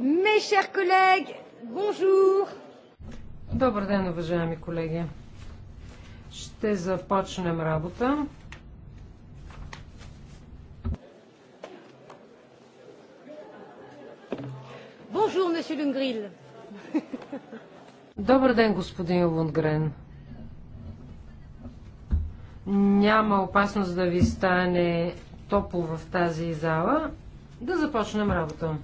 Мешер chers collègues, Добър ден, уважаеми колеги. Ще започнем работа. Bonjour, monsieur Lungril. Добър ден, господин Лунгрен. Няма опасност да ви стане топло в тази зала. Да започнем работа.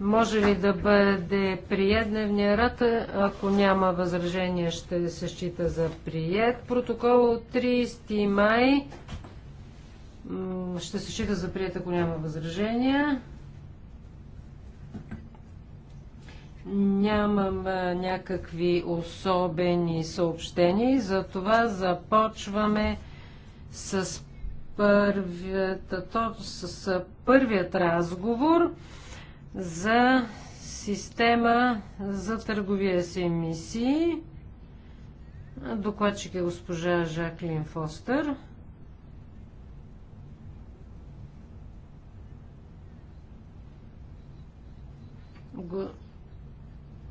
Може ли да бъде прият дневния ред? Ако няма възражение, ще се счита за прият. Протокол от 30 май ще се счита за прият, ако няма възражения. Нямам някакви особени съобщения затова започваме с първият, с първият разговор за система за търговия с емисии. Докладчик е госпожа Жаклин Фостер.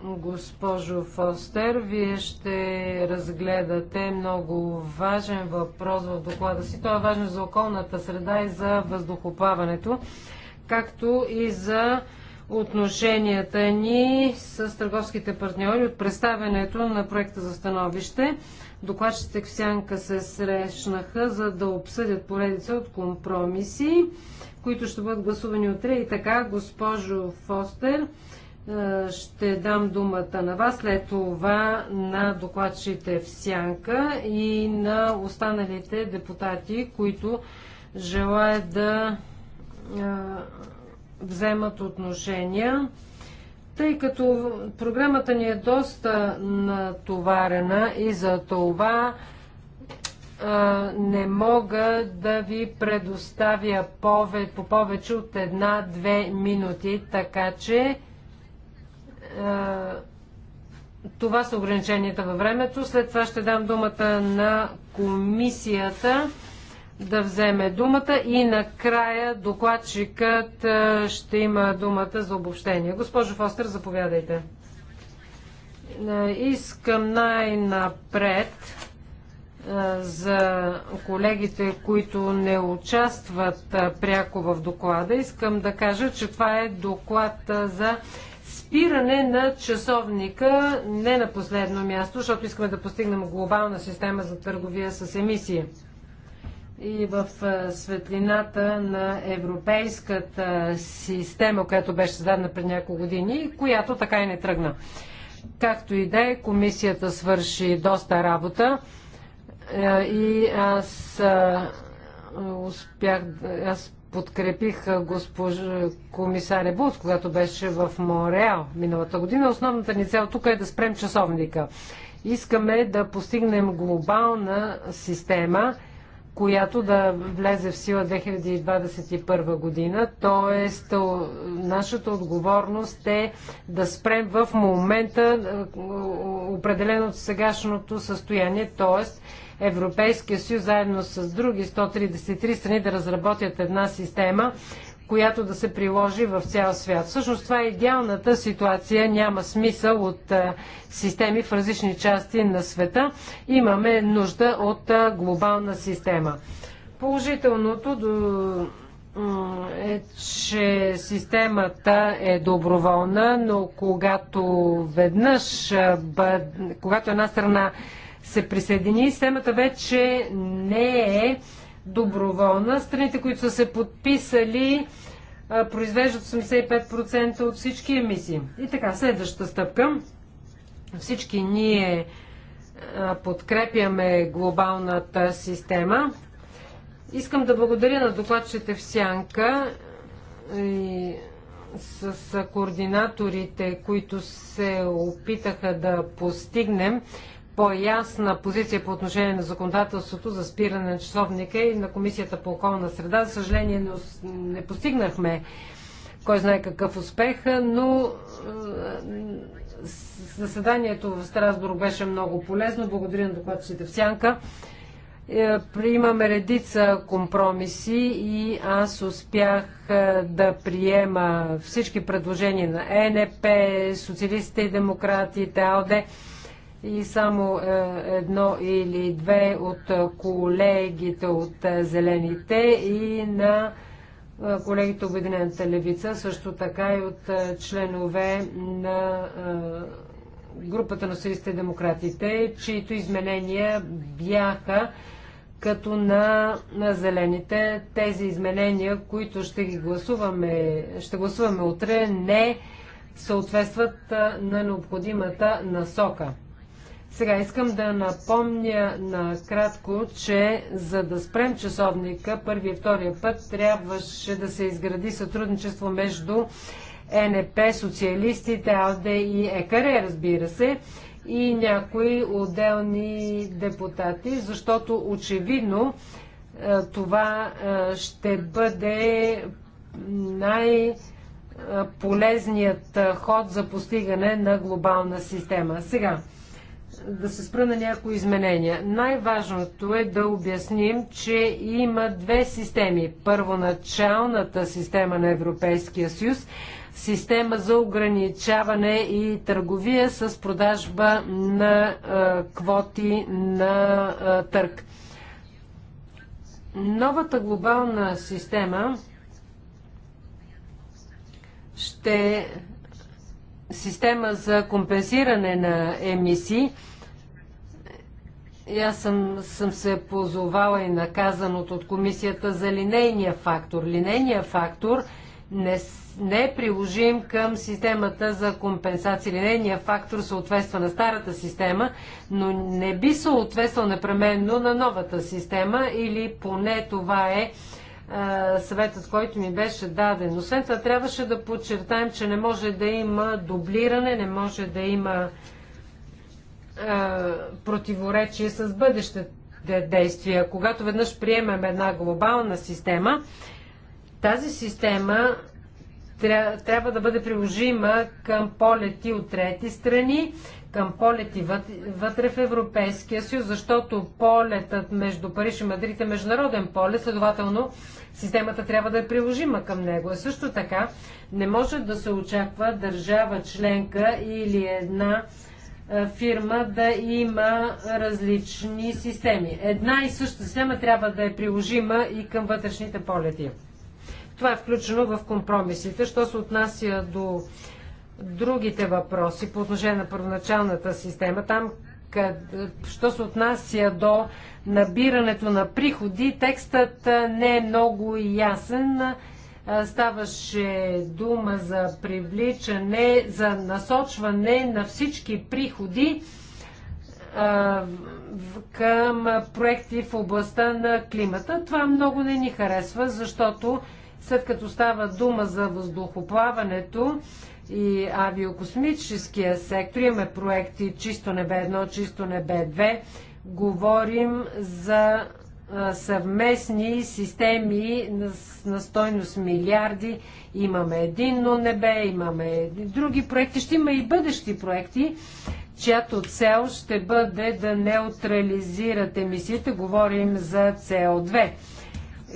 Госпожо Фостер, вие ще разгледате много важен въпрос в доклада си. Той е важен за околната среда и за въздухоплаването, както и за отношенията ни с търговските партньори от представянето на проекта за становище. Докладчите в Сянка се срещнаха, за да обсъдят поредица от компромиси, които ще бъдат гласувани утре. И така, госпожо Фостер, е, ще дам думата на вас, след това на докладчите в Сянка и на останалите депутати, които желаят да е, вземат отношения. Тъй като програмата ни е доста натоварена и за това а, не мога да ви предоставя пове, по повече от една-две минути, така че а, това са ограниченията във времето. След това ще дам думата на комисията да вземе думата и накрая докладчикът е, ще има думата за обобщение. Госпожо Фостер, заповядайте. Е, искам най-напред е, за колегите, които не участват пряко в доклада. Искам да кажа, че това е доклад за спиране на часовника не на последно място, защото искаме да постигнем глобална система за търговия с емисии и в светлината на европейската система, която беше създадена пред няколко години, която така и не тръгна. Както и да е, комисията свърши доста работа и аз успях, аз подкрепих госпожа комисаря Булт, когато беше в Мореал миналата година. Основната ни цел тук е да спрем часовника. Искаме да постигнем глобална система – която да влезе в сила 2021 година. Тоест, нашата отговорност е да спрем в момента е, определено от сегашното състояние, т.е. Европейския съюз заедно с други 133 страни да разработят една система, която да се приложи в цял свят. Всъщност това е идеалната ситуация, няма смисъл от системи в различни части на света. Имаме нужда от глобална система. Положителното до е, че системата е доброволна, но когато веднъж, когато една страна се присъедини, системата вече не е доброволна. Страните, които са се подписали, произвеждат 85% от всички емисии. И така, следващата стъпка. Всички ние подкрепяме глобалната система. Искам да благодаря на докладчите в Сянка и с координаторите, които се опитаха да постигнем по-ясна позиция по отношение на законодателството за спиране на часовника и на Комисията по околна среда. За съжаление не, постигнахме кой знае какъв успех, но е, заседанието в Страсбург беше много полезно. Благодаря на докладчите в Сянка. Е, приемаме редица компромиси и аз успях е, да приема всички предложения на ЕНП, социалистите и демократите, АОД и само е, едно или две от е, колегите от е, Зелените и на колегите Обединената левица, също така и от членове на групата на Съюзите демократите, чието изменения бяха като на, на зелените. Тези изменения, които ще ги гласуваме, ще гласуваме утре, не съответстват на необходимата насока. Сега искам да напомня накратко, че за да спрем часовника първи и втория път трябваше да се изгради сътрудничество между НП, социалистите, АЛДЕ и ЕКАРЕ, разбира се, и някои отделни депутати, защото очевидно е, това е, ще бъде най- е, полезният ход за постигане на глобална система. Сега, да се спра на някои изменения. Най-важното е да обясним, че има две системи. Първоначалната система на Европейския съюз, система за ограничаване и търговия с продажба на а, квоти на а, търг. Новата глобална система ще система за компенсиране на емисии. И аз съм, съм се позовала и наказаното от комисията за линейния фактор. Линейния фактор не, не е приложим към системата за компенсация. Линейния фактор съответства на старата система, но не би съответствал непременно на новата система или поне това е съветът, който ми беше даден. Освен това, трябваше да подчертаем, че не може да има дублиране, не може да има противоречие с бъдещите действия. Когато веднъж приемем една глобална система, тази система трябва да бъде приложима към полети от трети страни, към полети вътре в Европейския съюз, защото полетът между Париж и Мадрид е международен полет, следователно системата трябва да е приложима към него. А също така не може да се очаква държава членка или една фирма да има различни системи. Една и съща система трябва да е приложима и към вътрешните полети. Това е включено в компромисите. Що се отнася до другите въпроси по отношение на първоначалната система, там що се отнася до набирането на приходи, текстът не е много ясен. Ставаше дума за привличане, за насочване на всички приходи към проекти в областта на климата. Това много не ни харесва, защото след като става дума за въздухоплаването, и авиокосмическия сектор. Имаме проекти Чисто небе 1, Чисто небе 2. Говорим за съвместни системи на стойност милиарди. Имаме единно небе, имаме други проекти, ще има и бъдещи проекти, чиято цел ще бъде да неутрализират емисиите. Говорим за CO2.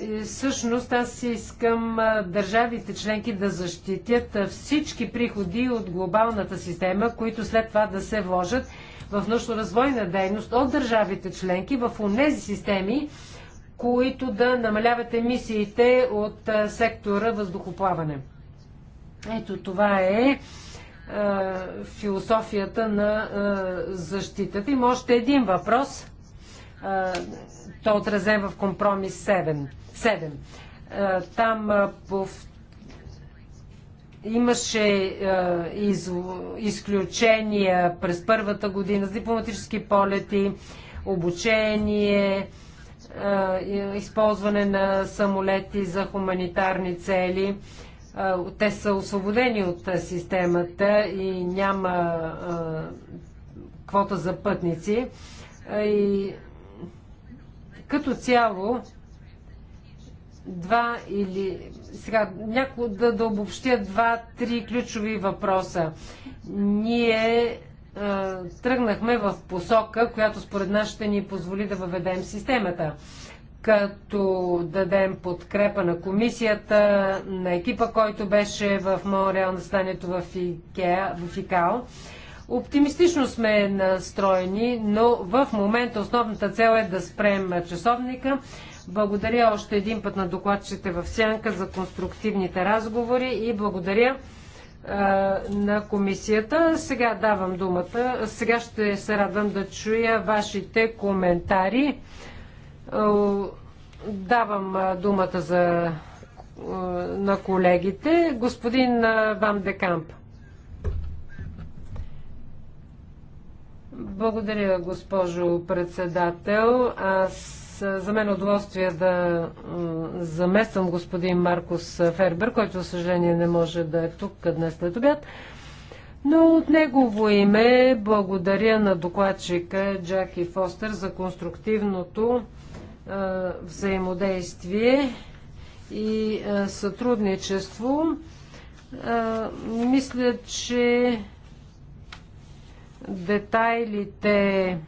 Е, всъщност аз искам държавите членки да защитят всички приходи от глобалната система, които след това да се вложат в научно-развойна дейност от държавите членки в тези системи, които да намаляват емисиите от сектора въздухоплаване. Ето това е философията на защитата. Има още един въпрос – той е отразен в компромис 7. 7. Там имаше из, изключения през първата година с дипломатически полети, обучение, използване на самолети за хуманитарни цели. те са освободени от системата и няма квота за пътници. И като цяло, два или сега някои да, да обобщя два-три ключови въпроса. Ние а, е, тръгнахме в посока, която според нас ще ни позволи да въведем системата като дадем подкрепа на комисията, на екипа, който беше в Монреал на в, Икеа, в ИКАО Оптимистично сме настроени, но в момента основната цел е да спрем часовника. Благодаря още един път на докладчите в Сянка за конструктивните разговори и благодаря на комисията. Сега давам думата. Сега ще се радвам да чуя вашите коментари. Давам думата за, на колегите. Господин Ван Декамп. Благодаря, госпожо председател. Аз за мен е удоволствие да замествам господин Маркус Фербер, който, за съжаление, не може да е тук днес след обяд. Но от негово име благодаря на докладчика Джаки Фостер за конструктивното а, взаимодействие и а, сътрудничество. А, мисля, че Детайлите,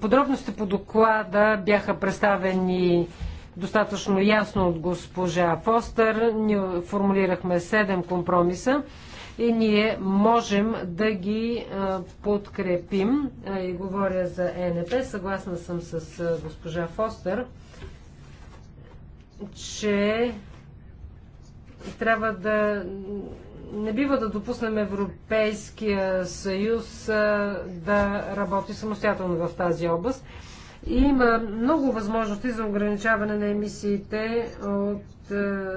подробности по доклада бяха представени достатъчно ясно от госпожа Фостер. Ние формулирахме 7 компромиса и ние можем да ги подкрепим. И говоря за ЕНП. Съгласна съм с госпожа Фостер, че трябва да не бива да допуснем Европейския съюз да работи самостоятелно в тази област. И има много възможности за ограничаване на емисиите от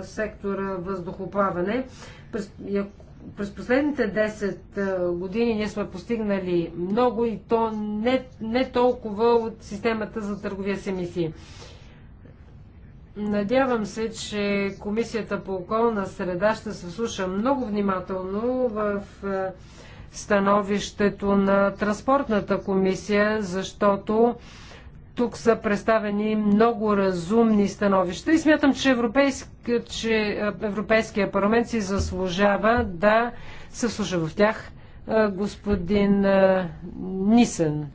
сектора въздухоплаване. През, през последните 10 години ние сме постигнали много и то не, не толкова от системата за търговия с емисии. Надявам се, че Комисията по околна среда ще се слуша много внимателно в е, становището на Транспортната комисия, защото тук са представени много разумни становища и смятам, че, европейски, че е, Европейския парламент си заслужава да се слуша в тях е, господин Нисен.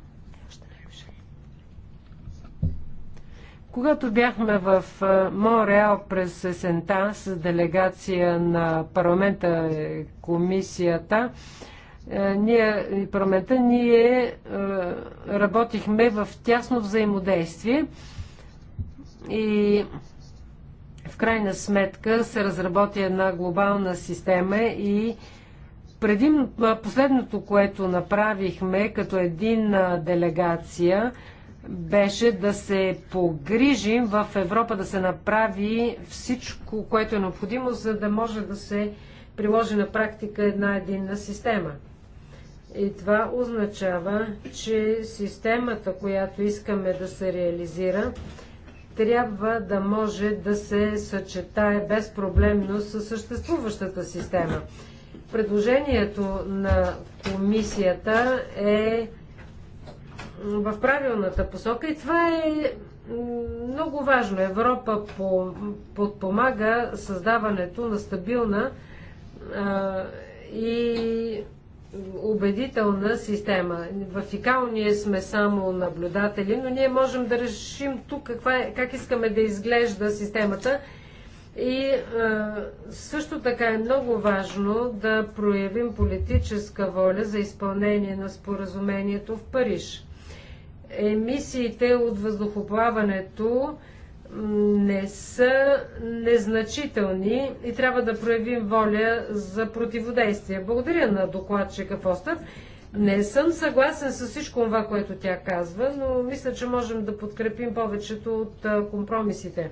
Когато бяхме в Монреал през есента с делегация на парламента, комисията, е, ние, парламента, ние е, работихме в тясно взаимодействие и в крайна сметка се разработи една глобална система и преди последното, което направихме като един делегация – беше да се погрижим в Европа да се направи всичко, което е необходимо, за да може да се приложи на практика една единна система. И това означава, че системата, която искаме да се реализира, трябва да може да се съчетае безпроблемно с съществуващата система. Предложението на комисията е в правилната посока и това е много важно. Европа по, подпомага създаването на стабилна а, и убедителна система. В ИКАО ние сме само наблюдатели, но ние можем да решим тук каква е, как искаме да изглежда системата. И а, също така е много важно да проявим политическа воля за изпълнение на споразумението в Париж емисиите от въздухоплаването не са незначителни и трябва да проявим воля за противодействие. Благодаря на докладчика Фостър. Не съм съгласен с всичко това, което тя казва, но мисля, че можем да подкрепим повечето от компромисите.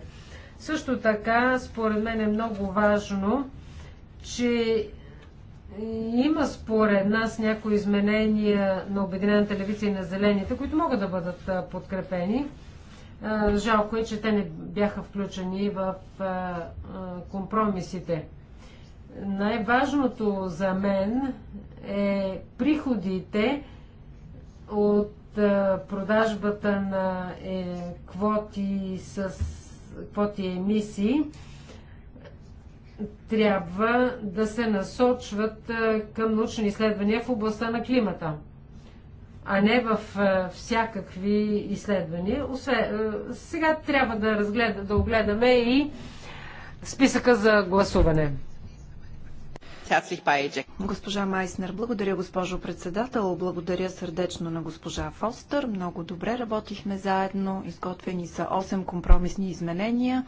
Също така, според мен е много важно, че има според нас някои изменения на Обединената левица и на Зелените, които могат да бъдат подкрепени. Жалко е, че те не бяха включени в компромисите. Най-важното за мен е приходите от продажбата на е, квоти с квоти емисии трябва да се насочват към научни изследвания в областта на климата, а не в всякакви изследвания. Освен, сега трябва да, разгледа, да огледаме и списъка за гласуване. Госпожа Майснер, благодаря госпожо председател, благодаря сърдечно на госпожа Фостър. Много добре работихме заедно, изготвени са 8 компромисни изменения.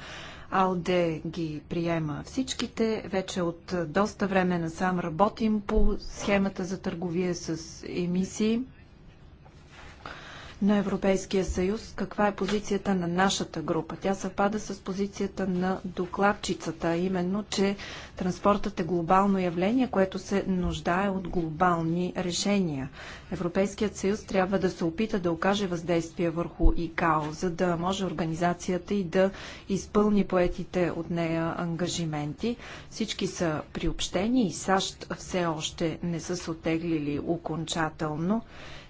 Алде ги приема всичките. Вече от доста време насам работим по схемата за търговия с емисии на Европейския съюз, каква е позицията на нашата група. Тя съвпада с позицията на докладчицата, именно, че транспортът е глобално явление, което се нуждае от глобални решения. Европейският съюз трябва да се опита да окаже въздействие върху ИКАО, за да може организацията и да изпълни поетите от нея ангажименти. Всички са приобщени и САЩ все още не са се отеглили окончателно.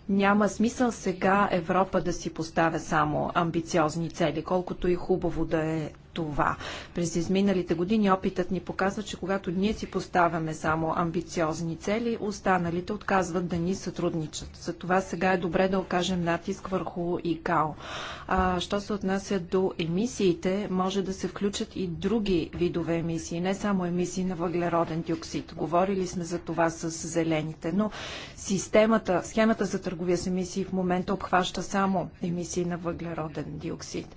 Няма смисъл сега Европа да си поставя само амбициозни цели, колкото и хубаво да е това. През изминалите години опитът ни показва, че когато ние си поставяме само амбициозни цели, останалите отказват да ни сътрудничат. Затова сега е добре да окажем натиск върху ИКАО. А, що се отнася до емисиите, може да се включат и други видове емисии, не само емисии на въглероден диоксид. Говорили сме за това с зелените, но системата, схемата за търговия с емисии в момента обхваща само емисии на въглероден диоксид.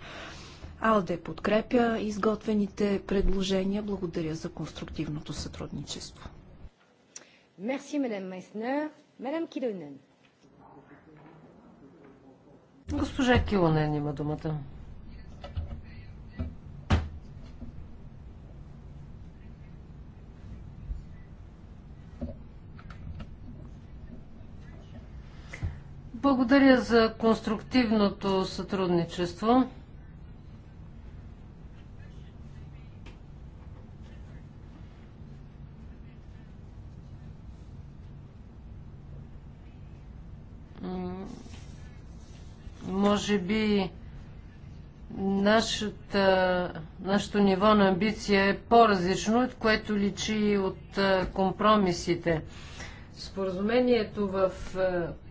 АЛДЕ подкрепя изготвените предложения. Благодаря за конструктивното сътрудничество. Мерси, мадам Майснер. Мадам Килонен. Госпожа Килонен има думата. Благодаря за конструктивното сътрудничество. може би нашата, нашето ниво на амбиция е по-различно, от което личи от компромисите. Споразумението в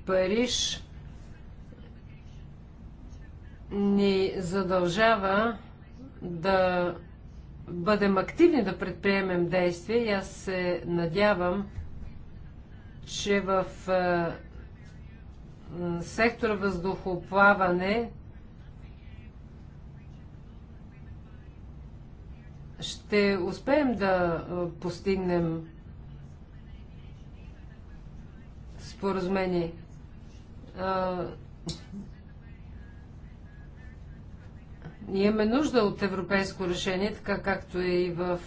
Париж ни задължава да бъдем активни, да предприемем действия и аз се надявам, че в сектора въздухоплаване ще успеем да постигнем споразумение. Ние имаме нужда от европейско решение, така както е и в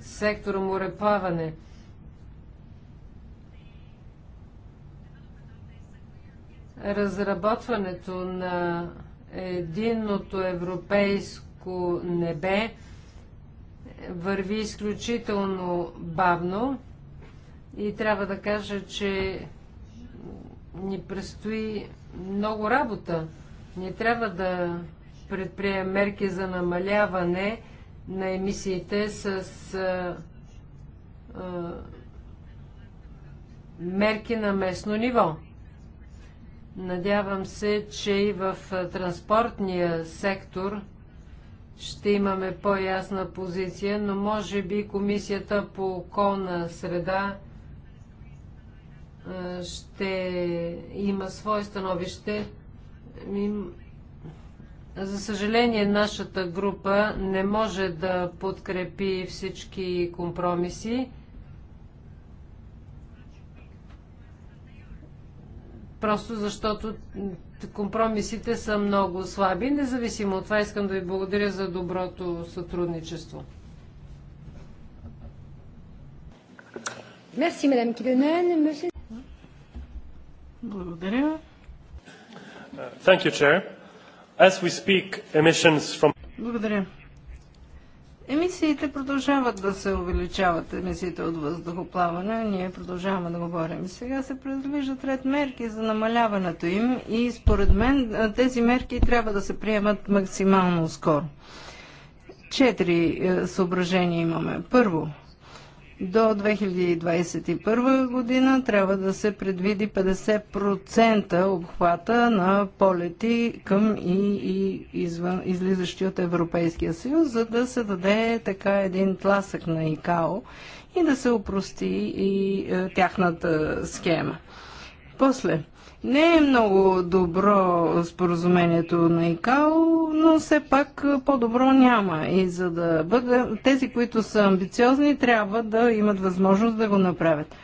сектора мореплаване. Разработването на единното европейско небе върви изключително бавно и трябва да кажа, че ни предстои много работа. Ни трябва да предприемем мерки за намаляване на емисиите с а, а, мерки на местно ниво. Надявам се, че и в транспортния сектор ще имаме по-ясна позиция, но може би Комисията по околна среда ще има свое становище. За съжаление, нашата група не може да подкрепи всички компромиси. Просто защото компромисите са много слаби. Независимо от това, искам да ви благодаря за доброто сътрудничество. Благодаря. Thank you, Chair. As we speak, emissions from... Благодаря. Емисиите продължават да се увеличават, емисиите от въздухоплаване. Ние продължаваме да говорим. Сега се предвиждат ред мерки за намаляването им и според мен тези мерки трябва да се приемат максимално скоро. Четири е, съображения имаме. Първо, до 2021 година трябва да се предвиди 50% обхвата на полети към и, и извън, излизащи от Европейския съюз, за да се даде така един тласък на ИКАО и да се опрости и е, тяхната схема. После, не е много добро споразумението на ИКАО, но все пак по-добро няма. И за да бъде, тези, които са амбициозни, трябва да имат възможност да го направят.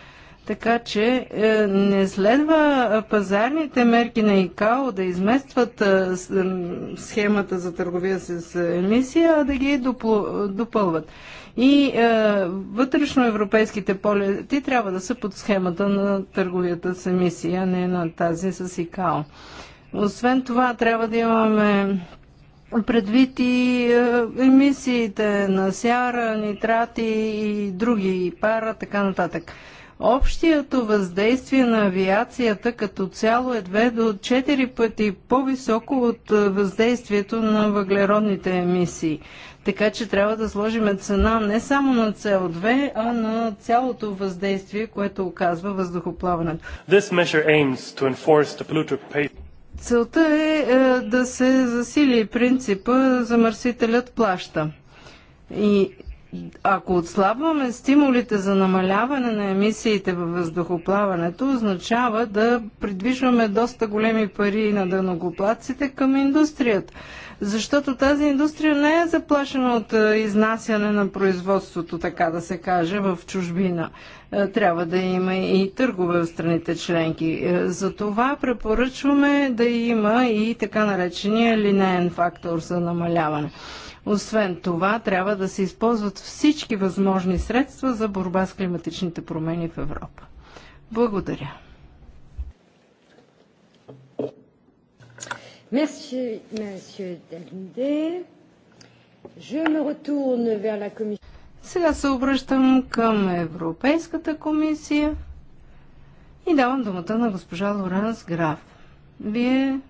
Така че е, не следва пазарните мерки на ИКАО да изместват е, схемата за търговия с е, емисия, а да ги допълват и е, вътрешноевропейските полети трябва да са под схемата на търговията с емисия, а не на тази с ИКАО. Освен това, трябва да имаме предвид и е, емисиите на сяра, нитрати и други, и пара, така нататък. Общието въздействие на авиацията като цяло е 2 до 4 пъти по-високо от е, въздействието на въглеродните емисии. Така че трябва да сложим цена не само на CO2, а на цялото въздействие, което оказва въздухоплаването. Целта е, е да се засили принципа замърсителят плаща. И ако отслабваме стимулите за намаляване на емисиите във въздухоплаването, означава да придвижваме доста големи пари на дъногоплаците към индустрията защото тази индустрия не е заплашена от е, изнасяне на производството, така да се каже, в чужбина. Е, трябва да има и търгове в страните членки. Е, Затова препоръчваме да има и така наречения линейен фактор за намаляване. Освен това, трябва да се използват всички възможни средства за борба с климатичните промени в Европа. Благодаря. Merci, monsieur Dalinde. Je me retourne vers la commission. Сега се обръщам към Европейската комисия и давам думата на госпожа Лоранс Граф. Вие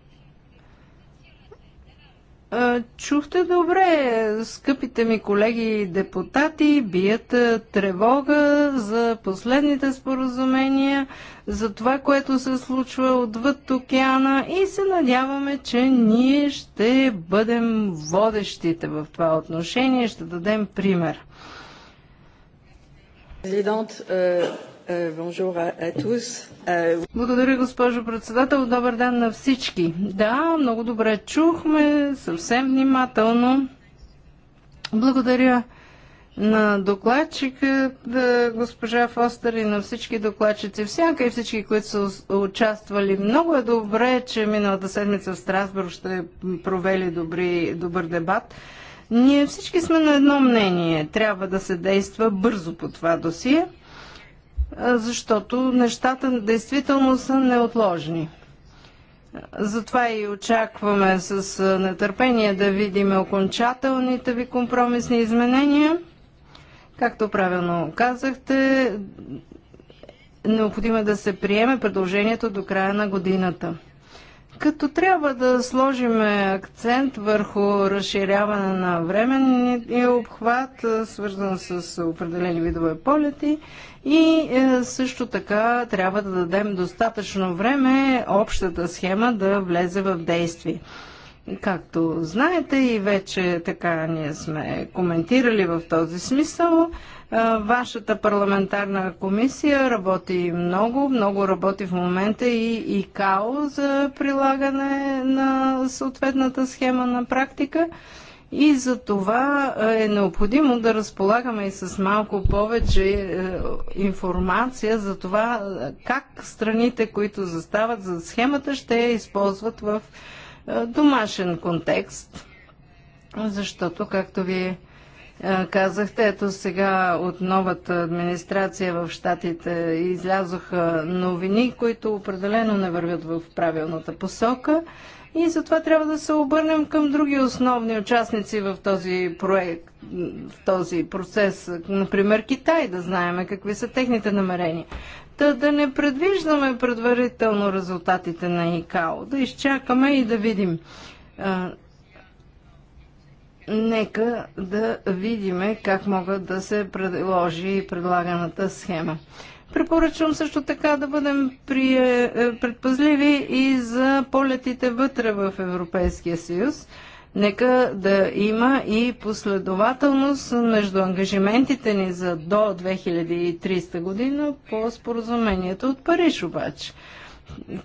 Чухте добре, скъпите ми колеги депутати, бият тревога за последните споразумения, за това, което се случва отвъд океана и се надяваме, че ние ще бъдем водещите в това отношение, ще дадем пример. Президент, е, Euh, euh, Благодаря, госпожо председател. Добър ден на всички. Да, много добре чухме, съвсем внимателно. Благодаря на докладчика, да, е, госпожа Фостер и на всички докладчици всяка и всички, които са участвали. Много е добре, че миналата седмица в Страсбург ще провели добри, добър дебат. Ние всички сме на едно мнение. Трябва да се действа бързо по това досие защото нещата действително са неотложни. Затова и очакваме с нетърпение да видим окончателните ви компромисни изменения. Както правилно казахте, необходимо е да се приеме предложението до края на годината като трябва да сложим акцент върху разширяване на временния обхват, свързан с определени видове полети и е, също така трябва да дадем достатъчно време общата схема да влезе в действие. Както знаете и вече така ние сме коментирали в този смисъл, Вашата парламентарна комисия работи много, много работи в момента и као за прилагане на съответната схема на практика. И за това е необходимо да разполагаме и с малко повече е, информация за това как страните, които застават за схемата, ще я използват в домашен контекст. Защото, както вие е, казахте, ето сега от новата администрация в Штатите излязоха новини, които определено не вървят в правилната посока и затова трябва да се обърнем към други основни участници в този проект, в този процес. Например Китай, да знаем какви са техните намерения. Та да не предвиждаме предварително резултатите на ИКАО, да изчакаме и да видим. Е, нека да видим как могат да се предложи предлаганата схема. Препоръчвам също така да бъдем при, е, предпазливи и за полетите вътре в Европейския съюз. Нека да има и последователност между ангажиментите ни за до 2300 година по споразумението от Париж обаче.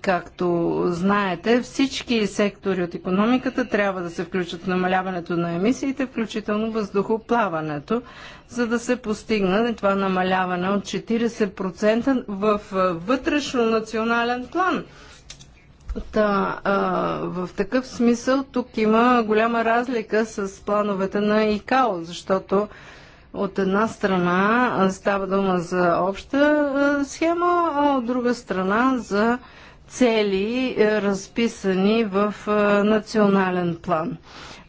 Както знаете, всички сектори от економиката трябва да се включат в намаляването на емисиите, включително въздухоплаването, за да се постигне това намаляване от 40% в вътрешно национален план. Та, а, в такъв смисъл тук има голяма разлика с плановете на ИКАО, защото от една страна става дума за обща схема, а от друга страна за цели, е, разписани в е, национален план.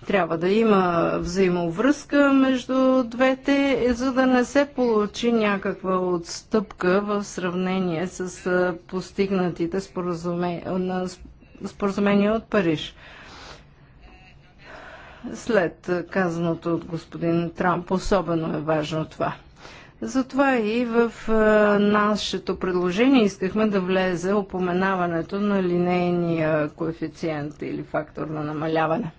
Трябва да има взаимовръзка между двете, за да не се получи някаква отстъпка в сравнение с е, постигнатите споразумения, от Париж. След казаното от господин Трамп, особено е важно това. Затова и в нашето предложение искахме да влезе опоменаването на линейния коефициент или фактор на намаляване.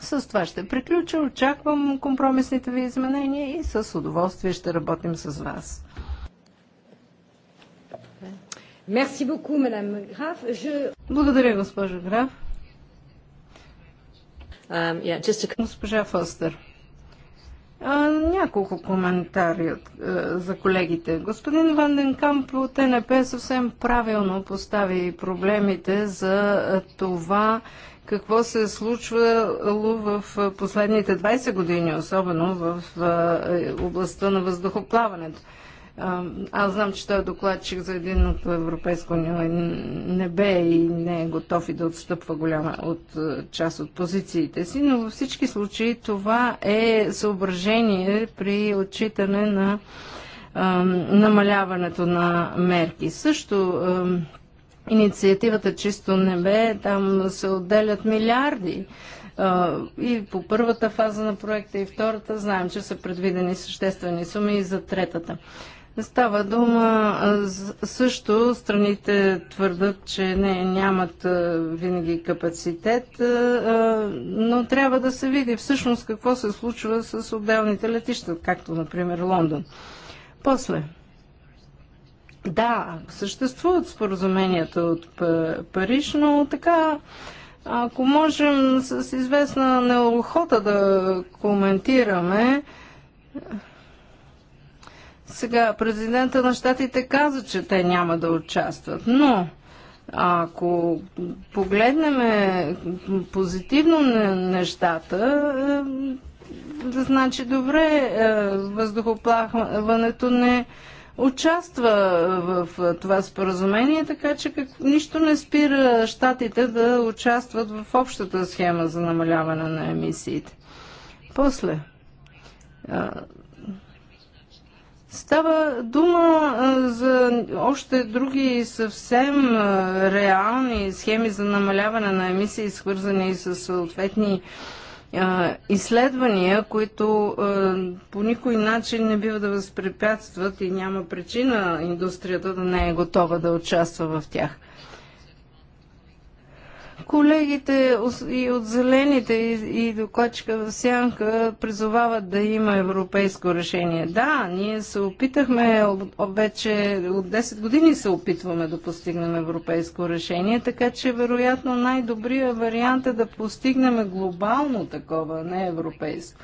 С това ще приключа. Очаквам компромисните ви изменения и с удоволствие ще работим с вас. Благодаря, госпожо Граф. Um, Госпожа Фостер. Няколко коментари от, е, за колегите. Господин Ванденкамп от ТНП съвсем правилно постави проблемите за това какво се е случвало в последните 20 години, особено в е, областта на въздухоплаването. Аз знам, че той е докладчик за единното европейско небе и не е готов и да отстъпва голяма от е, част от позициите си, но във всички случаи това е съображение при отчитане на намаляването на мерки. Също инициативата Чисто небе, там се отделят милиарди. И по първата фаза на проекта и втората знаем, че са предвидени съществени суми и за третата. Става дума също, страните твърдат, че не, нямат винаги капацитет, но трябва да се види всъщност какво се случва с отделните летища, както например Лондон. После. Да, съществуват споразуменията от Париж, но така ако можем с известна неохота да коментираме, сега, президента на щатите каза, че те няма да участват, но ако погледнем позитивно на нещата, е, значи добре, е, въздухоплахването не участва в е, това споразумение, така че как, нищо не спира щатите да участват в общата схема за намаляване на емисиите. После, Става дума за още други съвсем реални схеми за намаляване на емисии, свързани с съответни изследвания, които по никой начин не бива да възпрепятстват и няма причина индустрията да не е готова да участва в тях колегите и от зелените и, и докладчика в сянка призовават да има европейско решение. Да, ние се опитахме, вече от 10 години се опитваме да постигнем европейско решение, така че вероятно най-добрият вариант е да постигнем глобално такова, не европейско.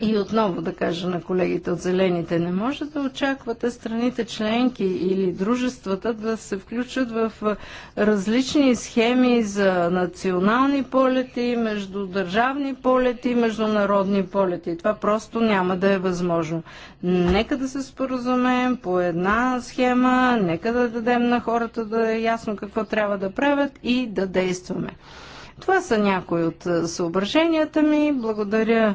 И отново да кажа на колегите от Зелените, не може да очаквате страните членки или дружествата да се включат в различни схеми за национални полети, междудържавни полети, международни полети. Това просто няма да е възможно. Нека да се споразумеем по една схема, нека да дадем на хората да е ясно какво трябва да правят и да действаме. Това са някои от съображенията ми. Благодаря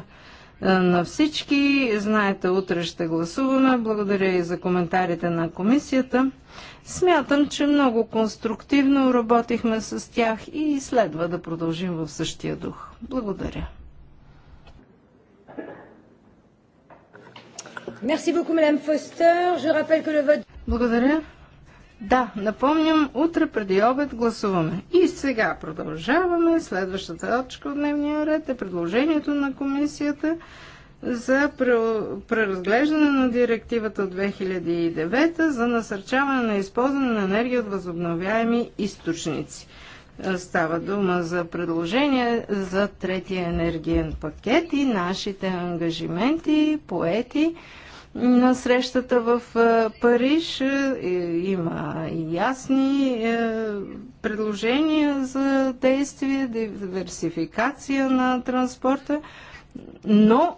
е, на всички. Знаете, утре ще гласуваме. Благодаря и за коментарите на комисията. Смятам, че много конструктивно работихме с тях и следва да продължим в същия дух. Благодаря. Благодаря. Да, напомням, утре преди обед гласуваме. И сега продължаваме. Следващата точка от дневния ред е предложението на комисията за преразглеждане на директивата от 2009 за насърчаване на използване на енергия от възобновяеми източници. Е, става дума за предложение за третия енергиен пакет и нашите ангажименти, поети на срещата в е, Париж е, има ясни е, предложения за действие, диверсификация на транспорта, но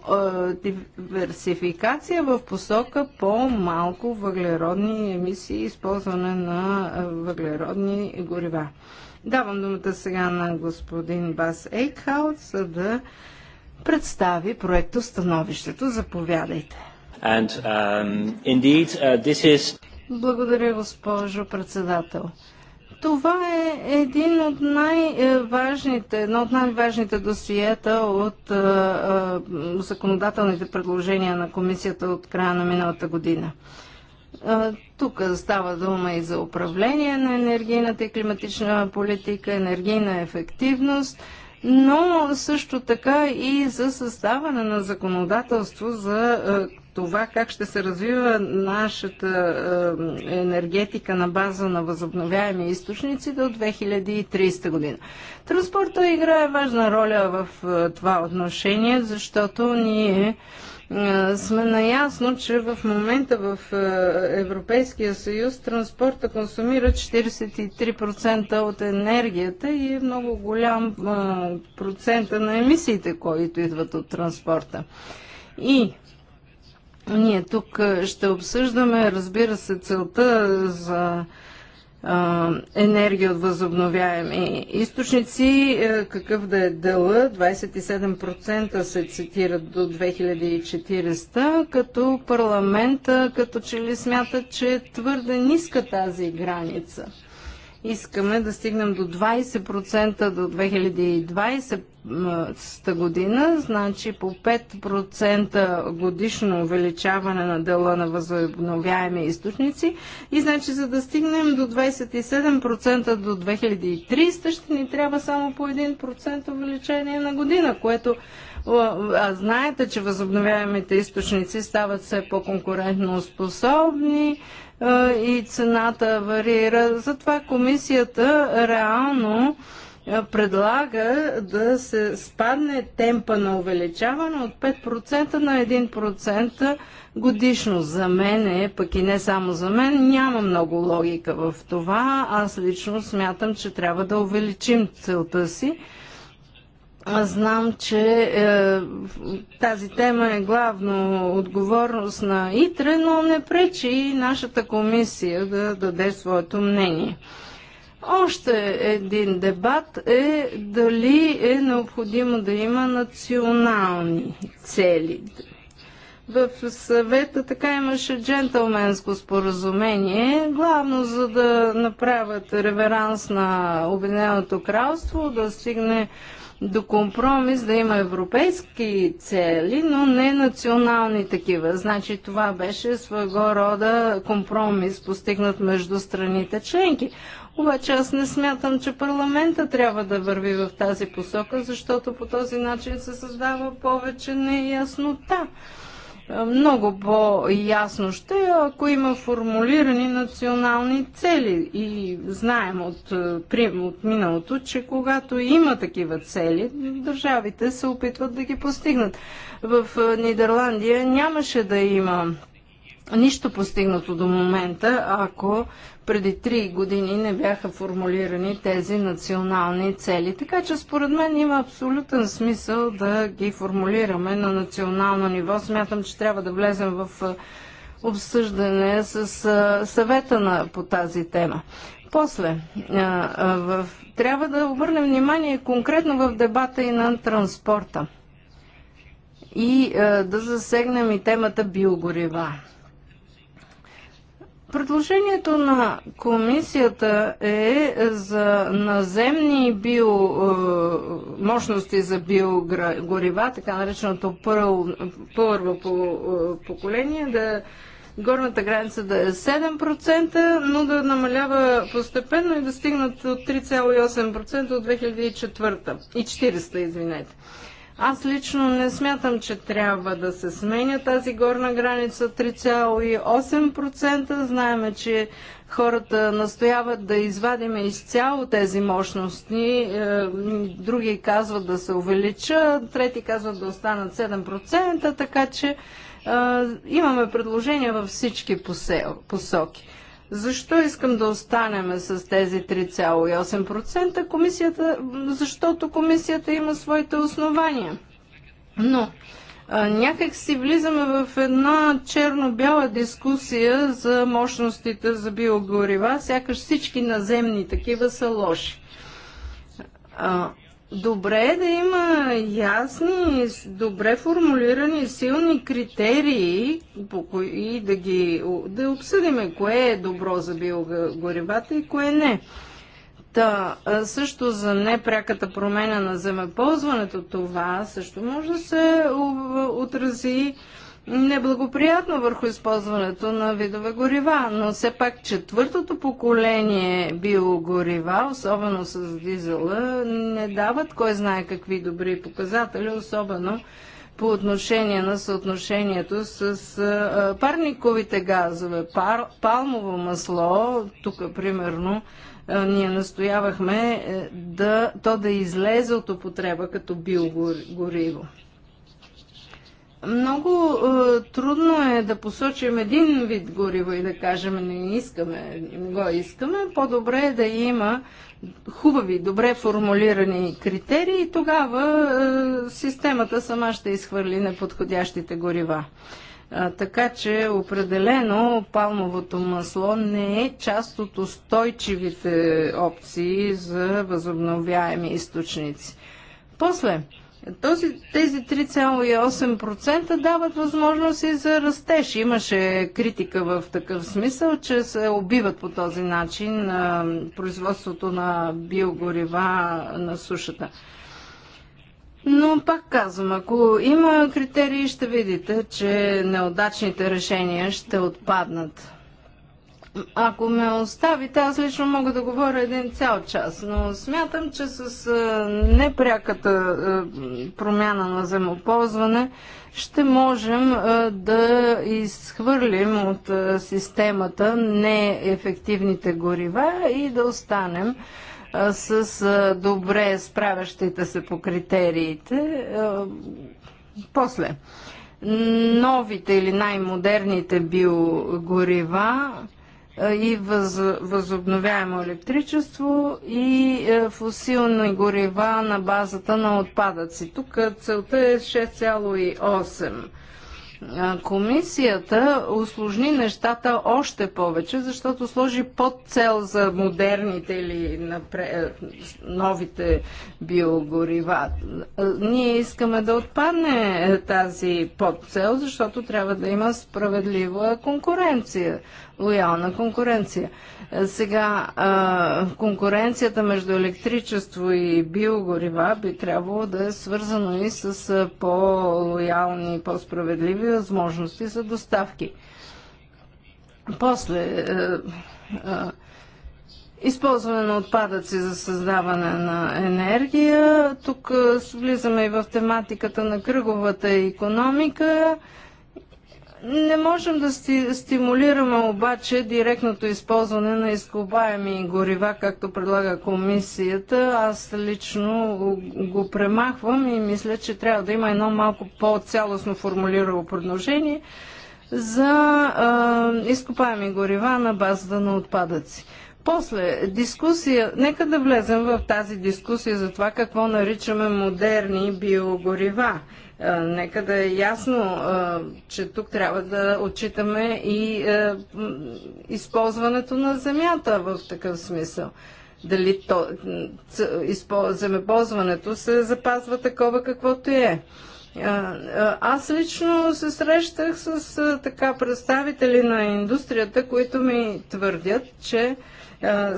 диверсификация в посока по-малко въглеродни емисии и използване на въглеродни горива. Давам думата сега на господин Бас Ейкхаут, за да представи проекто становището. Заповядайте. And, um, indeed, uh, this is... Благодаря, госпожо председател. Това е един от най-важните, едно от най-важните досиета от законодателните предложения на комисията от края на миналата година. тук става дума и за управление на енергийната и климатична политика, енергийна ефективност – но също така и за съставане на законодателство за е, това как ще се развива нашата е, енергетика на база на възобновяеми източници до 2030 година. Транспорта играе важна роля в е, това отношение, защото ние е, сме наясно, че в момента в е, Европейския съюз транспорта консумира 43% от енергията и е много голям е, процента на емисиите, които идват от транспорта. И ние тук ще обсъждаме, разбира се, целта за енергия от възобновяеми източници, какъв да е дъла, 27% се цитират до 2040, като парламента като че ли смята, че е твърде ниска тази граница искаме да стигнем до 20% до 2020 година, значи по 5% годишно увеличаване на дела на възобновяеми източници и значи за да стигнем до 27% до 2030 ще ни трябва само по 1% увеличение на година, което а знаете, че възобновяемите източници стават все по-конкурентно способни, е, и цената варира. Затова комисията реално е, предлага да се спадне темпа на увеличаване от 5% на 1% годишно. За мен, е, пък и не само за мен, няма много логика в това. Аз лично смятам, че трябва да увеличим целта си аз знам, че е, тази тема е главно отговорност на ИТРЕ, но не пречи и нашата комисия да даде своето мнение. Още един дебат е дали е необходимо да има национални цели. В съвета така имаше джентълменско споразумение, главно за да направят реверанс на Обединеното кралство, да стигне до компромис да има европейски цели, но не национални такива. Значи това беше своего рода компромис, постигнат между страните членки. Обаче аз не смятам, че парламента трябва да върви в тази посока, защото по този начин се създава повече неяснота много по-ясно ще, ако има формулирани национални цели. И знаем от, е, от миналото, че когато има такива цели, държавите се опитват да ги постигнат. В е, Нидерландия нямаше да има нищо постигнато до момента, ако преди три години не бяха формулирани тези национални цели. Така че според мен има абсолютен смисъл да ги формулираме на национално ниво. Смятам, че трябва да влезем в обсъждане с съвета на, по тази тема. После, в, трябва да обърнем внимание конкретно в дебата и на транспорта. И да засегнем и темата биогорива. Предложението на комисията е за наземни био, е, мощности за биогорива, така нареченото първо, първо е, поколение, да горната граница да е 7%, но да намалява постепенно и да стигнат от 3,8% от 2004 и 40, извинете. Аз лично не смятам, че трябва да се сменя тази горна граница 3,8%. Знаеме, че хората настояват да извадиме изцяло тези мощности. Е, други казват да се увеличат, трети казват да останат 7%, така че е, имаме предложения във всички посоки. Защо искам да останем с тези 3,8%? Комисията, защото комисията има своите основания. Но някак си влизаме в една черно-бяла дискусия за мощностите за биогорива, сякаш всички наземни такива са лоши добре е да има ясни, добре формулирани, силни критерии, по кои да ги да обсъдиме кое е добро за биогоривата и кое не. Та, също за непряката промена на земеползването, това също може да се отрази неблагоприятно върху използването на видове горива, но все пак четвъртото поколение биогорива, особено с дизела, не дават кой знае какви добри показатели, особено по отношение на съотношението с парниковите газове, пар, палмово масло, тук примерно ние настоявахме е, да, то да излезе от употреба като биогориво. Много е, трудно е да посочим един вид гориво и да кажем не искаме, не го искаме. По-добре е да има хубави, добре формулирани критерии и тогава е, системата сама ще изхвърли неподходящите горива. А, така че определено палмовото масло не е част от устойчивите опции за възобновяеми източници. После, този, тези 3,8% дават възможност и за растеж. Имаше критика в такъв смисъл, че се убиват по този начин а, производството на биогорива на сушата. Но пак казвам, ако има критерии, ще видите, че неудачните решения ще отпаднат. Ако ме оставите, аз лично мога да говоря един цял час, но смятам, че с непряката промяна на земоползване ще можем да изхвърлим от системата неефективните горива и да останем с добре справящите се по критериите после новите или най-модерните биогорива и въз, възобновяемо електричество и е, фусилни горива на базата на отпадъци. Тук целта е 6,8. Комисията усложни нещата още повече, защото сложи под цел за модерните или напре... Е, новите биогорива. Ние искаме да отпадне е, тази подцел, защото трябва да има справедлива конкуренция лоялна конкуренция. Е, сега конкуренцията между електричество и биогорива би трябвало да е свързано и с по-лоялни и по-справедливи възможности за доставки. После е, е, използване на отпадъци за създаване на енергия. Тук влизаме и в тематиката на кръговата економика. Не можем да сти, стимулираме обаче директното използване на изкобаеми горива, както предлага комисията. Аз лично го премахвам и мисля, че трябва да има едно малко по-цялостно формулирало предложение за а, изкопаеми горива на базата на отпадъци. После дискусия, нека да влезем в тази дискусия за това какво наричаме модерни биогорива Нека да е ясно, че тук трябва да отчитаме и използването на земята в такъв смисъл. Дали то, земеползването се запазва такова каквото е. Аз лично се срещах с така представители на индустрията, които ми твърдят, че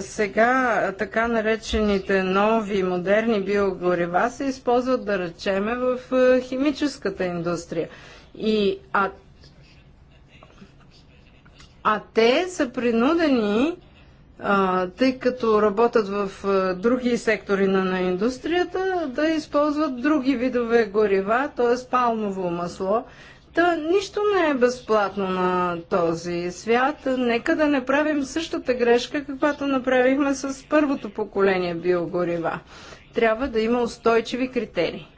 сега така наречените нови, модерни биогорива се използват, да речеме, в химическата индустрия. И, а, а те са принудени а, тъй като работят в а, други сектори на, на индустрията, да използват други видове горива, т.е. палмово масло. Та нищо не е безплатно на този свят. Нека да не правим същата грешка, каквато направихме с първото поколение биогорива. Трябва да има устойчиви критерии.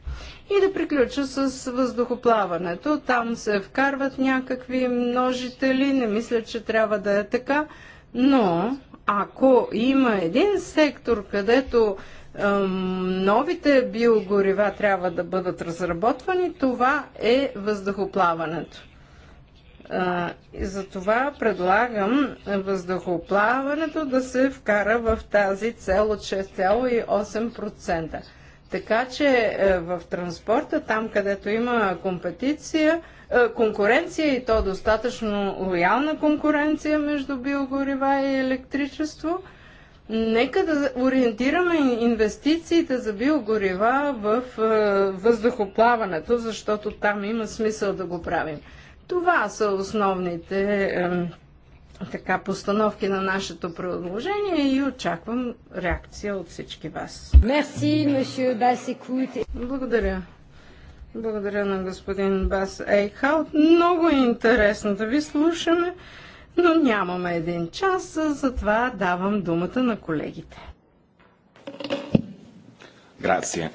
И да приключа с въздухоплаването. Там се вкарват някакви множители, не мисля, че трябва да е така, но ако има един сектор, където новите биогорива трябва да бъдат разработвани, това е въздухоплаването. И за това предлагам въздухоплаването да се вкара в тази цел от 6,8%. Така че е, в транспорта, там където има компетиция, е, конкуренция и то достатъчно лоялна конкуренция между биогорива и електричество. Нека да ориентираме инвестициите за биогорива в е, въздухоплаването, защото там има смисъл да го правим. Това са основните е, така, постановки на нашето предложение и очаквам реакция от всички вас. Благодаря. Благодаря на господин Бас Ейхаут. Много е интересно да ви слушаме, но нямаме един час, затова давам думата на колегите. Грация.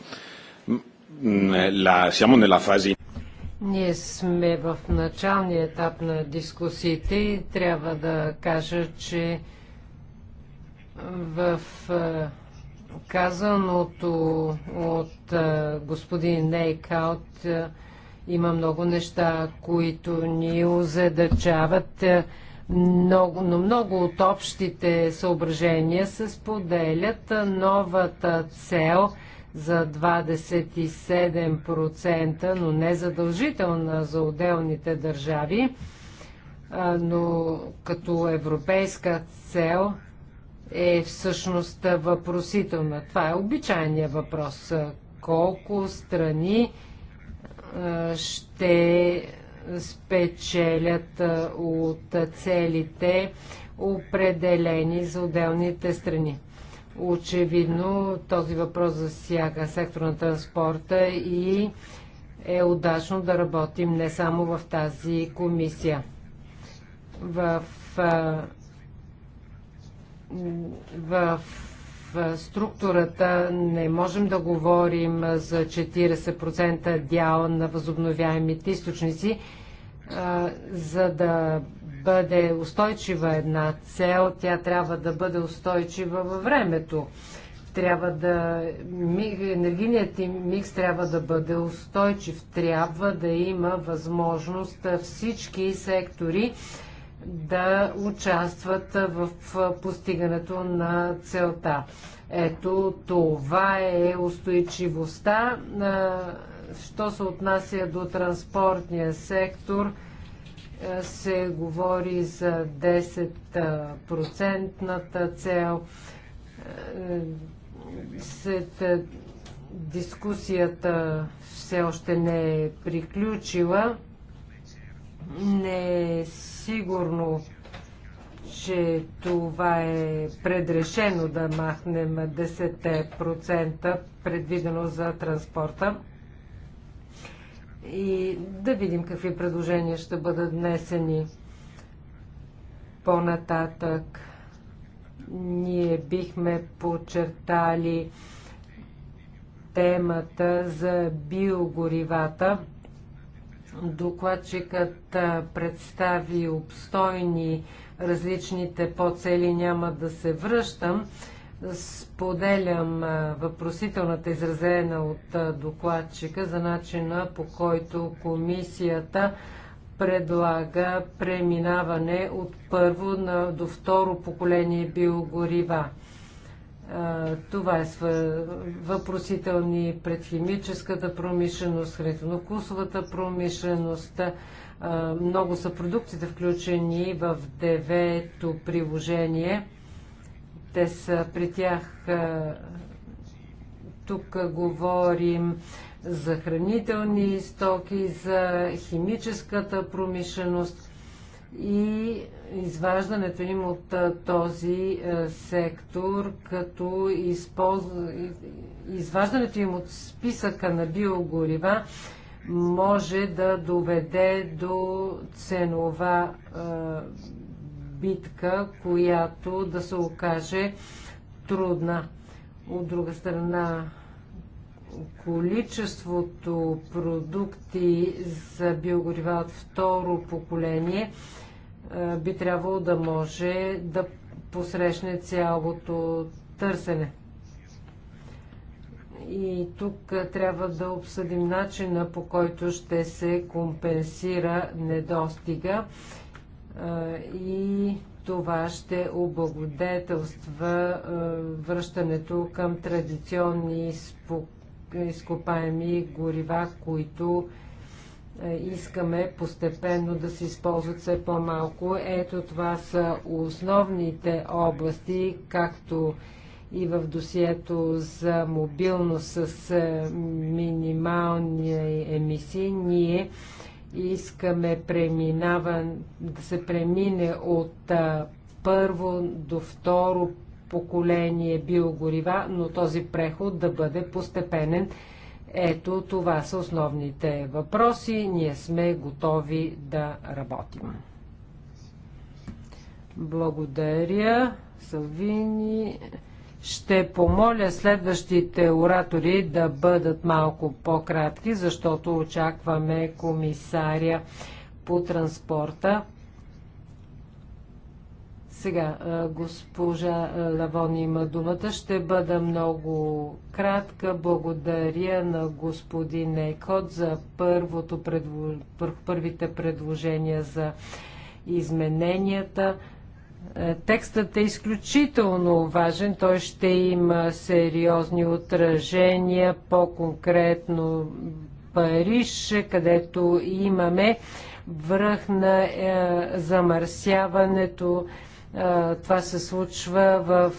ние сме в началния етап на дискусиите и трябва да кажа, че в казаното от господин Нейкаут има много неща, които ни озадачават. Много, но много от общите съображения се споделят. Новата цел за 27%, но не задължителна за отделните държави, но като европейска цел – е всъщност въпросителна. Това е обичайният въпрос. Колко страни ще спечелят от целите, определени за отделните страни. Очевидно този въпрос засяга сектор на транспорта и е удачно да работим не само в тази комисия. В в структурата не можем да говорим за 40% дял на възобновяемите източници. За да бъде устойчива една цел, тя трябва да бъде устойчива във времето. Трябва да, енергийният микс трябва да бъде устойчив. Трябва да има възможност всички сектори да участват в постигането на целта. Ето това е устойчивостта. Що се отнася до транспортния сектор, се говори за 10 цел. След дискусията все още не е приключила. Не е сигурно, че това е предрешено да махнем 10% предвидено за транспорта и да видим какви предложения ще бъдат внесени по-нататък. Ние бихме подчертали темата за биогоривата – Докладчикът представи обстойни различните по-цели, няма да се връщам. Споделям въпросителната изразена от докладчика за начина по който комисията предлага преминаване от първо на, до второ поколение биогорива. Това е въпросителни пред химическата промишленост, хранително-вкусовата промишленост. Много са продуктите включени в девето приложение. Те са при тях. Тук говорим за хранителни стоки, за химическата промишленост и изваждането им от този сектор, като използ... изваждането им от списъка на биогорива може да доведе до ценова битка, която да се окаже трудна. От друга страна, количеството продукти за биогорива от второ поколение – е, би трябвало да може да посрещне цялото търсене. И тук трябва да обсъдим начина по който ще се компенсира недостига е, и това ще облагодетелства е, връщането към традиционни изкопаеми горива, които е, искаме постепенно да се използват все по-малко. Ето това са основните области, както и в досието за мобилност с е, минимални емисии. Ние искаме преминаван, да се премине от е, първо до второ поколение биогорива, но този преход да бъде постепенен ето това са основните въпроси. Ние сме готови да работим. Благодаря, Савини. Ще помоля следващите оратори да бъдат малко по-кратки, защото очакваме комисаря по транспорта. Сега госпожа Лавон има думата. Ще бъда много кратка. Благодаря на господин Нейкот за първото предво... първите предложения за измененията. Е, текстът е изключително важен. Той ще има сериозни отражения, по-конкретно Париж, където имаме връх на е, замърсяването. Това се случва в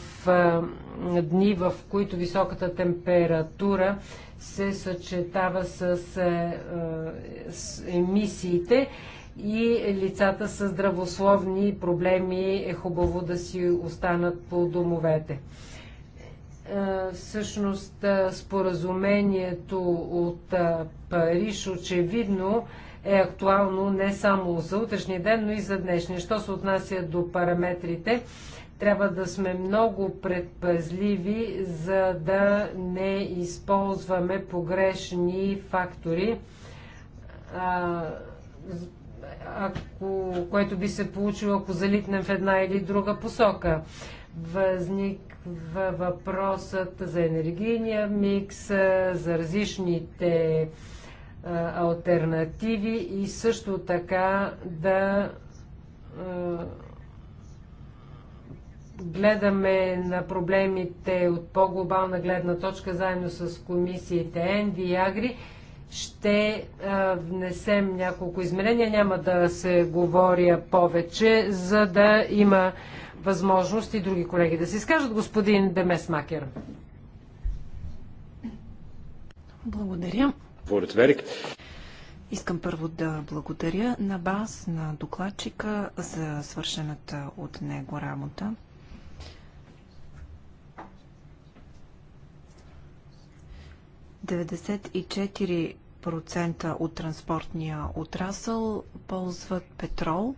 дни, в които високата температура се съчетава с емисиите и лицата с здравословни проблеми е хубаво да си останат по домовете. Всъщност споразумението от Париж очевидно е актуално не само за утрешния ден, но и за днешния. Що се отнася до параметрите, трябва да сме много предпазливи, за да не използваме погрешни фактори, ако, което би се получило, ако залитнем в една или друга посока. Възниква въпросът за енергийния микс, за различните альтернативи и също така да гледаме на проблемите от по-глобална гледна точка, заедно с комисиите ЕНВИ и АГРИ, ще внесем няколко изменения. Няма да се говоря повече, за да има възможност и други колеги да се изкажат. Господин Демес Макер. Благодаря voor het werk. Искам първо да благодаря на БАС, на докладчика за свършената от него работа. процента 94% от транспортния отрасъл ползват петрол.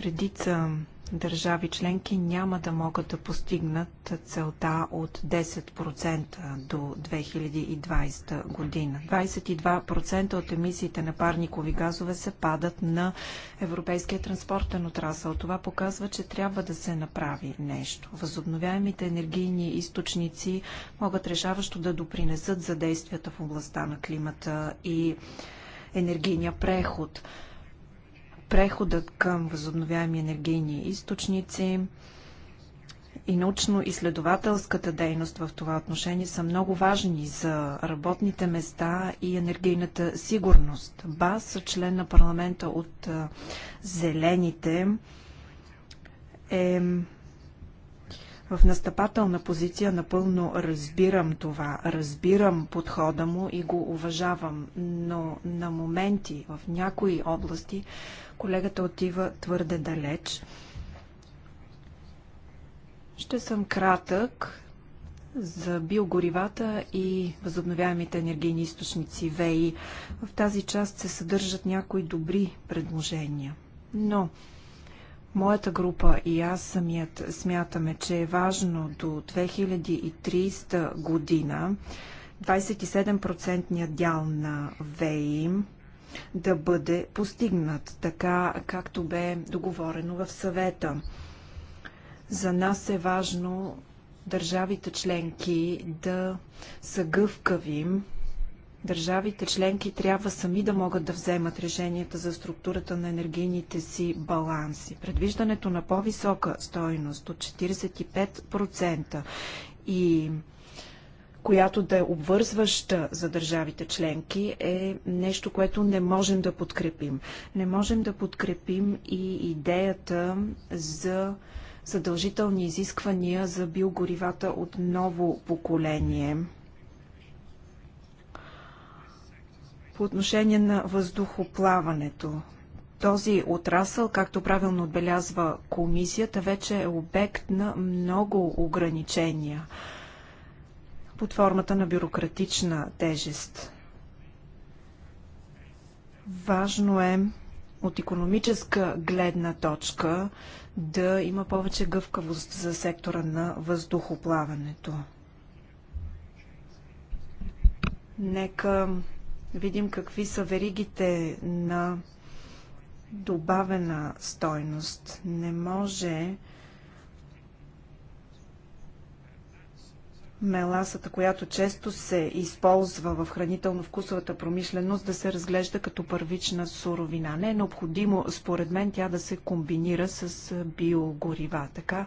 Редица държави членки няма да могат да постигнат целта от 10% до 2020 година. 22% от емисиите на парникови газове се падат на европейския транспортен отрасъл. Това показва, че трябва да се направи нещо. Възобновяемите енергийни източници могат решаващо да допринесат за действията в областта на климата и енергийния преход преходът към възобновяеми енергийни източници и научно-изследователската дейност в това отношение са много важни за работните места и енергийната сигурност. БАС, член на парламента от Зелените, е в настъпателна позиция напълно разбирам това, разбирам подхода му и го уважавам, но на моменти в някои области колегата отива твърде далеч. Ще съм кратък за биогоривата и възобновяемите енергийни източници ВЕИ. В тази част се съдържат някои добри предложения. Но Моята група и аз самият смятаме, че е важно до 2030 година 27 дял на ВЕИ да бъде постигнат, така както бе договорено в съвета. За нас е важно държавите членки да са гъвкави Държавите членки трябва сами да могат да вземат решенията за структурата на енергийните си баланси. Предвиждането на по-висока стойност от 45% и която да е обвързваща за държавите членки, е нещо, което не можем да подкрепим. Не можем да подкрепим и идеята за задължителни изисквания за биогоривата от ново поколение – По отношение на въздухоплаването, този отрасъл, както правилно отбелязва комисията, вече е обект на много ограничения под формата на бюрократична тежест. Важно е от економическа гледна точка да има повече гъвкавост за сектора на въздухоплаването. Нека видим какви са веригите на добавена стойност. Не може меласата, която често се използва в хранително-вкусовата промишленост, да се разглежда като първична суровина. Не е необходимо, според мен, тя да се комбинира с биогорива. Така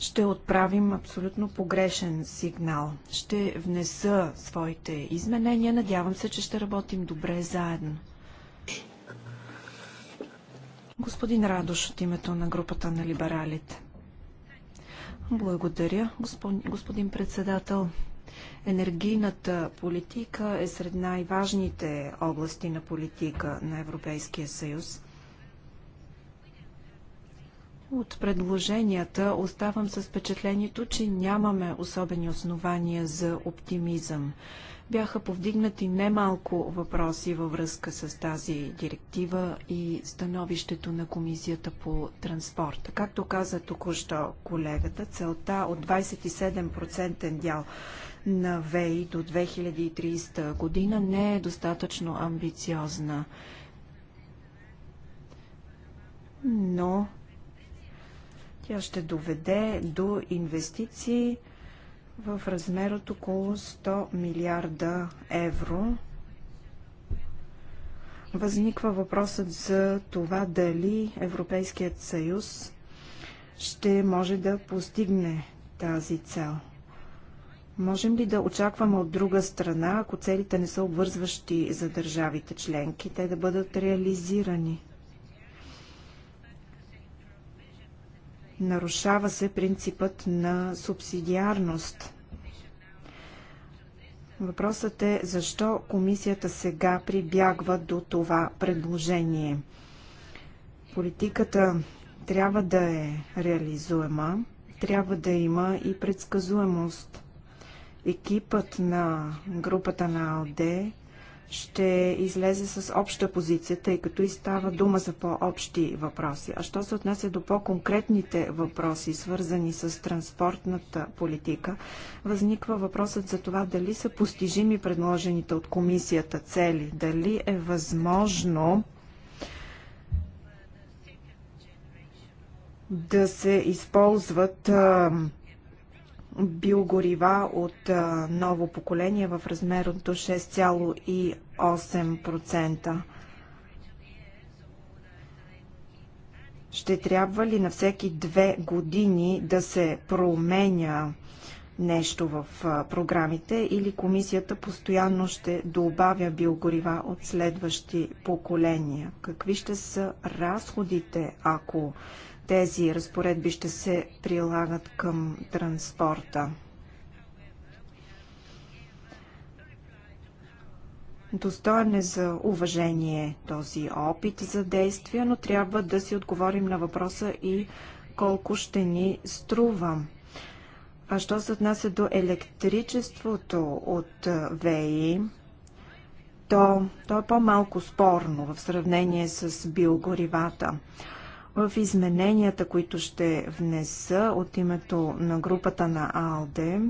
ще отправим абсолютно погрешен сигнал. Ще внеса своите изменения. Надявам се, че ще работим добре заедно. Господин Радош от името на групата на либералите. Благодаря, господин, господин председател. Енергийната политика е сред най-важните области на политика на Европейския съюз. От предложенията оставам с впечатлението, че нямаме особени основания за оптимизъм. Бяха повдигнати немалко въпроси във връзка с тази директива и становището на Комисията по транспорта. Както каза току-що колегата, целта от 27% дял на ВЕИ до 2030 година не е достатъчно амбициозна. Но тя ще доведе до инвестиции в размер от около 100 милиарда евро. Възниква въпросът за това дали Европейският съюз ще може да постигне тази цел. Можем ли да очакваме от друга страна, ако целите не са обвързващи за държавите членки, те да бъдат реализирани? Нарушава се принципът на субсидиарност. Въпросът е защо комисията сега прибягва до това предложение. Политиката трябва да е реализуема, трябва да има и предсказуемост. Екипът на групата на АОД ще излезе с обща позиция, тъй като и става дума за по-общи въпроси. А що се отнася до по-конкретните въпроси, свързани с транспортната политика, възниква въпросът за това дали са постижими предложените от комисията цели, дали е възможно да се използват а, биогорива от ново поколение в размер от до 6,8%. Ще трябва ли на всеки две години да се променя нещо в програмите или комисията постоянно ще добавя биогорива от следващи поколения? Какви ще са разходите, ако тези разпоредби ще се прилагат към транспорта. Достоен е за уважение този опит за действие, но трябва да си отговорим на въпроса и колко ще ни струва. А що се отнася до електричеството от ВЕИ, то, то е по-малко спорно в сравнение с биогоривата. В измененията, които ще внеса от името на групата на АЛДЕ,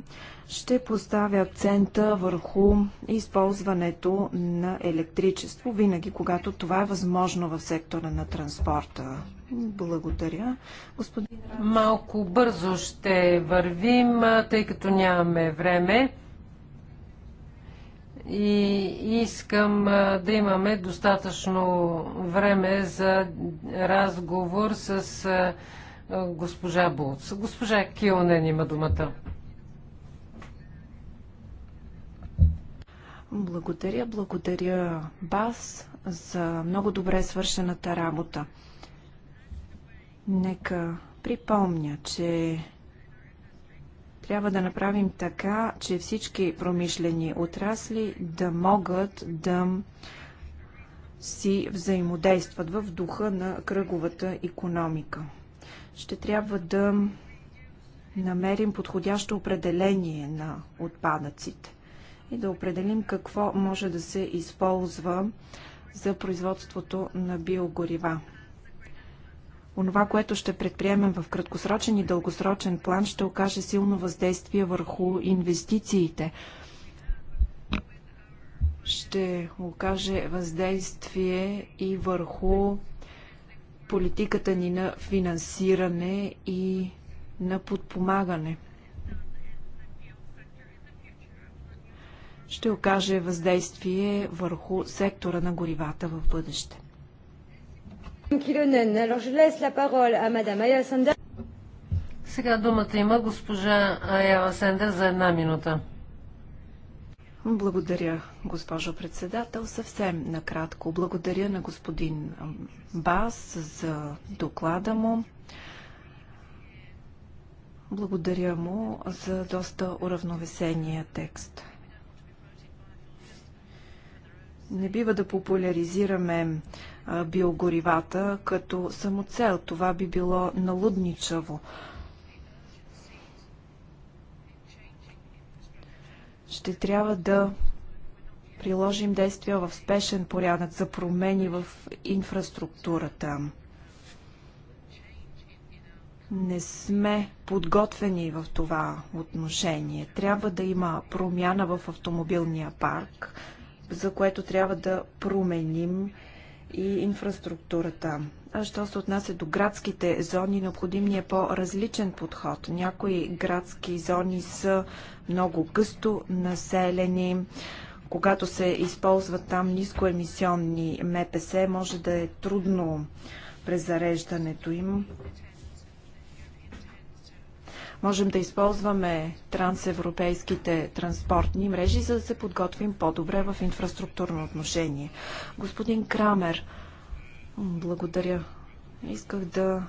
ще поставя акцента върху използването на електричество, винаги когато това е възможно в сектора на транспорта. Благодаря. Господин Малко бързо ще вървим, тъй като нямаме време и искам да имаме достатъчно време за разговор с госпожа Булц. Госпожа Килнен има думата. Благодаря, благодаря Бас за много добре свършената работа. Нека припомня, че трябва да направим така, че всички промишлени отрасли да могат да си взаимодействат в духа на кръговата економика. Ще трябва да намерим подходящо определение на отпадъците и да определим какво може да се използва за производството на биогорива. Онова, което ще предприемем в краткосрочен и дългосрочен план, ще окаже силно въздействие върху инвестициите. Ще окаже въздействие и върху политиката ни на финансиране и на подпомагане. Ще окаже въздействие върху сектора на горивата в бъдеще. Сега думата има госпожа Аяла Сендер за една минута. Благодаря, госпожо председател. Съвсем накратко. Благодаря на господин Бас за доклада му. Благодаря му за доста уравновесения текст. Не бива да популяризираме биогоривата като самоцел. Това би било налудничаво. Ще трябва да приложим действия в спешен порядък за промени в инфраструктурата. Не сме подготвени в това отношение. Трябва да има промяна в автомобилния парк, за което трябва да променим и инфраструктурата. А що се отнася до градските зони, необходим ни е по-различен подход. Някои градски зони са много гъсто населени. Когато се използват там нискоемисионни МПС, може да е трудно презареждането им. Можем да използваме трансевропейските транспортни мрежи, за да се подготвим по-добре в инфраструктурно отношение. Господин Крамер, благодаря. Исках да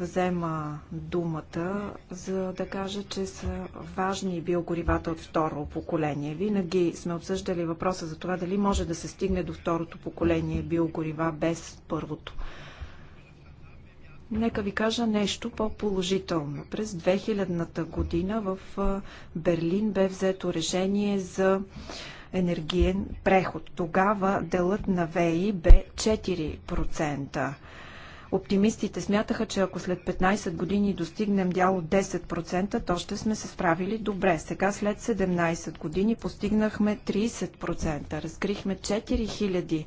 взема думата, за да кажа, че са важни биогоривата от второ поколение. Винаги сме обсъждали въпроса за това дали може да се стигне до второто поколение биогорива без първото. Нека ви кажа нещо по-положително. През 2000-та година в Берлин бе взето решение за енергиен преход. Тогава делът на ВЕИ бе 4%. Оптимистите смятаха, че ако след 15 години достигнем дял от 10%, то ще сме се справили добре. Сега след 17 години постигнахме 30%. Разкрихме 4000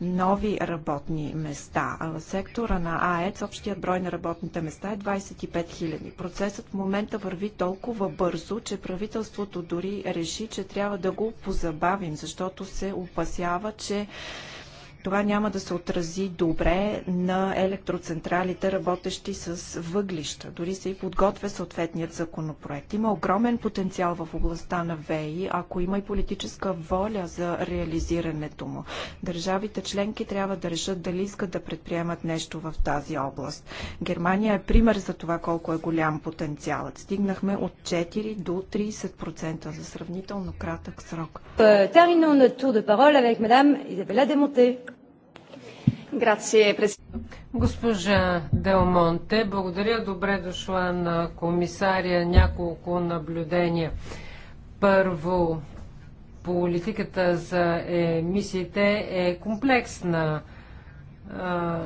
нови работни места. А в сектора на АЕЦ общият брой на работните места е 25 000. Процесът в момента върви толкова бързо, че правителството дори реши, че трябва да го позабавим, защото се опасява, че това няма да се отрази добре на електроцентралите, работещи с въглища. Дори се и подготвя съответният законопроект. Има огромен потенциал в областта на ВЕИ, ако има и политическа воля за реализирането му. Държавите членки трябва да решат дали искат да предприемат нещо в тази област. Германия е пример за това колко е голям потенциалът. Стигнахме от 4 до 30% за сравнително кратък срок. Terminons notre tour de parole avec Madame Isabella Demonté. Госпожа Делмонте, благодаря. Добре дошла на комисария. Няколко наблюдения. Първо, политиката за емисиите е комплексна а,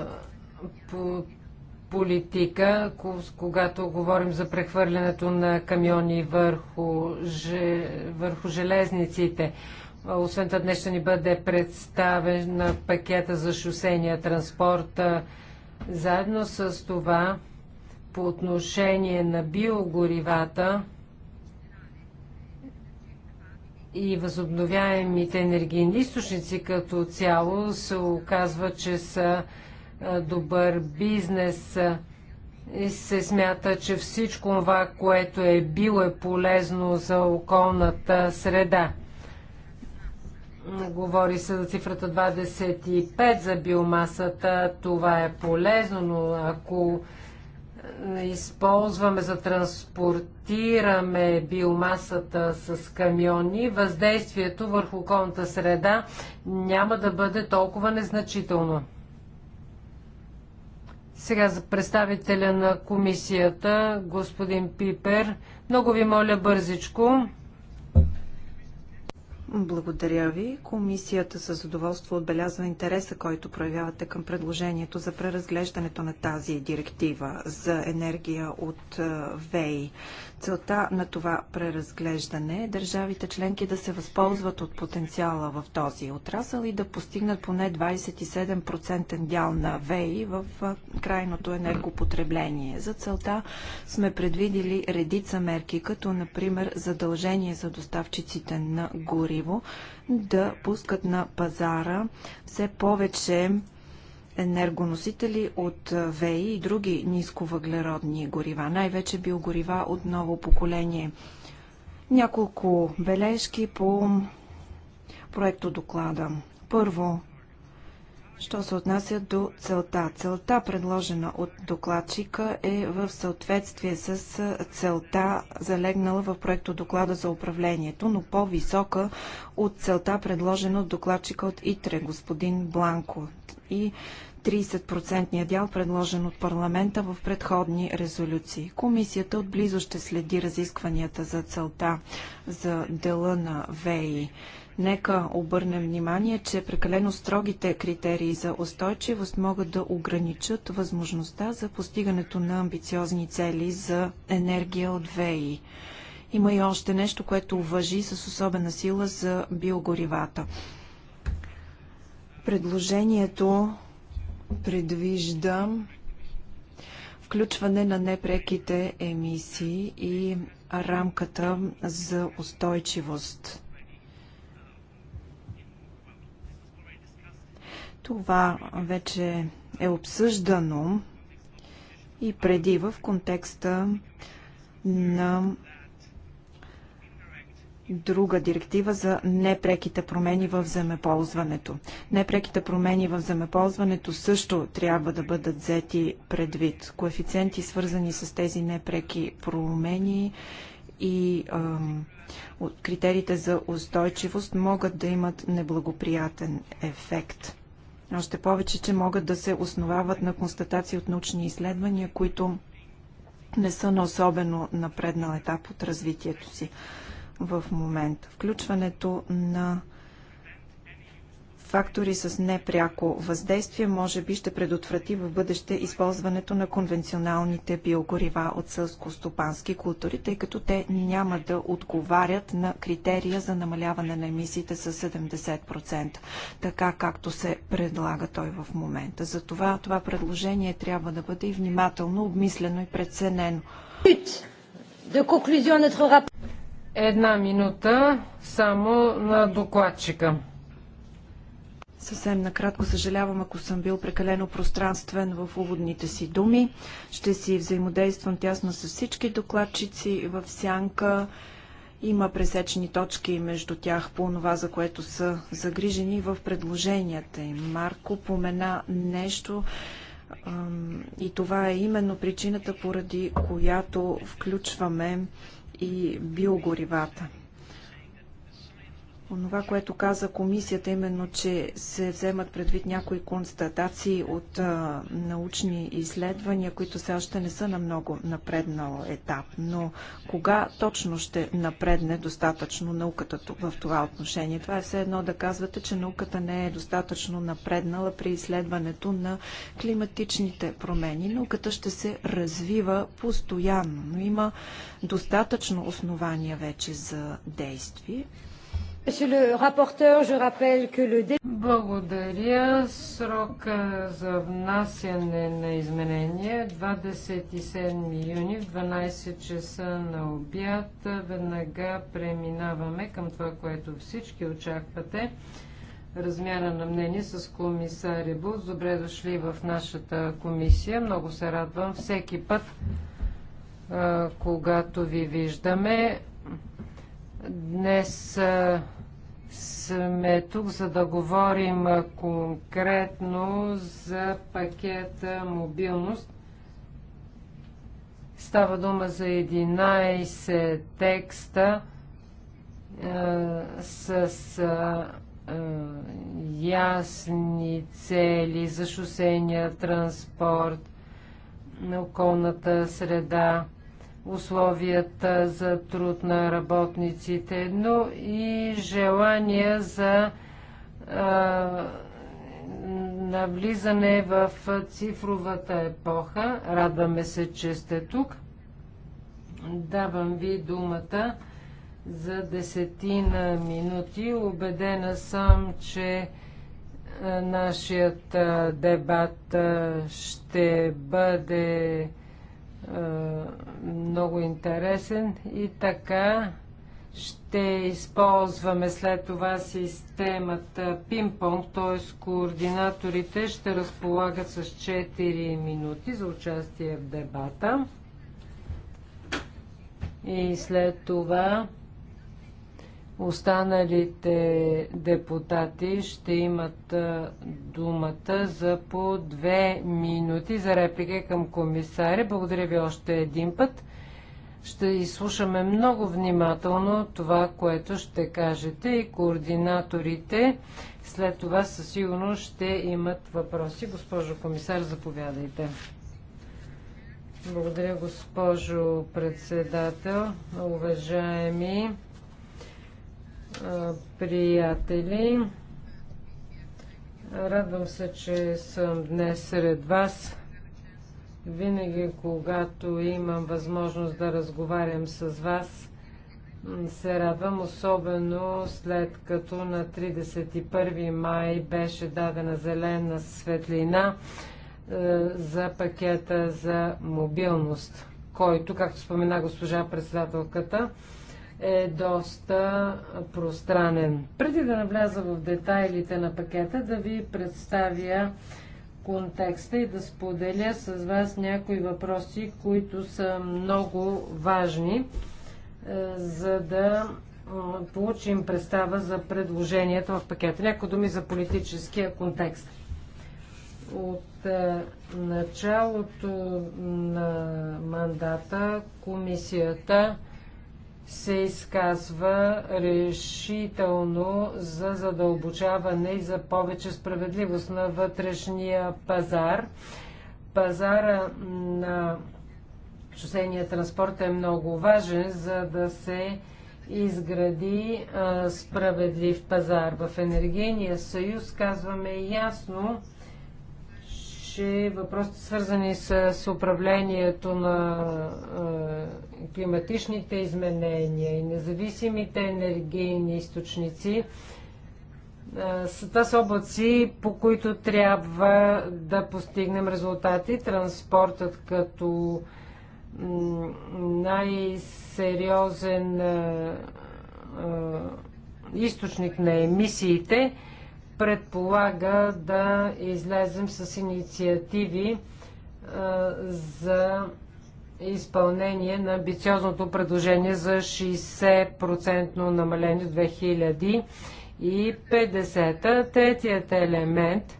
политика, когато говорим за прехвърлянето на камиони върху, върху железниците. Освен това днес ще ни бъде представен на пакета за шосения транспорт. Заедно с това, по отношение на биогоривата и възобновяемите енергийни източници като цяло се оказва, че са добър бизнес и се смята, че всичко това, което е било е полезно за околната среда. Говори се за цифрата 25 за биомасата. Това е полезно, но ако е, използваме за транспортираме биомасата с камиони, въздействието върху околната среда няма да бъде толкова незначително. Сега за представителя на комисията, господин Пипер. Много ви моля бързичко. Благодаря ви. Комисията със задоволство отбелязва интереса, който проявявате към предложението за преразглеждането на тази директива за енергия от ВЕИ. Целта на това преразглеждане е държавите членки да се възползват от потенциала в този отрасъл и да постигнат поне 27% дял на ВЕИ в крайното енергопотребление. За целта сме предвидили редица мерки, като например задължение за доставчиците на гориво да пускат на пазара все повече енергоносители от ВЕИ и други нисковъглеродни горива, най-вече биогорива от ново поколение. Няколко бележки по проекто доклада. Първо, що се отнася до целта. Целта, предложена от докладчика, е в съответствие с целта, залегнала в проекто доклада за управлението, но по-висока от целта, предложена от докладчика от ИТРЕ, господин Бланко. И 30 дял, предложен от парламента в предходни резолюции. Комисията отблизо ще следи разискванията за целта за дела на ВЕИ. Нека обърнем внимание, че прекалено строгите критерии за устойчивост могат да ограничат възможността за постигането на амбициозни цели за енергия от ВЕИ. Има и още нещо, което въжи с особена сила за биогоривата. Предложението предвижда включване на непреките емисии и рамката за устойчивост. Това вече е обсъждано и преди в контекста на друга директива за непреките промени в земеползването. Непреките промени в земеползването също трябва да бъдат взети предвид. Коефициенти, свързани с тези непреки промени и ам, критериите за устойчивост могат да имат неблагоприятен ефект. Още повече, че могат да се основават на констатации от научни изследвания, които не са на особено напреднал етап от развитието си в момента. Включването на фактори с непряко въздействие може би ще предотврати в бъдеще използването на конвенционалните биогорива от сълско-стопански култури, тъй като те няма да отговарят на критерия за намаляване на емисиите с 70%, така както се предлага той в момента. Затова това предложение трябва да бъде и внимателно обмислено и преценено. Една минута само на докладчика. Съвсем накратко съжалявам, ако съм бил прекалено пространствен в уводните си думи. Ще си взаимодействам тясно с всички докладчици в сянка. Има пресечни точки между тях по това, за което са загрижени в предложенията им. Марко помена нещо, и това е именно причината, поради която включваме и биогоривата. Онова, което каза комисията, именно, че се вземат предвид някои констатации от а, научни изследвания, които все още не са на много напреднал етап. Но кога точно ще напредне достатъчно науката в това отношение? Това е все едно да казвате, че науката не е достатъчно напреднала при изследването на климатичните промени. Науката ще се развива постоянно, но има достатъчно основания вече за действие. Благодаря. Срока е, за внасяне на изменения 27 е юни в 12 часа на обяд. Веднага преминаваме към това, което всички очаквате. Размяна на мнение с комисаря Буц. Добре дошли в нашата комисия. Много се радвам всеки път, е, когато ви виждаме. Днес сме тук, за да говорим конкретно за пакета мобилност. Става дума за 11 текста е, с е, ясни цели за шосения транспорт, на околната среда, условията за труд на работниците, но и желание за а, навлизане в цифровата епоха. Радваме се, че сте тук. Давам ви думата за десетина минути. Обедена съм, че нашият дебат ще бъде е, много интересен и така ще използваме след това системата пинг-понг, т.е. координаторите ще разполагат с 4 минути за участие в дебата. И след това Останалите депутати ще имат думата за по две минути за реплика към комисаря. Благодаря ви още един път. Ще изслушаме много внимателно това, което ще кажете и координаторите. След това със сигурност ще имат въпроси. Госпожо комисар, заповядайте. Благодаря, госпожо председател. Уважаеми приятели! Радвам се, че съм днес сред вас. Винаги, когато имам възможност да разговарям с вас, се радвам, особено след като на 31 май беше дадена зелена светлина е, за пакета за мобилност, който, както спомена госпожа председателката, е доста пространен. Преди да навляза в детайлите на пакета, да ви представя контекста и да споделя с вас някои въпроси, които са много важни, е, за да е, получим представа за предложенията в пакета. Някои думи за политическия контекст. От е, началото на мандата комисията се изказва решително за задълбочаване и за повече справедливост на вътрешния пазар. Пазара на шосейния транспорт е много важен, за да се изгради справедлив пазар. В Енергийния съюз казваме ясно, че въпросите свързани с управлението на е, климатичните изменения и независимите енергийни източници, е, това са облаци, по които трябва да постигнем резултати. Транспортът като най-сериозен е, източник на емисиите – предполага да излезем с инициативи за изпълнение на амбициозното предложение за 60% намаление в 2050. Третият елемент,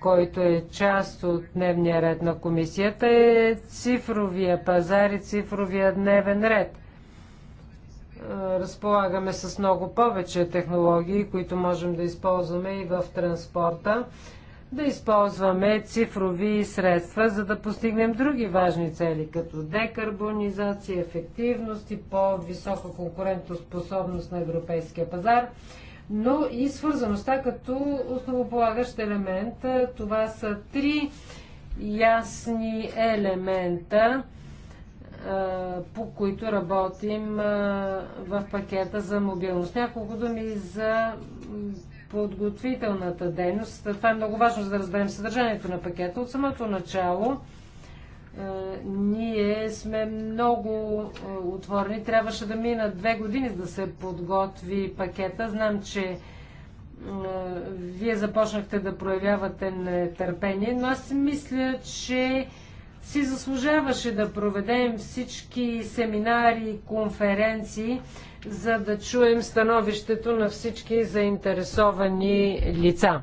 който е част от дневния ред на комисията е цифровия пазар и цифровия дневен ред – разполагаме с много повече технологии, които можем да използваме и в транспорта, да използваме цифрови средства, за да постигнем други важни цели, като декарбонизация, ефективност и по-висока конкурентоспособност на европейския пазар, но и свързаността като основополагащ елемент. Това са три ясни елемента, по които работим в пакета за мобилност. Няколко думи за подготвителната дейност. Това е много важно, за да разберем съдържанието на пакета. От самото начало ние сме много отворени. Трябваше да минат две години, за да се подготви пакета. Знам, че вие започнахте да проявявате нетърпение, но аз мисля, че си заслужаваше да проведем всички семинари и конференции, за да чуем становището на всички заинтересовани лица.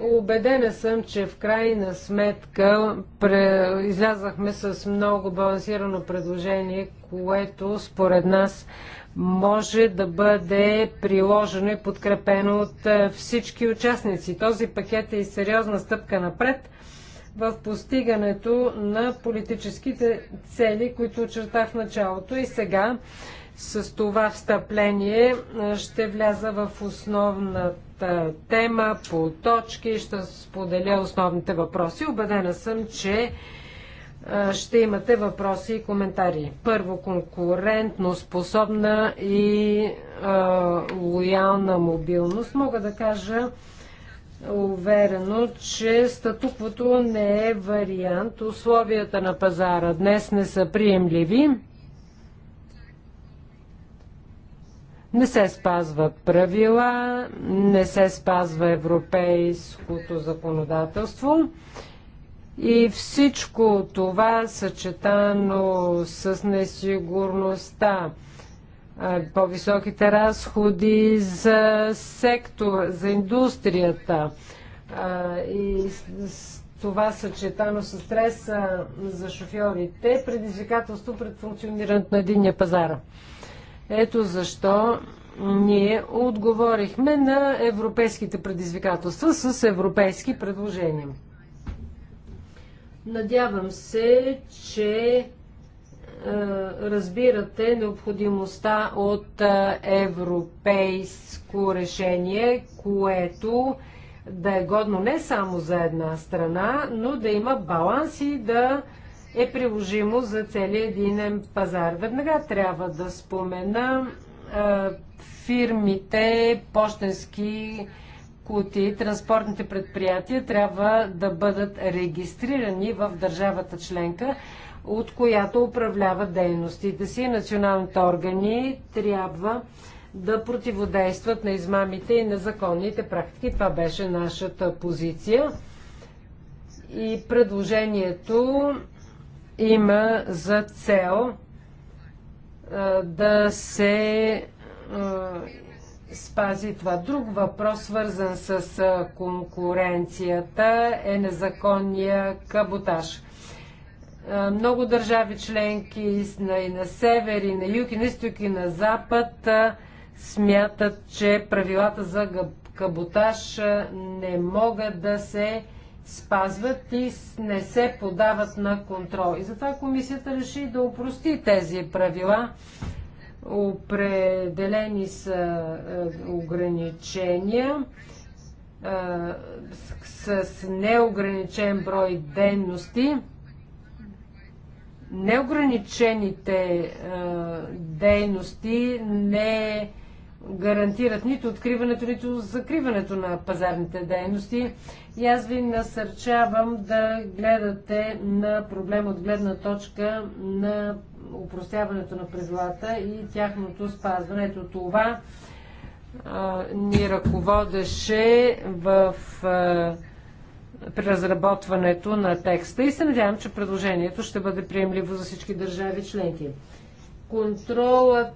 Обедена съм, че в крайна сметка пре... излязахме с много балансирано предложение, което според нас може да бъде приложено и подкрепено от е, всички участници. Този пакет е и сериозна стъпка напред в постигането на политическите цели, които очертах в началото. И сега с това встъпление ще вляза в основната тема по точки и ще споделя основните въпроси. Обедена съм, че ще имате въпроси и коментари. Първо, конкурентно способна и а, лоялна мобилност. Мога да кажа, уверено, че статуквото не е вариант. Условията на пазара днес не са приемливи. Не се спазват правила, не се спазва европейското законодателство. И всичко това съчетано с несигурността, е, по-високите разходи за сектор, за индустрията. И това съчетано с стреса за шофьорите, предизвикателство пред функционирането на единния пазар. Ето защо ние отговорихме на европейските предизвикателства с европейски предложения. Надявам се, че е, разбирате необходимостта от е, европейско решение, което да е годно не само за една страна, но да има баланс и да е приложимо за целия единен пазар. Веднага трябва да спомена е, фирмите, почтенски кути, транспортните предприятия трябва да бъдат регистрирани в държавата членка, от която управляват дейностите си. Националните органи трябва да противодействат на измамите и незаконните практики. Това беше нашата позиция. И предложението има за цел да се спази това. Друг въпрос, свързан с конкуренцията, е незаконния каботаж. Много държави членки и на север, и на юг, и на изток, и на запад смятат, че правилата за каботаж не могат да се спазват и не се подават на контрол. И затова комисията реши да упрости тези правила. Определени са ограничения с неограничен брой дейности неограничените е, дейности не гарантират нито откриването, нито закриването на пазарните дейности. И аз ви насърчавам да гледате на проблем от гледна точка на упростяването на правилата и тяхното спазване. Ето това а, е, ни ръководеше в а, е, при разработването на текста и се надявам, че предложението ще бъде приемливо за всички държави членки. Контролът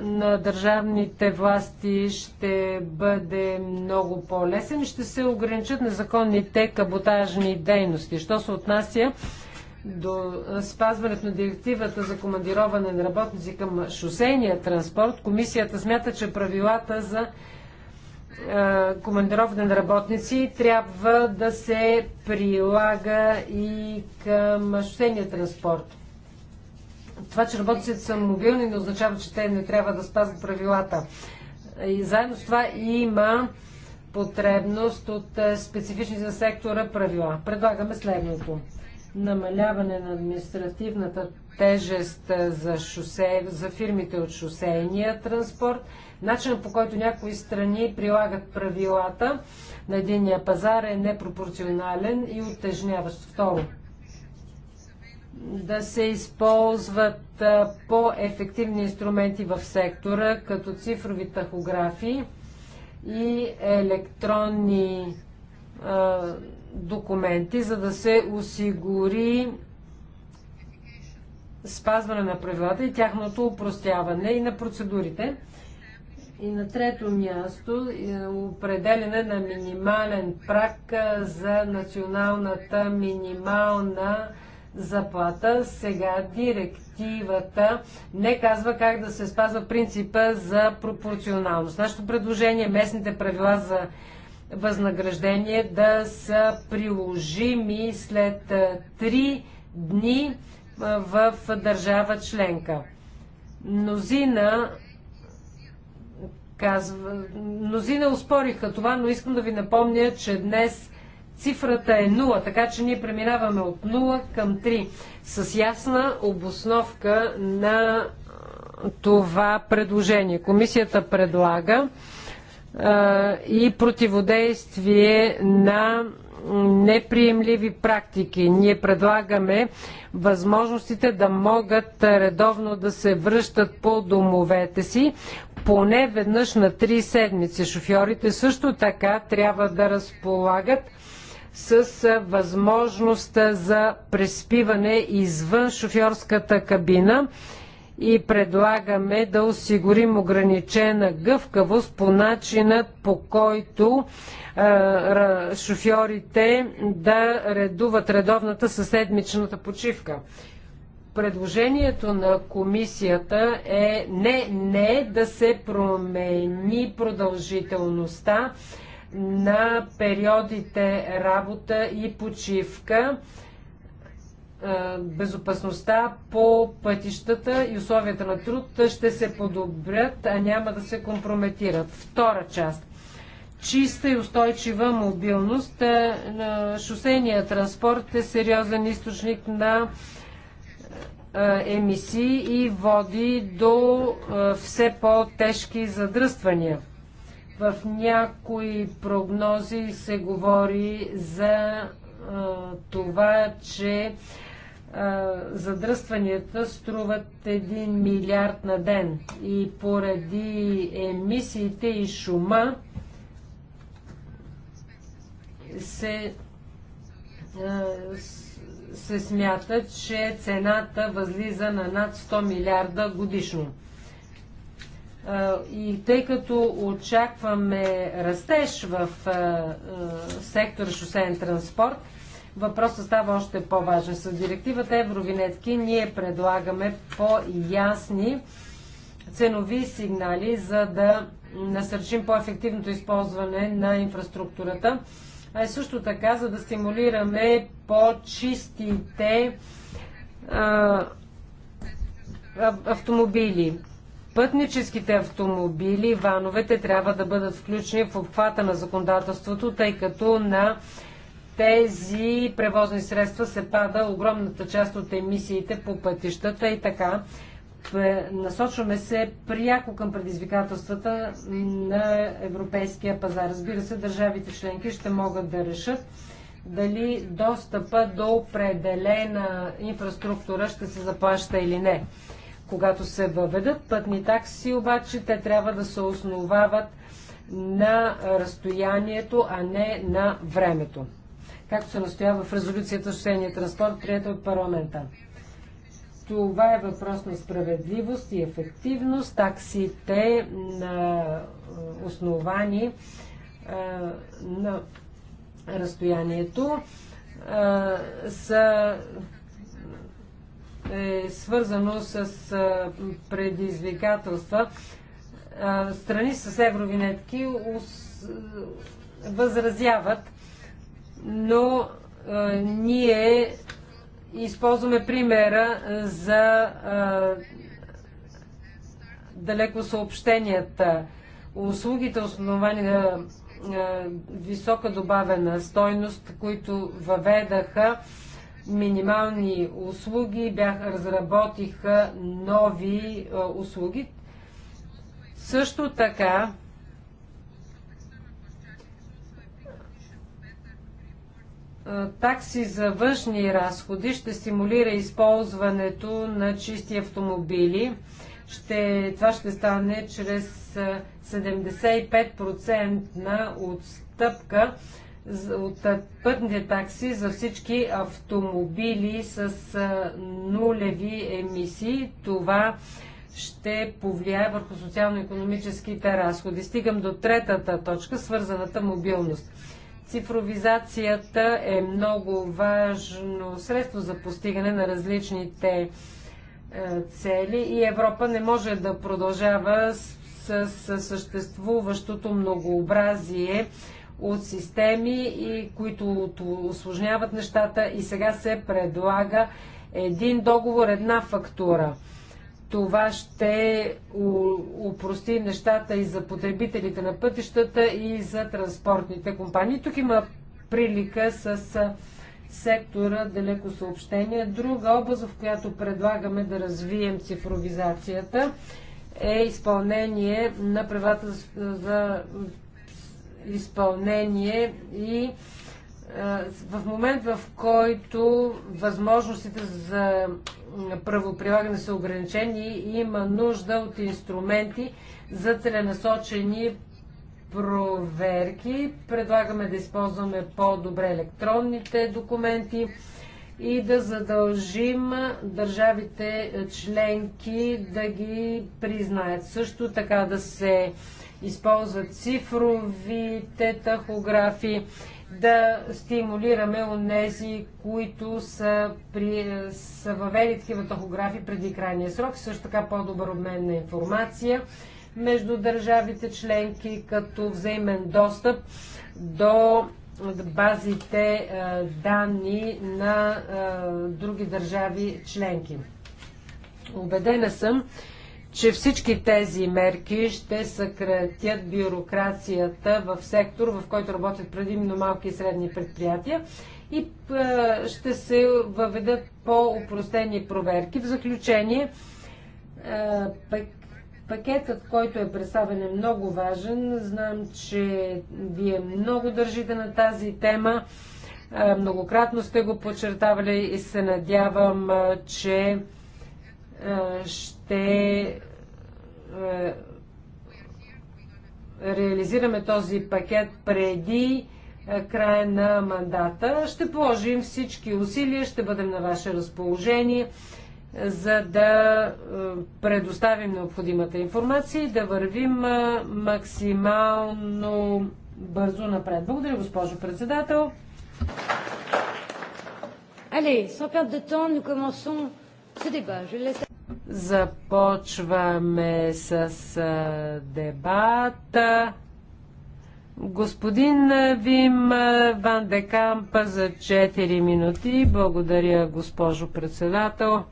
на държавните власти ще бъде много по-лесен и ще се ограничат незаконните каботажни дейности. Що се отнася до спазването на директивата за командироване на работници към шосейния транспорт, комисията смята, че правилата за е, Командировни на работници трябва да се прилага и към шосейния транспорт. Това, че работниците са мобилни, не означава, че те не трябва да спазват правилата. И заедно с това има потребност от е, специфични за сектора правила. Предлагаме следното намаляване на административната тежест за, шосе, за фирмите от шосейния транспорт, начинът по който някои страни прилагат правилата на единния пазар е непропорционален и оттежняващ. Второ, да се използват по-ефективни инструменти в сектора, като цифрови тахографии и електронни а, документи, за да се осигури спазване на правилата и тяхното упростяване и на процедурите. И на трето място е, определене на минимален прак е, за националната минимална заплата. Сега директивата не казва как да се спазва принципа за пропорционалност. Нашето предложение, е местните правила за възнаграждение да са приложими след 3 дни в държава членка. Мнозина казва, мнозина успориха това, но искам да ви напомня, че днес цифрата е 0, така че ние преминаваме от 0 към 3 с ясна обосновка на това предложение. Комисията предлага и противодействие на неприемливи практики. Ние предлагаме възможностите да могат редовно да се връщат по домовете си поне веднъж на три седмици. Шофьорите също така трябва да разполагат с възможността за преспиване извън шофьорската кабина и предлагаме да осигурим ограничена гъвкавост по начина по който шофьорите да редуват редовната със седмичната почивка. Предложението на комисията е не, не да се промени продължителността на периодите работа и почивка е, безопасността по пътищата и условията на труд ще се подобрят, а няма да се компрометират. Втора част. Чиста и устойчива мобилност. Е, е, шосейният транспорт е сериозен източник на емисии и води до все по-тежки задръствания. В някои прогнози се говори за това, че задръстванията струват 1 милиард на ден и поради емисиите и шума се, се смята, че цената възлиза на над 100 милиарда годишно. И тъй като очакваме растеж в сектор шосеен транспорт, въпросът става още по-важен. С директивата Евровинетки ние предлагаме по-ясни ценови сигнали, за да насърчим по-ефективното използване на инфраструктурата, а също така, за да стимулираме по-чистите автомобили. Пътническите автомобили, вановете трябва да бъдат включени в обхвата на законодателството, тъй като на тези превозни средства се пада огромната част от емисиите по пътищата и така. Насочваме се пряко към предизвикателствата на европейския пазар. Разбира се, държавите членки ще могат да решат дали достъпа до определена инфраструктура ще се заплаща или не. Когато се въведат пътни такси, обаче те трябва да се основават на разстоянието, а не на времето както се настоява в резолюцията Шения транспорт, приятел от парламента. Това е въпрос на справедливост и ефективност. Таксите на е, основани е, на разстоянието е, са е свързано с предизвикателства. Страни с евровинетки възразяват но а, ние използваме примера за а, далеко съобщенията. Услугите, основани на висока добавена стойност, които въведаха минимални услуги, бях, разработиха нови а, услуги. Също така Е, такси за външни разходи ще стимулира използването на чисти автомобили. Ще, това ще стане чрез 75% е, на отстъпка от е, пътните такси за всички автомобили с нулеви емисии. Това ще повлияе върху социално-економическите разходи. Стигам до третата точка, свързаната мобилност. Цифровизацията е много важно средство за постигане на различните е, цели и Европа не може да продължава с, с съществуващото многообразие от системи, и които осложняват нещата и сега се предлага един договор, една фактура. Това ще упрости нещата и за потребителите на пътищата и за транспортните компании. Тук има прилика с сектора далеко съобщение. Друга област, в която предлагаме да развием цифровизацията е изпълнение на правата за изпълнение и в момент, в който възможностите за правоприлагане са ограничени, има нужда от инструменти за целенасочени проверки. Предлагаме да използваме по-добре електронните документи и да задължим държавите членки да ги признаят. Също така да се използват цифровите тахографи да стимулираме нези, които са, при, са въвели такива тахографи преди крайния срок, също така по-добър обмен на информация между държавите членки, като взаимен достъп до базите е, данни на е, други държави членки. Обедена съм, че всички тези мерки ще съкратят бюрокрацията в сектор, в който работят предимно малки и средни предприятия и ще се въведат по-упростени проверки. В заключение, пакетът, който е представен е много важен. Знам, че вие много държите на тази тема. Многократно сте го подчертавали и се надявам, че ще ще е, реализираме този пакет преди е, края на мандата. Ще положим всички усилия, ще бъдем на ваше разположение, е, за да предоставим необходимата информация и да вървим максимално бързо напред. Благодаря, госпожо председател. Allez, sans perdre de temps, nous commençons ce débat. Je laisse... Започваме с дебата. Господин Вим Ван Декампа за 4 минути. Благодаря, госпожо председател.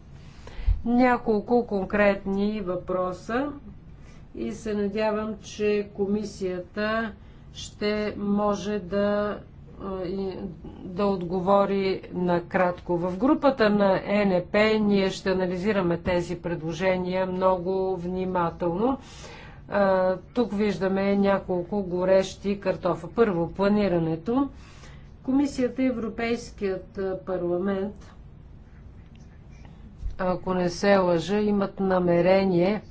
Няколко конкретни въпроса и се надявам, че комисията ще може да да отговори накратко. В групата на ЕНП ние ще анализираме тези предложения много внимателно. Тук виждаме няколко горещи картофа. Първо, планирането. Комисията и Европейският парламент, ако не се лъжа, имат намерение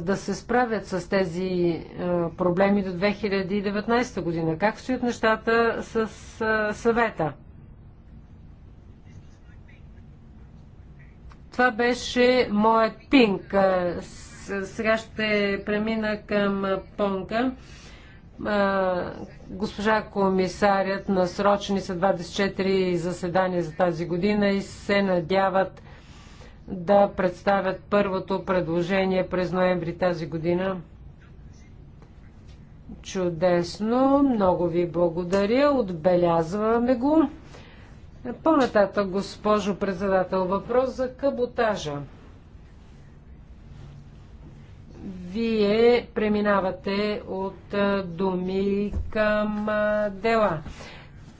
да се справят с тези проблеми до 2019 година? Как стоят нещата с съвета? Това беше моят пинг. Сега ще премина към понка. Госпожа комисарят насрочени са 24 заседания за тази година и се надяват да представят първото предложение през ноември тази година. Чудесно, много ви благодаря, отбелязваме го. По-нататък, госпожо председател, въпрос за каботажа. Вие преминавате от думи към дела.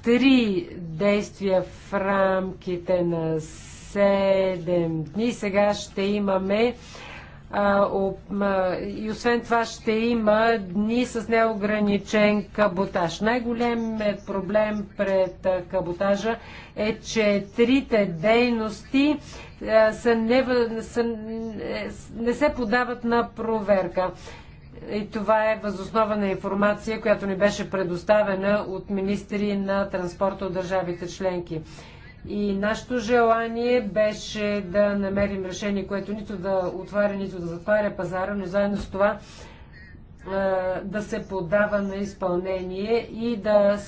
Три действия в рамките на 7 дни. Сега ще имаме и освен това ще има дни с неограничен каботаж. Най-големият е проблем пред каботажа е, че трите дейности са не, са, не се подават на проверка. И това е възоснова на информация, която ни беше предоставена от министри на транспорта от държавите членки. И нашето желание беше да намерим решение, което нито да отваря, нито да затваря пазара, но заедно с това да се подава на изпълнение и, да,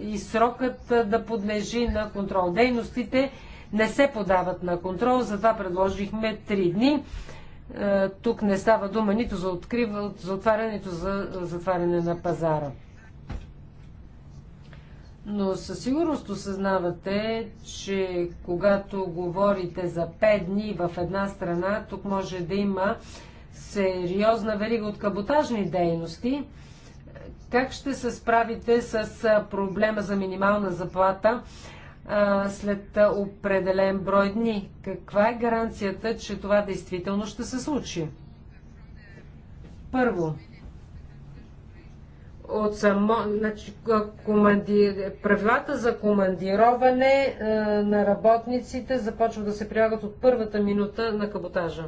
и срокът да подлежи на контрол. Дейностите не се подават на контрол, затова предложихме три дни. Тук не става дума нито за, открив, за отварянето, за затваряне на пазара но със сигурност осъзнавате, че когато говорите за 5 дни в една страна, тук може да има сериозна верига от каботажни дейности. Как ще се справите с проблема за минимална заплата след определен брой дни? Каква е гаранцията, че това действително ще се случи? Първо, от само, значи, командир, правилата за командироване а, на работниците започват да се прилагат от първата минута на каботажа.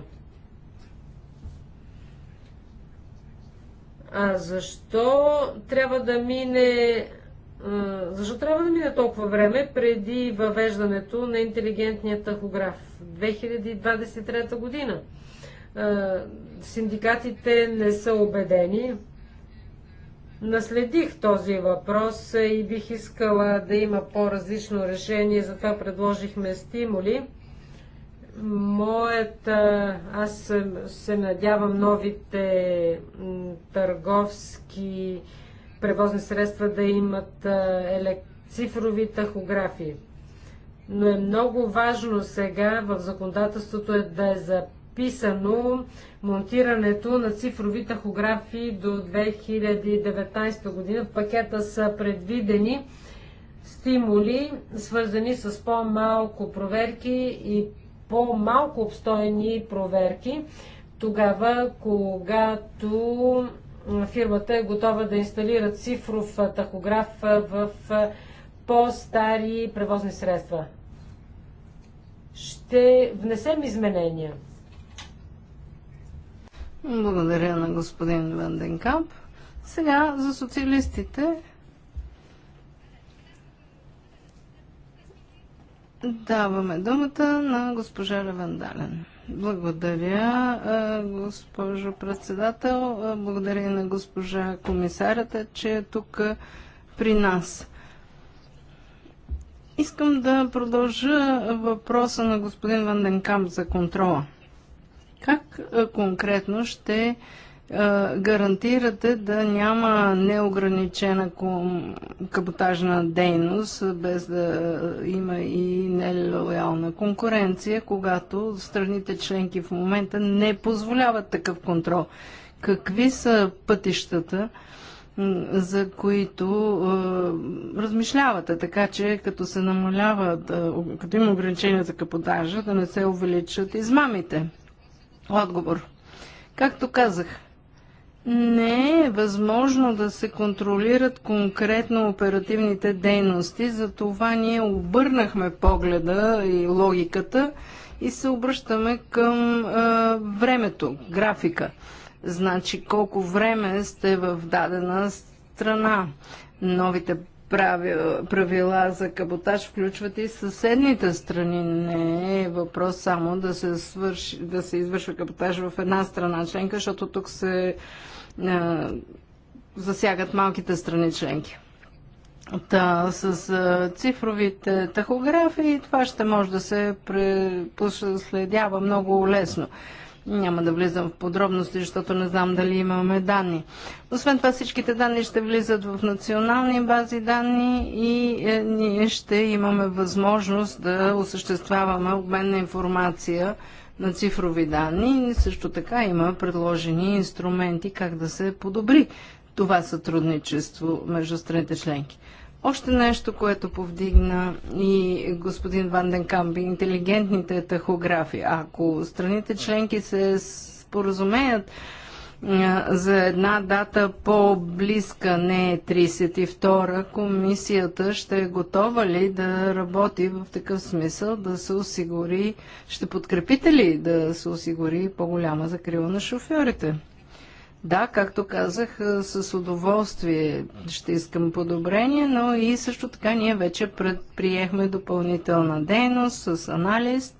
А защо трябва да мине а, защо трябва да мине толкова време преди въвеждането на интелигентния тахограф? 2023 година. А, синдикатите не са убедени. Наследих този въпрос и бих искала да има по-различно решение, затова предложихме стимули. Моят, аз се, надявам новите търговски превозни средства да имат цифрови тахографии. Но е много важно сега в законодателството е да е записано монтирането на цифрови тахографи до 2019 година. В пакета са предвидени стимули, свързани с по-малко проверки и по-малко обстойни проверки, тогава, когато фирмата е готова да инсталира цифров тахограф в по-стари превозни средства. Ще внесем изменения. Благодаря на господин Ванденкамп. Сега за социалистите. Даваме думата на госпожа Левандален. Благодаря, госпожо председател. Благодаря и на госпожа комисарата, че е тук при нас. Искам да продължа въпроса на господин Ванденкамп за контрола. Как конкретно ще гарантирате да няма неограничена каботажна дейност, без да има и нелоялна конкуренция, когато страните членки в момента не позволяват такъв контрол. Какви са пътищата, за които е, размишлявате, така че като се намалява, да, като има ограничения за капотажа, да не се увеличат измамите? Отговор. Както казах, не е възможно да се контролират конкретно оперативните дейности, затова ние обърнахме погледа и логиката и се обръщаме към е, времето, графика. Значи колко време сте в дадена страна. Новите правила за каботаж включват и съседните страни. Не е въпрос само да се, свърши, да се извършва каботаж в една страна членка, защото тук се а, засягат малките страни членки. Та, с а, цифровите тахографии това ще може да се преследява много лесно. Няма да влизам в подробности, защото не знам дали имаме данни. Освен това всичките данни ще влизат в национални бази данни и е, ние ще имаме възможност да осъществяваме обмен на информация на цифрови данни. И също така има предложени инструменти как да се подобри това сътрудничество между страните членки. Още нещо, което повдигна и господин Ванденкамп, интелигентните тахографи. Ако страните членки се споразумеят за една дата по-близка, не 32-а, комисията ще е готова ли да работи в такъв смисъл, да се осигури, ще подкрепите ли да се осигури по-голяма закрила на шофьорите? Да, както казах, с удоволствие ще искам подобрение, но и също така ние вече предприехме допълнителна дейност с анализ,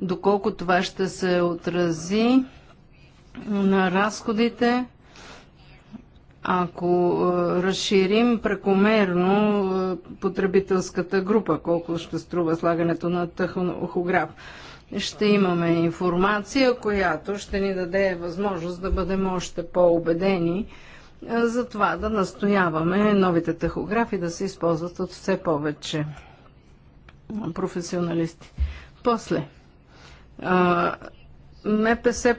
доколко това ще се отрази на разходите, ако разширим прекомерно потребителската група, колко ще струва слагането на тахонохограф ще имаме информация, която ще ни даде възможност да бъдем още по-убедени за това да настояваме новите тахографи да се използват от все повече професионалисти. После, МПС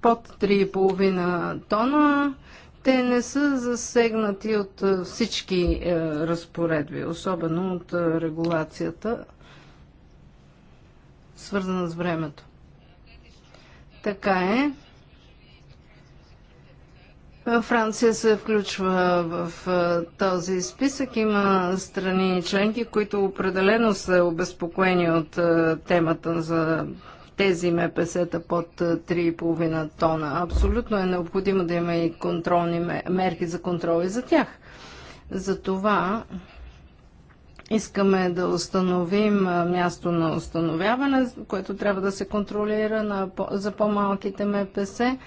под, 3,5 тона, те не са засегнати от всички разпоредби, особено от регулацията свързана с времето. Така е. Франция се включва в този списък. Има страни и членки, които определено са обезпокоени от темата за тези МПС-та под 3,5 тона. Абсолютно е необходимо да има и контролни мерки за контрол и за тях. Затова това Искаме да установим място на установяване, което трябва да се контролира на, за по-малките МПС,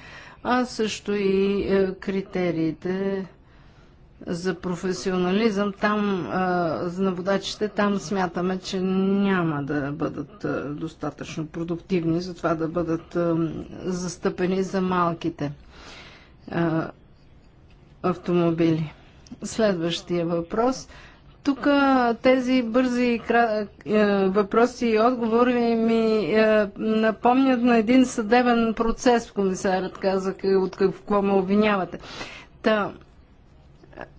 а също и е, критериите за професионализъм. Там, за наводачите, там смятаме, че няма да бъдат достатъчно продуктивни, затова да бъдат застъпени за малките автомобили. Следващия въпрос – тук тези бързи е, въпроси и отговори ми е, напомнят на един съдебен процес, комисарът каза от какво ме обвинявате. Та,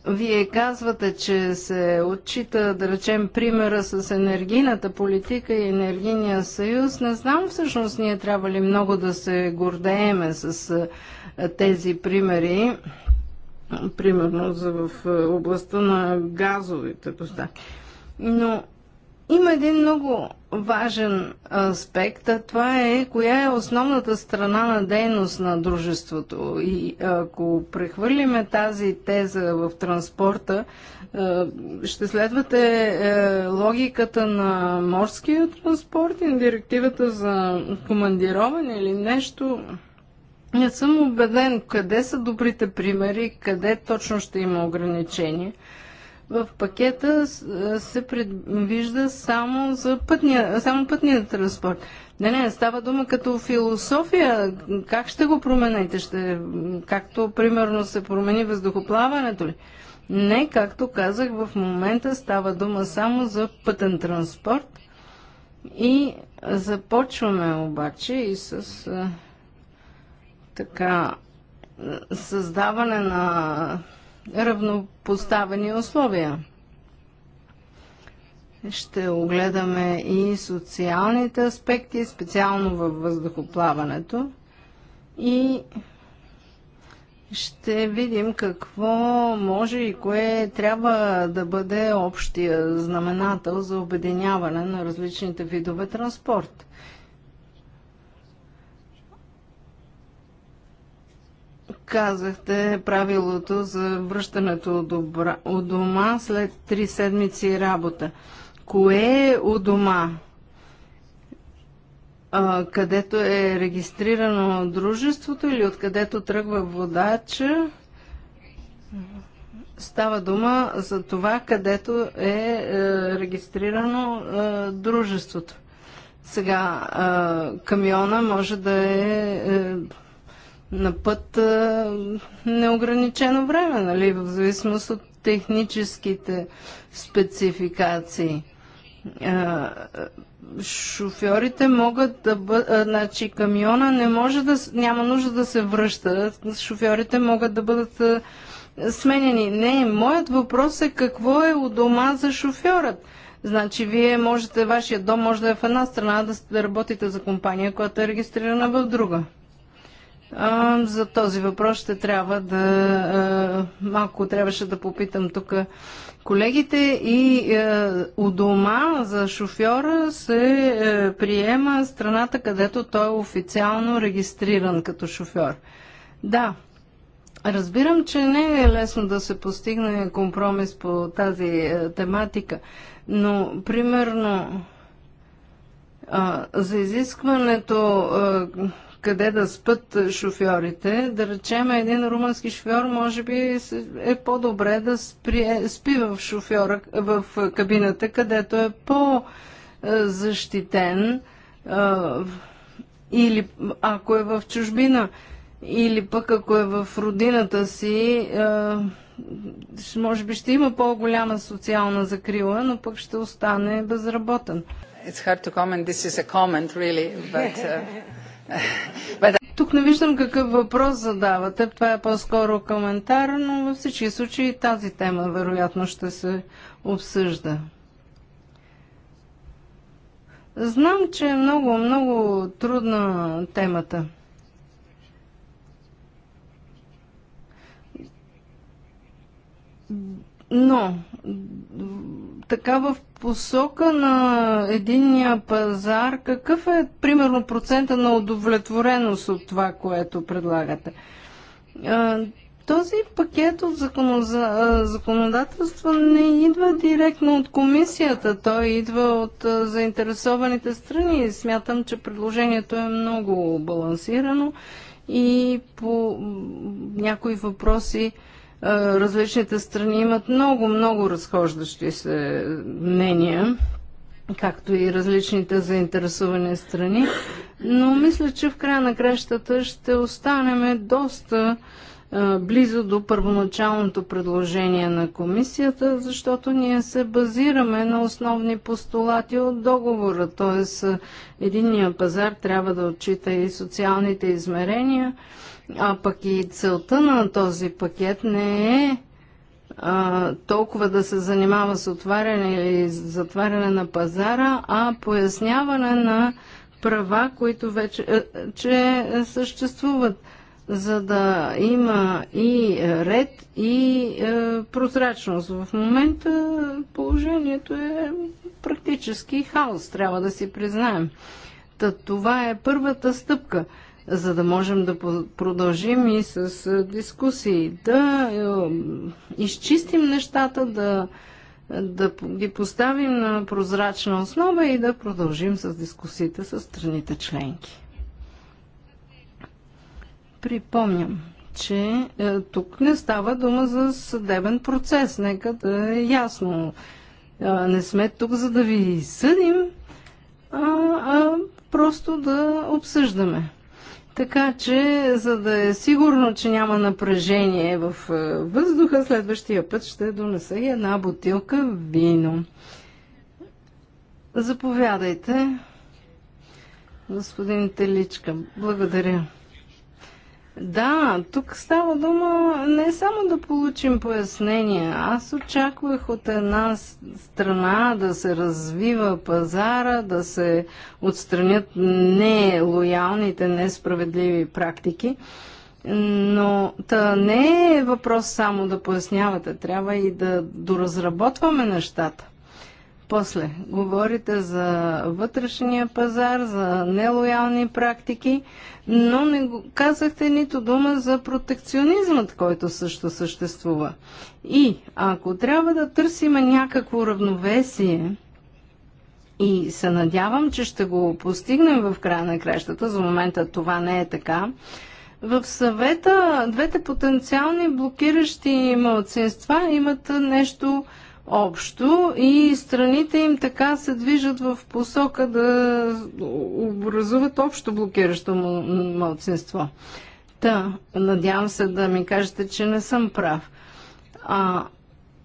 вие казвате, че се отчита, да речем, примера с енергийната политика и енергийния съюз. Не знам всъщност ние трябва ли много да се гордееме с е, тези примери примерно за в е, областта на газовите доставки. Но има един много важен аспект, а това е коя е основната страна на дейност на дружеството. И ако прехвърлиме тази теза в транспорта, е, ще следвате е, логиката на морския транспорт и директивата за командироване или нещо не съм убеден къде са добрите примери, къде точно ще има ограничения. В пакета се предвижда само за пътния, само пътния транспорт. Не, не, става дума като философия. Как ще го промените? Ще, както, примерно, се промени въздухоплаването ли? Не, както казах, в момента става дума само за пътен транспорт. И започваме обаче и с така създаване на равнопоставени условия. Ще огледаме и социалните аспекти, специално във въздухоплаването и ще видим какво може и кое трябва да бъде общия знаменател за обединяване на различните видове транспорт. казахте правилото за връщането от, добра, от дома след три седмици работа. Кое е у дома? А, където е регистрирано дружеството или откъдето тръгва водача? Става дума за това, където е, е регистрирано е, дружеството. Сега, е, камиона може да е, е на път а, неограничено време, нали, в зависимост от техническите спецификации. А, шофьорите могат да бъдат, значи камиона не може да, няма нужда да се връща, шофьорите могат да бъдат а, сменени. Не, моят въпрос е какво е у дома за шофьорът. Значи, вие можете, вашия дом може да е в една страна, да, да работите за компания, която е регистрирана в друга. За този въпрос ще трябва да... Малко трябваше да попитам тук колегите и у дома за шофьора се е, приема страната, където той е официално регистриран като шофьор. Да, Разбирам, че не е лесно да се постигне компромис по тази е, тематика, но примерно за изискването къде да спят шофьорите. Да речем, един румънски шофьор може би е по-добре да спри, спи в, шофьора, в кабината, където е по-защитен или ако е в чужбина, или пък ако е в родината си, може би ще има по-голяма социална закрила, но пък ще остане безработен. It's hard to comment. This is a comment, really, but uh, тук не виждам какъв въпрос задавате. Това е по-скоро коментар, но във всички случаи тази тема вероятно ще се обсъжда. Знам, че е много, много трудна темата. Но така в посока на единния пазар, какъв е примерно процента на удовлетвореност от това, което предлагате? Този пакет от законодателство не идва директно от комисията, той идва от заинтересованите страни. Смятам, че предложението е много балансирано и по някои въпроси Различните страни имат много, много разхождащи се мнения, както и различните заинтересовани страни, но мисля, че в края на кращата ще останеме доста близо до първоначалното предложение на комисията, защото ние се базираме на основни постулати от договора, т.е. единния пазар трябва да отчита и социалните измерения, а пък и целта на този пакет не е а, толкова да се занимава с отваряне или затваряне на пазара, а поясняване на права, които вече че съществуват за да има и ред, и е, прозрачност. В момента положението е практически хаос, трябва да си признаем. Та, това е първата стъпка, за да можем да продължим и с е, дискусии, да е, изчистим нещата, да, да ги поставим на прозрачна основа и да продължим с дискусиите с страните членки припомням, че е, тук не става дума за съдебен процес. Нека да е ясно. Е, не сме тук за да ви съдим, а, а просто да обсъждаме. Така че, за да е сигурно, че няма напрежение в е, въздуха, следващия път ще донеса и една бутилка вино. Заповядайте, господин Теличка. Благодаря. Да, тук става дума не само да получим пояснения. Аз очаквах от една страна да се развива пазара, да се отстранят нелоялните, несправедливи практики. Но та не е въпрос само да пояснявате, трябва и да доразработваме нещата. После, говорите за вътрешния пазар, за нелоялни практики, но не казахте нито дума за протекционизмът, който също съществува. И ако трябва да търсим някакво равновесие, и се надявам, че ще го постигнем в края на кращата, за момента това не е така, в съвета двете потенциални блокиращи малцинства имат нещо общо и страните им така се движат в посока да образуват общо блокиращо мълцинство. Та, да, надявам се да ми кажете, че не съм прав. А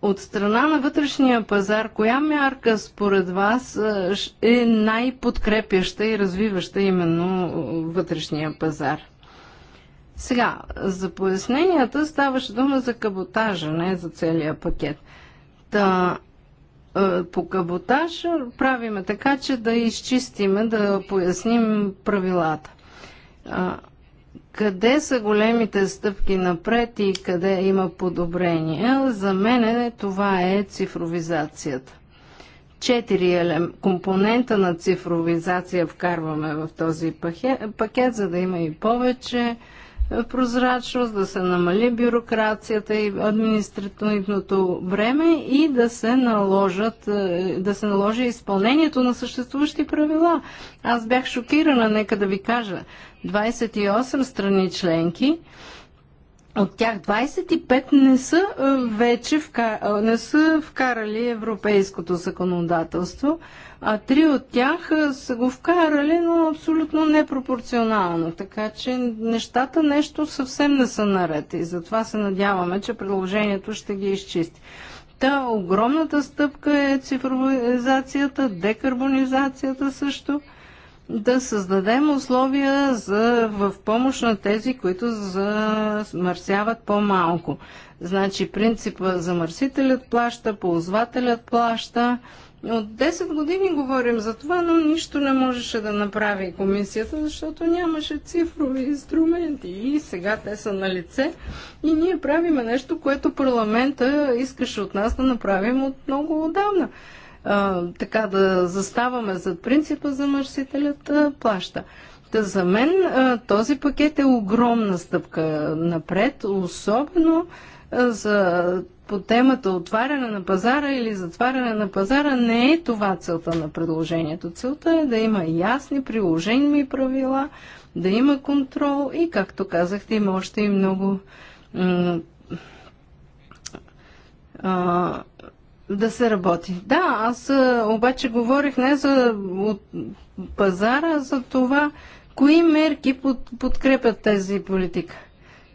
от страна на вътрешния пазар, коя мярка според вас е най-подкрепяща и развиваща именно вътрешния пазар? Сега, за поясненията ставаше дума за каботажа, не за целия пакет. Та, е, по каботаж правиме така, че да изчистиме, да поясним правилата. Къде са големите стъпки напред и къде има подобрение? За мен това е цифровизацията. Четири компонента на цифровизация вкарваме в този пакет за да има и повече прозрачност, да се намали бюрокрацията и административното време и да се, наложат, е, да се наложи изпълнението на съществуващи правила. Аз бях шокирана, нека да ви кажа. 28 страни членки от тях 25 не са е, вече е, не са вкарали европейското законодателство, а три от тях са го вкарали, но абсолютно непропорционално. Така че нещата нещо съвсем не са наред и затова се надяваме, че предложението ще ги изчисти. Та огромната стъпка е цифровизацията, декарбонизацията също да създадем условия за, в помощ на тези, които замърсяват по-малко. Значи принципа замърсителят плаща, ползвателят плаща, от 10 години говорим за това, но нищо не можеше да направи комисията, защото нямаше цифрови инструменти. И сега те са на лице и ние правиме нещо, което парламента искаше от нас да направим от много отдавна. А, така да заставаме зад принципа за мърсителят плаща. Та за мен а, този пакет е огромна стъпка напред, особено за по темата отваряне на пазара или затваряне на пазара не е това целта на предложението. Целта е да има ясни приложени правила, да има контрол и, както казахте, има още и много а, да се работи. Да, аз обаче говорих не за от пазара, а за това, кои мерки под, подкрепят тези политика.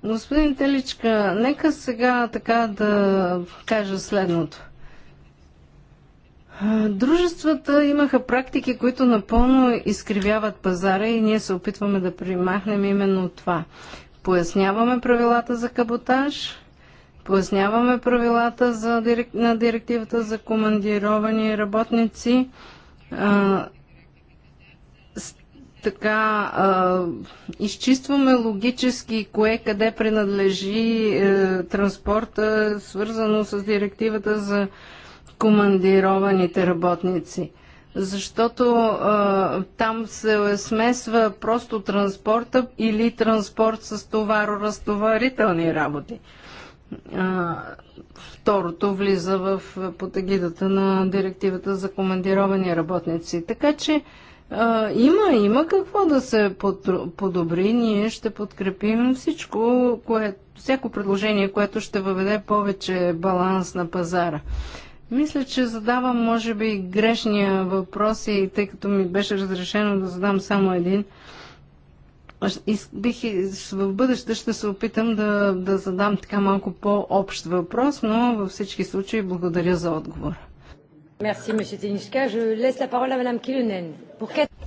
Господин Теличка, нека сега така да кажа следното. Дружествата имаха практики, които напълно изкривяват пазара и ние се опитваме да примахнем именно това. Поясняваме правилата за каботаж, поясняваме правилата за, на директивата за командировани работници, така а, изчистваме логически кое къде принадлежи е, транспорта, свързано с директивата за командированите работници. Защото а, там се смесва просто транспорта или транспорт с товаро-разтоварителни работи. А, второто влиза в потегидата на директивата за командировани работници. Така че а, има, има какво да се подобри. Ние ще подкрепим всичко, което, всяко предложение, което ще въведе повече баланс на пазара. Мисля, че задавам, може би, грешния въпрос и тъй като ми беше разрешено да задам само един, бих, в бъдеще ще се опитам да, да задам така малко по-общ въпрос, но във всички случаи благодаря за отговора.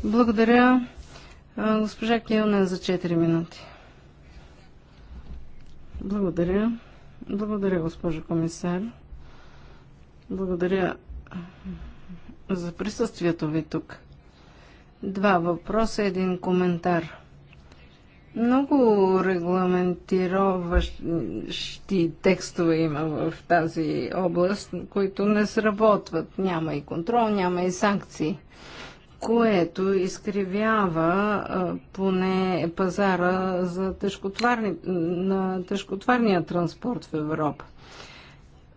Благодаря, госпожа Килнен, за 4 минути. Благодаря. Благодаря, госпожо комисар. Благодаря за присъствието ви тук. Два въпроса, един коментар. Много регламентироващи текстове има в тази област, които не сработват. Няма и контрол, няма и санкции, което изкривява поне пазара за тежкотварни, на тежкотварния транспорт в Европа.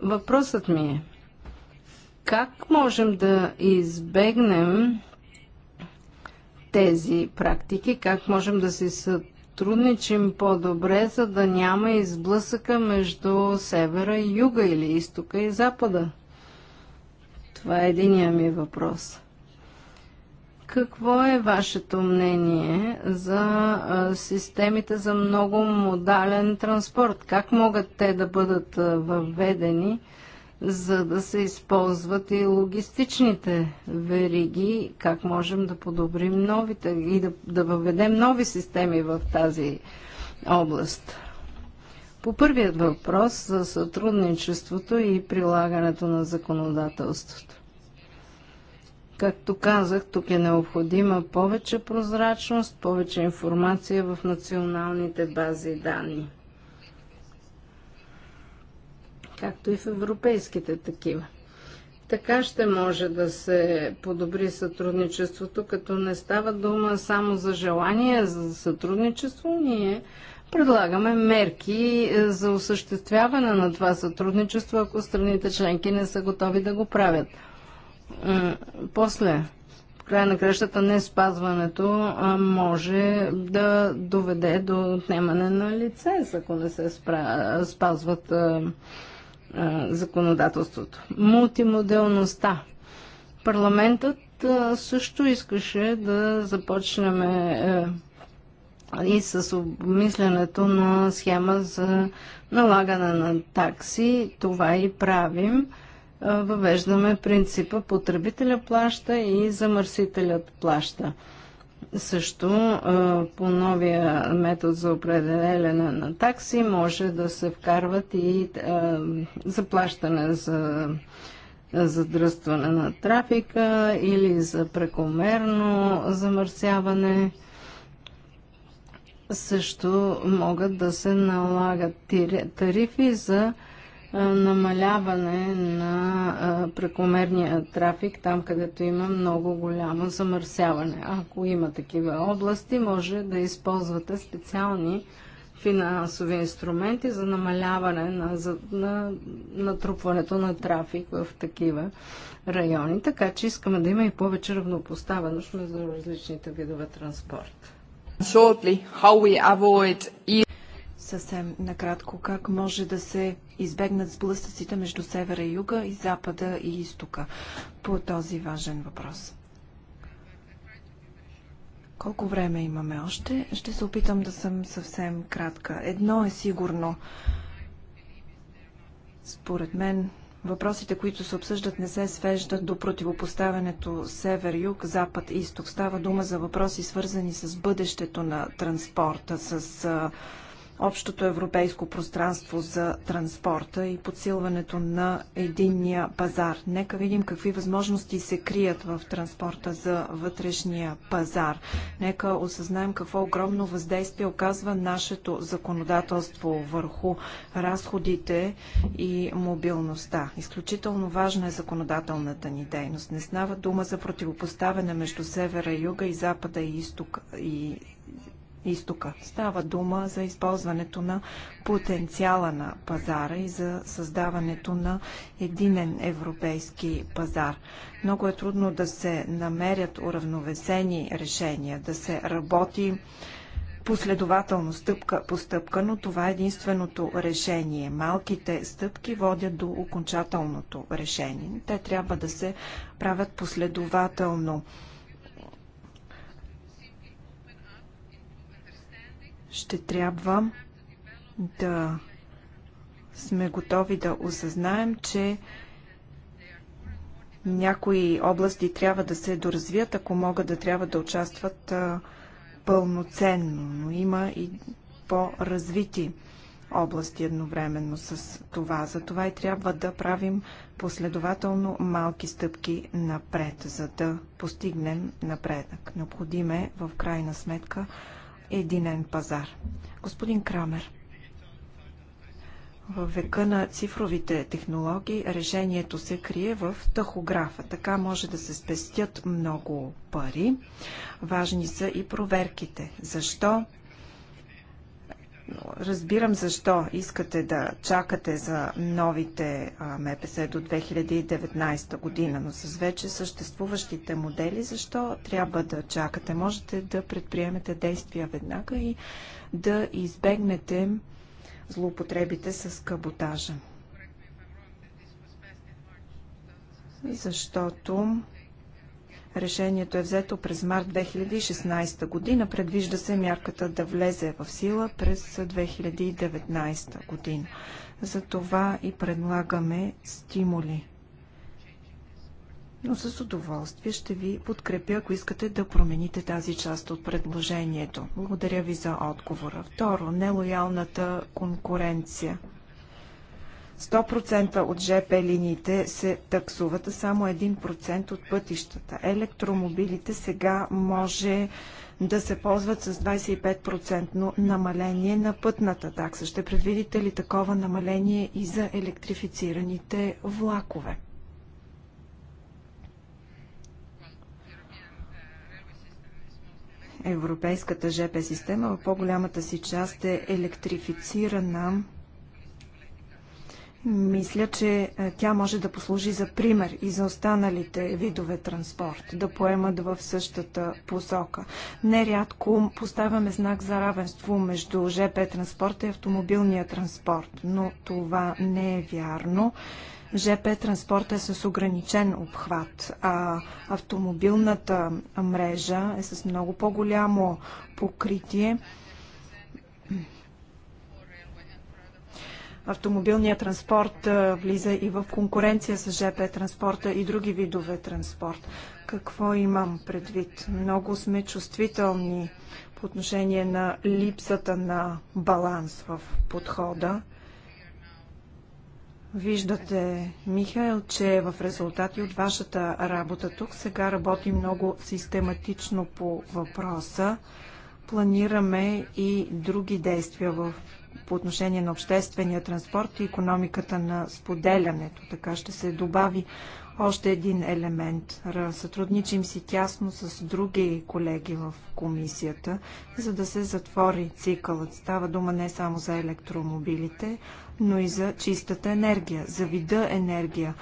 Въпросът ми е, как можем да избегнем тези практики, как можем да се съд сътрудничим по-добре, за да няма изблъсъка между севера и юга или изтока и запада? Това е единия ми въпрос. Какво е вашето мнение за системите за много модален транспорт? Как могат те да бъдат въведени? за да се използват и логистичните вериги, как можем да подобрим новите и да, да въведем нови системи в тази област. По първият въпрос за сътрудничеството и прилагането на законодателството. Както казах, тук е необходима повече прозрачност, повече информация в националните бази данни както и в европейските такива. Така ще може да се подобри сътрудничеството, като не става дума само за желание за сътрудничество. Ние предлагаме мерки е, за осъществяване на това сътрудничество, ако страните членки не са готови да го правят. После, в края на крещата, не спазването може да доведе до отнемане на лиценз, ако не се спазват законодателството. Мултимоделността. Парламентът също искаше да започнем и с обмислянето на схема за налагане на такси. Това и правим. Въвеждаме принципа потребителя плаща и замърсителят плаща. Също по новия метод за определене на такси може да се вкарват и заплащане за задръстване на трафика или за прекомерно замърсяване. Също могат да се налагат тарифи за намаляване на прекомерния трафик там, където има много голямо замърсяване. Ако има такива области, може да използвате специални финансови инструменти за намаляване на, за, на натрупването на трафик в такива райони. Така че искаме да има и повече равнопоставеност между различните видове транспорт. Shortly, how we avoid съвсем накратко как може да се избегнат сблъсъците между севера и юга и запада и изтока по този важен въпрос. Колко време имаме още? Ще се опитам да съм съвсем кратка. Едно е сигурно. Според мен Въпросите, които се обсъждат, не се свеждат до противопоставянето север-юг, запад-изток. Става дума за въпроси, свързани с бъдещето на транспорта, с общото европейско пространство за транспорта и подсилването на единния пазар. Нека видим какви възможности се крият в транспорта за вътрешния пазар. Нека осъзнаем какво огромно въздействие оказва нашето законодателство върху разходите и мобилността. Изключително важна е законодателната ни дейност. Не става дума за противопоставяне между севера и юга и запада и изток и изтока. Става дума за използването на потенциала на пазара и за създаването на единен европейски пазар. Много е трудно да се намерят уравновесени решения, да се работи последователно, стъпка по стъпка, но това е единственото решение. Малките стъпки водят до окончателното решение. Те трябва да се правят последователно. ще трябва да сме готови да осъзнаем, че някои области трябва да се доразвият, ако могат да трябва да участват пълноценно, но има и по-развити области едновременно с това. Затова и трябва да правим последователно малки стъпки напред, за да постигнем напредък. Необходим е в крайна сметка единен пазар. Господин Крамер, във века на цифровите технологии решението се крие в тахографа. Така може да се спестят много пари. Важни са и проверките. Защо Разбирам защо искате да чакате за новите МПС до 2019 година, но с вече съществуващите модели, защо трябва да чакате? Можете да предприемете действия веднага и да избегнете злоупотребите с каботажа. Защото Решението е взето през март 2016 година. Предвижда се мярката да влезе в сила през 2019 година. За това и предлагаме стимули. Но с удоволствие ще ви подкрепя, ако искате да промените тази част от предложението. Благодаря ви за отговора. Второ, нелоялната конкуренция – 100% от ЖП линиите се таксуват, а само 1% от пътищата. Електромобилите сега може да се ползват с 25% намаление на пътната такса. Ще предвидите ли такова намаление и за електрифицираните влакове? Европейската ЖП система в по-голямата си част е електрифицирана мисля, че е, тя може да послужи за пример и за останалите видове транспорт, да поемат в същата посока. Нерядко поставяме знак за равенство между ЖП транспорта и автомобилния транспорт, но това не е вярно. ЖП транспорта е с ограничен обхват, а автомобилната мрежа е с много по-голямо покритие. автомобилният транспорт влиза и в конкуренция с ЖП транспорта и други видове транспорт. Какво имам предвид? Много сме чувствителни по отношение на липсата на баланс в подхода. Виждате, Михаил, че е в резултати от вашата работа тук сега работи много систематично по въпроса. Планираме и други действия в по отношение на обществения транспорт и економиката на споделянето. Така ще се добави още един елемент. Сътрудничим си тясно с други колеги в комисията, за да се затвори цикълът. Става дума не само за електромобилите, но и за чистата енергия, за вида енергия,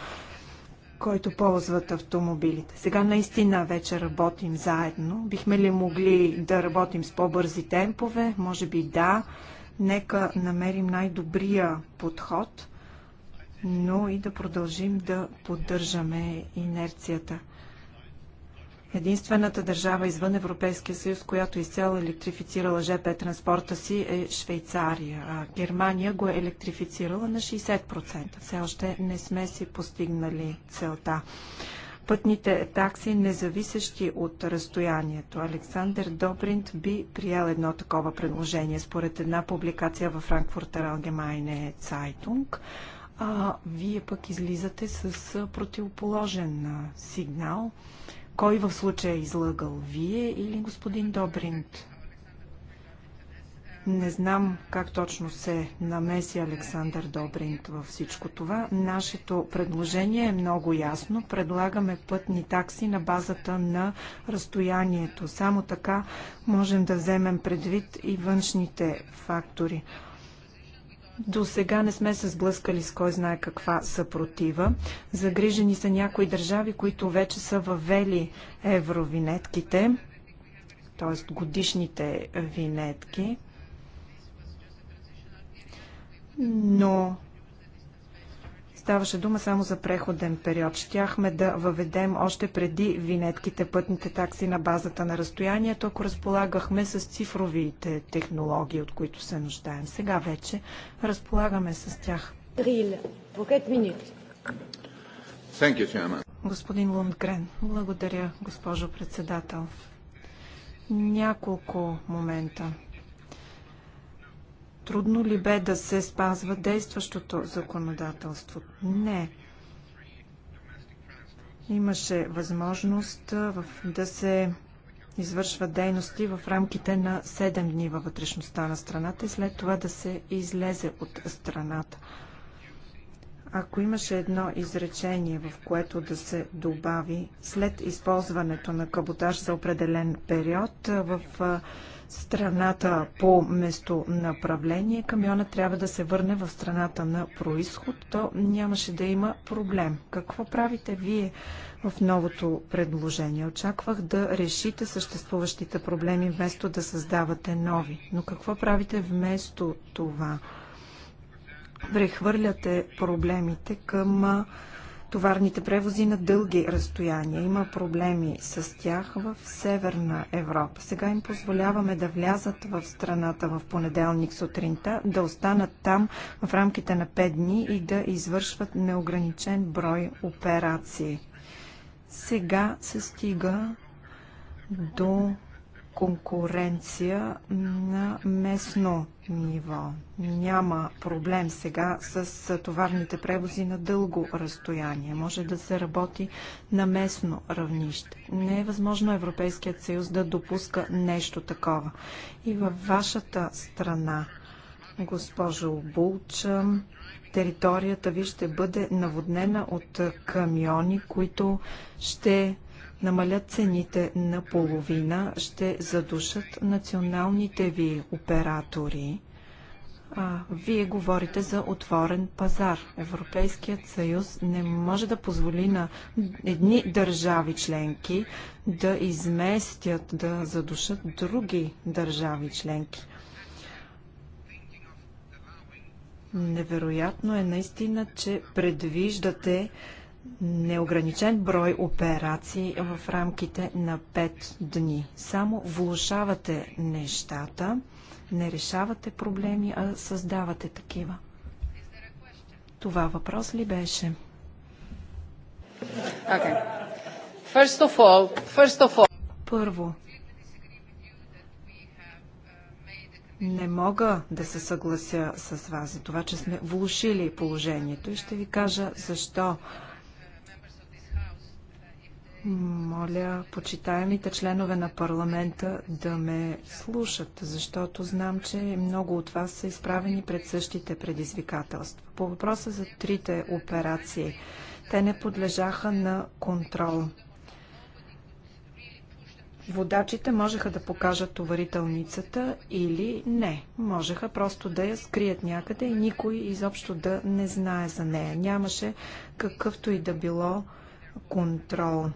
който ползват автомобилите. Сега наистина вече работим заедно. Бихме ли могли да работим с по-бързи темпове? Може би да. Нека намерим най-добрия подход, но и да продължим да поддържаме инерцията. Единствената държава извън Европейския съюз, която изцяло електрифицирала ЖП транспорта си е Швейцария. А Германия го е електрифицирала на 60%. Все още не сме си постигнали целта пътните такси, независещи от разстоянието. Александър Добринт би приел едно такова предложение според една публикация във Франкфуртер Алгемайне Цайтунг. А вие пък излизате с противоположен сигнал. Кой в случая е излъгал? Вие или господин Добринт? Не знам как точно се намеси Александър Добринт във всичко това. Нашето предложение е много ясно. Предлагаме пътни такси на базата на разстоянието. Само така можем да вземем предвид и външните фактори. До сега не сме се сблъскали с кой знае каква съпротива. Загрижени са някои държави, които вече са въвели евровинетките, т.е. годишните винетки но ставаше дума само за преходен период. Щяхме да въведем още преди винетките пътните такси на базата на разстоянието, ако разполагахме с цифровите технологии, от които се нуждаем. Сега вече разполагаме с тях. Господин Лундгрен, благодаря, госпожо председател. Няколко момента. Трудно ли бе да се спазва действащото законодателство? Не. Имаше възможност да се извършват дейности в рамките на 7 дни във вътрешността на страната и след това да се излезе от страната. Ако имаше едно изречение, в което да се добави след използването на каботаж за определен период, в страната по местонаправление, камиона трябва да се върне в страната на происход, то нямаше да има проблем. Какво правите вие в новото предложение? Очаквах да решите съществуващите проблеми, вместо да създавате нови. Но какво правите вместо това? Прехвърляте проблемите към товарните превози на дълги разстояния. Има проблеми с тях в Северна Европа. Сега им позволяваме да влязат в страната в понеделник сутринта, да останат там в рамките на 5 дни и да извършват неограничен брой операции. Сега се стига до конкуренция на местно ниво. Няма проблем сега с товарните превози на дълго разстояние. Може да се работи на местно равнище. Не е възможно Европейският съюз да допуска нещо такова. И във вашата страна, госпожо Булча, територията ви ще бъде наводнена от камиони, които ще намалят цените на половина, ще задушат националните ви оператори. А, вие говорите за отворен пазар. Европейският съюз не може да позволи на едни държави членки да изместят, да задушат други държави членки. Невероятно е наистина, че предвиждате неограничен брой операции в рамките на 5 дни. Само влушавате нещата, не решавате проблеми, а създавате такива. Това въпрос ли беше? Okay. First of all, first of all... Първо, Не мога да се съглася с вас за това, че сме влушили положението и ще ви кажа защо. Моля почитаемите членове на парламента да ме слушат, защото знам, че много от вас са изправени пред същите предизвикателства. По въпроса за трите операции, те не подлежаха на контрол. Водачите можеха да покажат товарителницата или не. Можеха просто да я скрият някъде и никой изобщо да не знае за нея. Нямаше какъвто и да било контрол.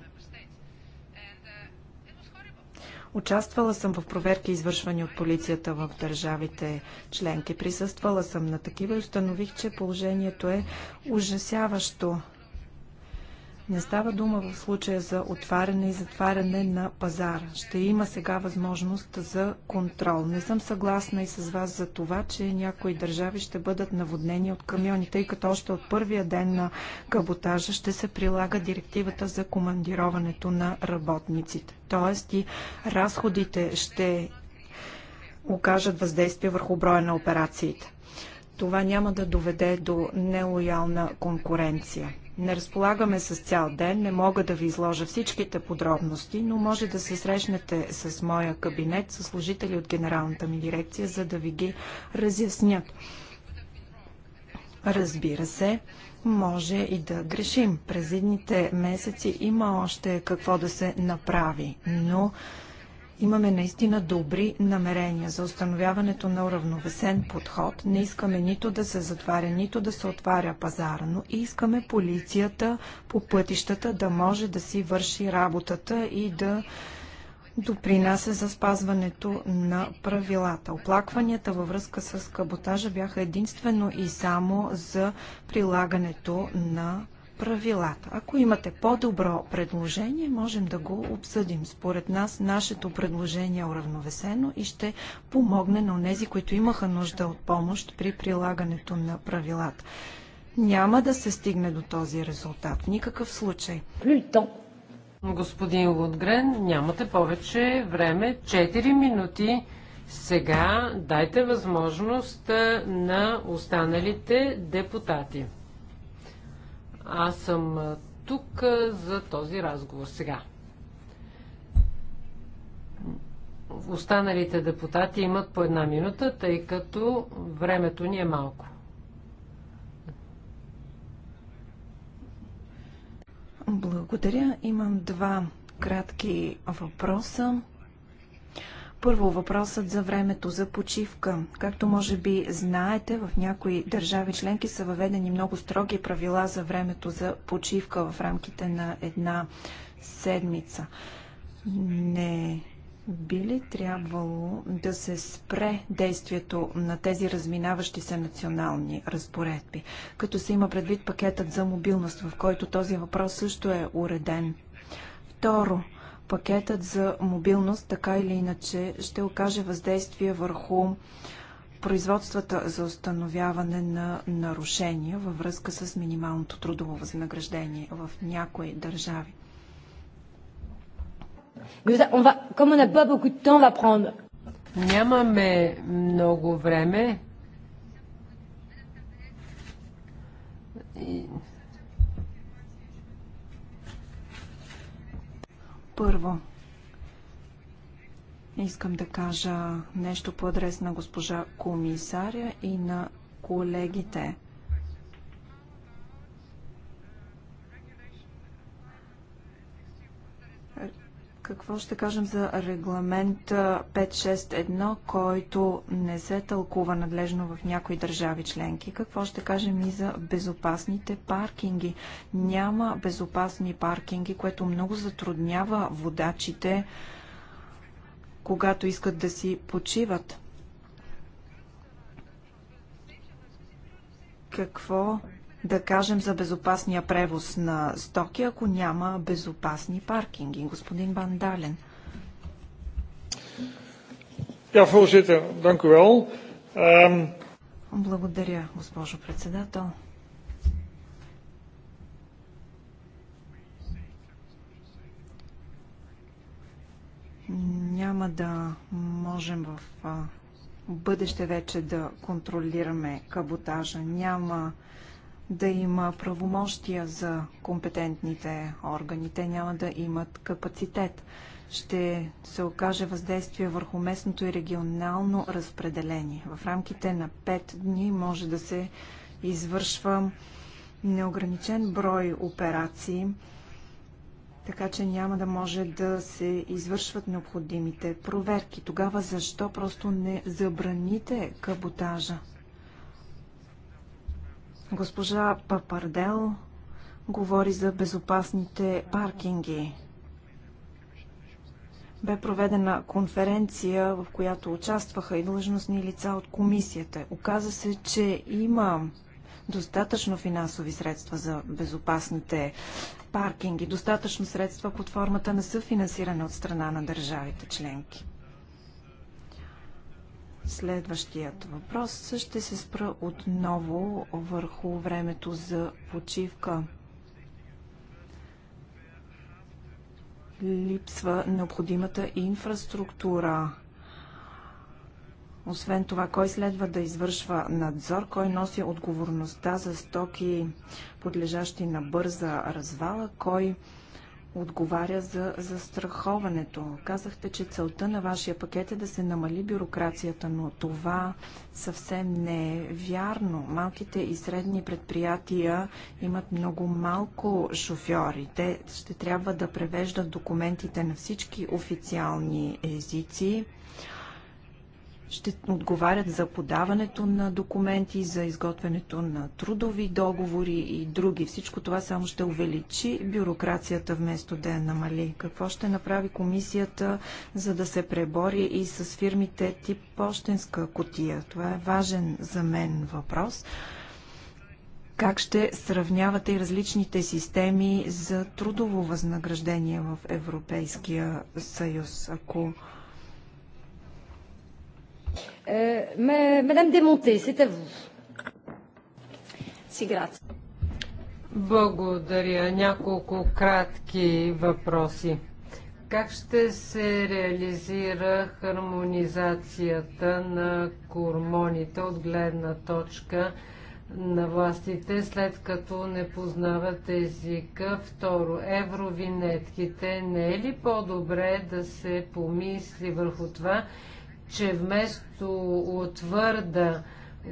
Участвала съм в проверки, извършвани от полицията в държавите членки. Присъствала съм на такива и установих, че положението е ужасяващо. Не става дума в случая за отваряне и затваряне на пазара. Ще има сега възможност за контрол. Не съм съгласна и с вас за това, че някои държави ще бъдат наводнени от камиони, тъй като още от първия ден на каботажа ще се прилага директивата за командироването на работниците. Тоест и разходите ще окажат въздействие върху броя на операциите това няма да доведе до нелоялна конкуренция. Не разполагаме с цял ден, не мога да ви изложа всичките подробности, но може да се срещнете с моя кабинет, с служители от Генералната ми дирекция, за да ви ги разяснят. Разбира се, може и да грешим. През едните месеци има още какво да се направи, но Имаме наистина добри намерения за установяването на уравновесен подход. Не искаме нито да се затваря, нито да се отваря пазара, но искаме полицията по пътищата да може да си върши работата и да допринася за спазването на правилата. Оплакванията във връзка с каботажа бяха единствено и само за прилагането на правилата. Ако имате по-добро предложение, можем да го обсъдим. Според нас нашето предложение е уравновесено и ще помогне на тези, които имаха нужда от помощ при прилагането на правилата. Няма да се стигне до този резултат. В никакъв случай. Господин Лудгрен, нямате повече време. 4 минути. Сега дайте възможност на останалите депутати. Аз съм тук за този разговор сега. Останалите депутати имат по една минута, тъй като времето ни е малко. Благодаря. Имам два кратки въпроса. Първо въпросът за времето за почивка. Както може би знаете, в някои държави членки са въведени много строги правила за времето за почивка в рамките на една седмица. Не би ли трябвало да се спре действието на тези разминаващи се национални разпоредби, като се има предвид пакетът за мобилност, в който този въпрос също е уреден? Второ, Пакетът за мобилност така или иначе ще окаже въздействие върху производствата за установяване на нарушения във връзка с минималното трудово възнаграждение в някои държави. Нямаме много време. Първо, искам да кажа нещо по адрес на госпожа комисаря и на колегите. Какво ще кажем за регламент 561, който не се тълкува надлежно в някои държави членки? Какво ще кажем и за безопасните паркинги? Няма безопасни паркинги, което много затруднява водачите, когато искат да си почиват. Какво да кажем за безопасния превоз на стоки, ако няма безопасни паркинги? Господин Бандален. Ja, ehm, Благодаря, госпожо председател. Няма да можем в бъдеще вече да контролираме каботажа. Няма да има правомощия за компетентните органи. Те няма да имат капацитет. Ще се окаже въздействие върху местното и регионално разпределение. В рамките на 5 дни може да се извършва неограничен брой операции, така че няма да може да се извършват необходимите проверки. Тогава защо просто не забраните каботажа? Госпожа Папардел говори за безопасните паркинги. Бе проведена конференция, в която участваха и длъжностни лица от комисията. Оказа се, че има достатъчно финансови средства за безопасните паркинги, достатъчно средства под формата на съфинансиране от страна на държавите членки следващият въпрос. Ще се спра отново върху времето за почивка. Липсва необходимата инфраструктура. Освен това, кой следва да извършва надзор, кой носи отговорността за стоки, подлежащи на бърза развала, кой отговаря за застраховането. Казахте, че целта на вашия пакет е да се намали бюрокрацията, но това съвсем не е вярно. Малките и средни предприятия имат много малко шофьори. Те ще трябва да превеждат документите на всички официални езици ще отговарят за подаването на документи, за изготвянето на трудови договори и други. Всичко това само ще увеличи бюрокрацията вместо да я намали. Какво ще направи комисията, за да се пребори и с фирмите тип пощенска котия? Това е важен за мен въпрос. Как ще сравнявате и различните системи за трудово възнаграждение в Европейския съюз? Ако Euh, Madame Демонте, c'est à vous. Благодаря. Няколко кратки въпроси. Как ще се реализира хармонизацията на кормоните от гледна точка на властите, след като не познават езика? Второ, евровинетките. Не е ли по-добре да се помисли върху това, че вместо твърда е,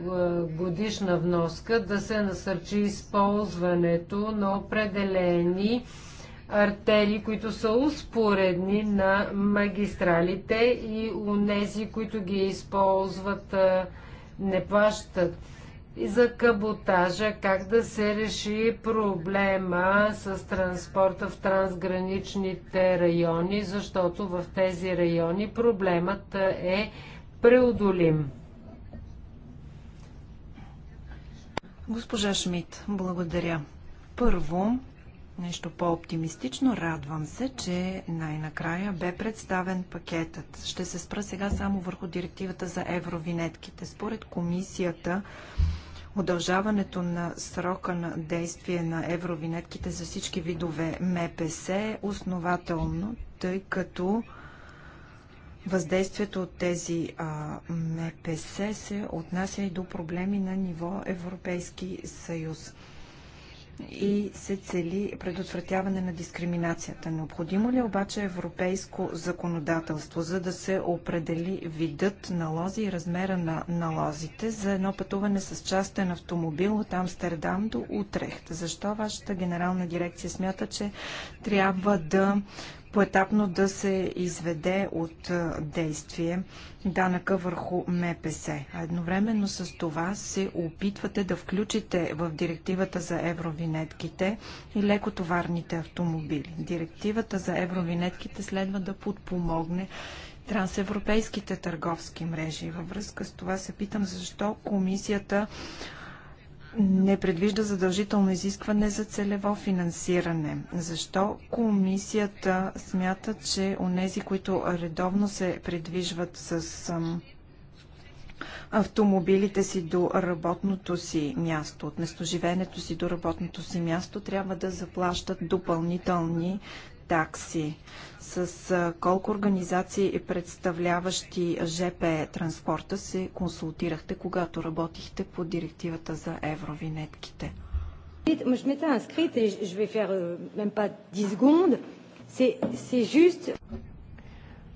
годишна вноска да се насърчи използването на определени артерии, които са успоредни на магистралите и унези, които ги използват, е, не плащат. И за каботажа, как да се реши проблема с транспорта в трансграничните райони, защото в тези райони проблемът е преодолим. Госпожа Шмидт, благодаря. Първо, нещо по-оптимистично, радвам се, че най-накрая бе представен пакетът. Ще се спра сега само върху директивата за евровинетките. Според комисията, Удължаването на срока на действие на евровинетките за всички видове МПС е основателно, тъй като въздействието от тези а, МПС се отнася и до проблеми на ниво Европейски съюз и се цели предотвратяване на дискриминацията. Необходимо ли е обаче европейско законодателство, за да се определи видът на лози и размера на налозите за едно пътуване с частен автомобил от Амстердам до Утрехт? Защо вашата генерална дирекция смята, че трябва да поетапно да се изведе от действие данъка върху МПС. А едновременно с това се опитвате да включите в директивата за евровинетките и лекотоварните автомобили. Директивата за евровинетките следва да подпомогне трансевропейските търговски мрежи. Във връзка с това се питам защо комисията не предвижда задължително изискване за целево финансиране. Защо комисията смята, че онези, които редовно се придвижват с автомобилите си до работното си място, от местоживенето си до работното си място, трябва да заплащат допълнителни такси с колко организации, и представляващи ЖП транспорта, се консултирахте, когато работихте по директивата за евровинетките?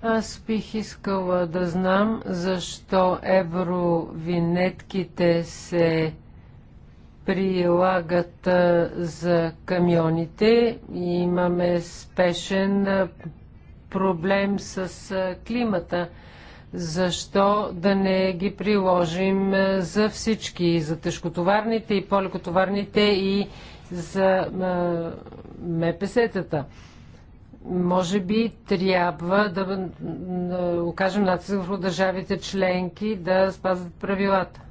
Аз бих искала да знам защо евровинетките се прилагат за камионите. Имаме спешен проблем с климата. Защо да не ги приложим за всички, за тежкотоварните и полекотоварните, и за МПС-тата? може би трябва да окажем натиск върху държавите членки да спазват правилата.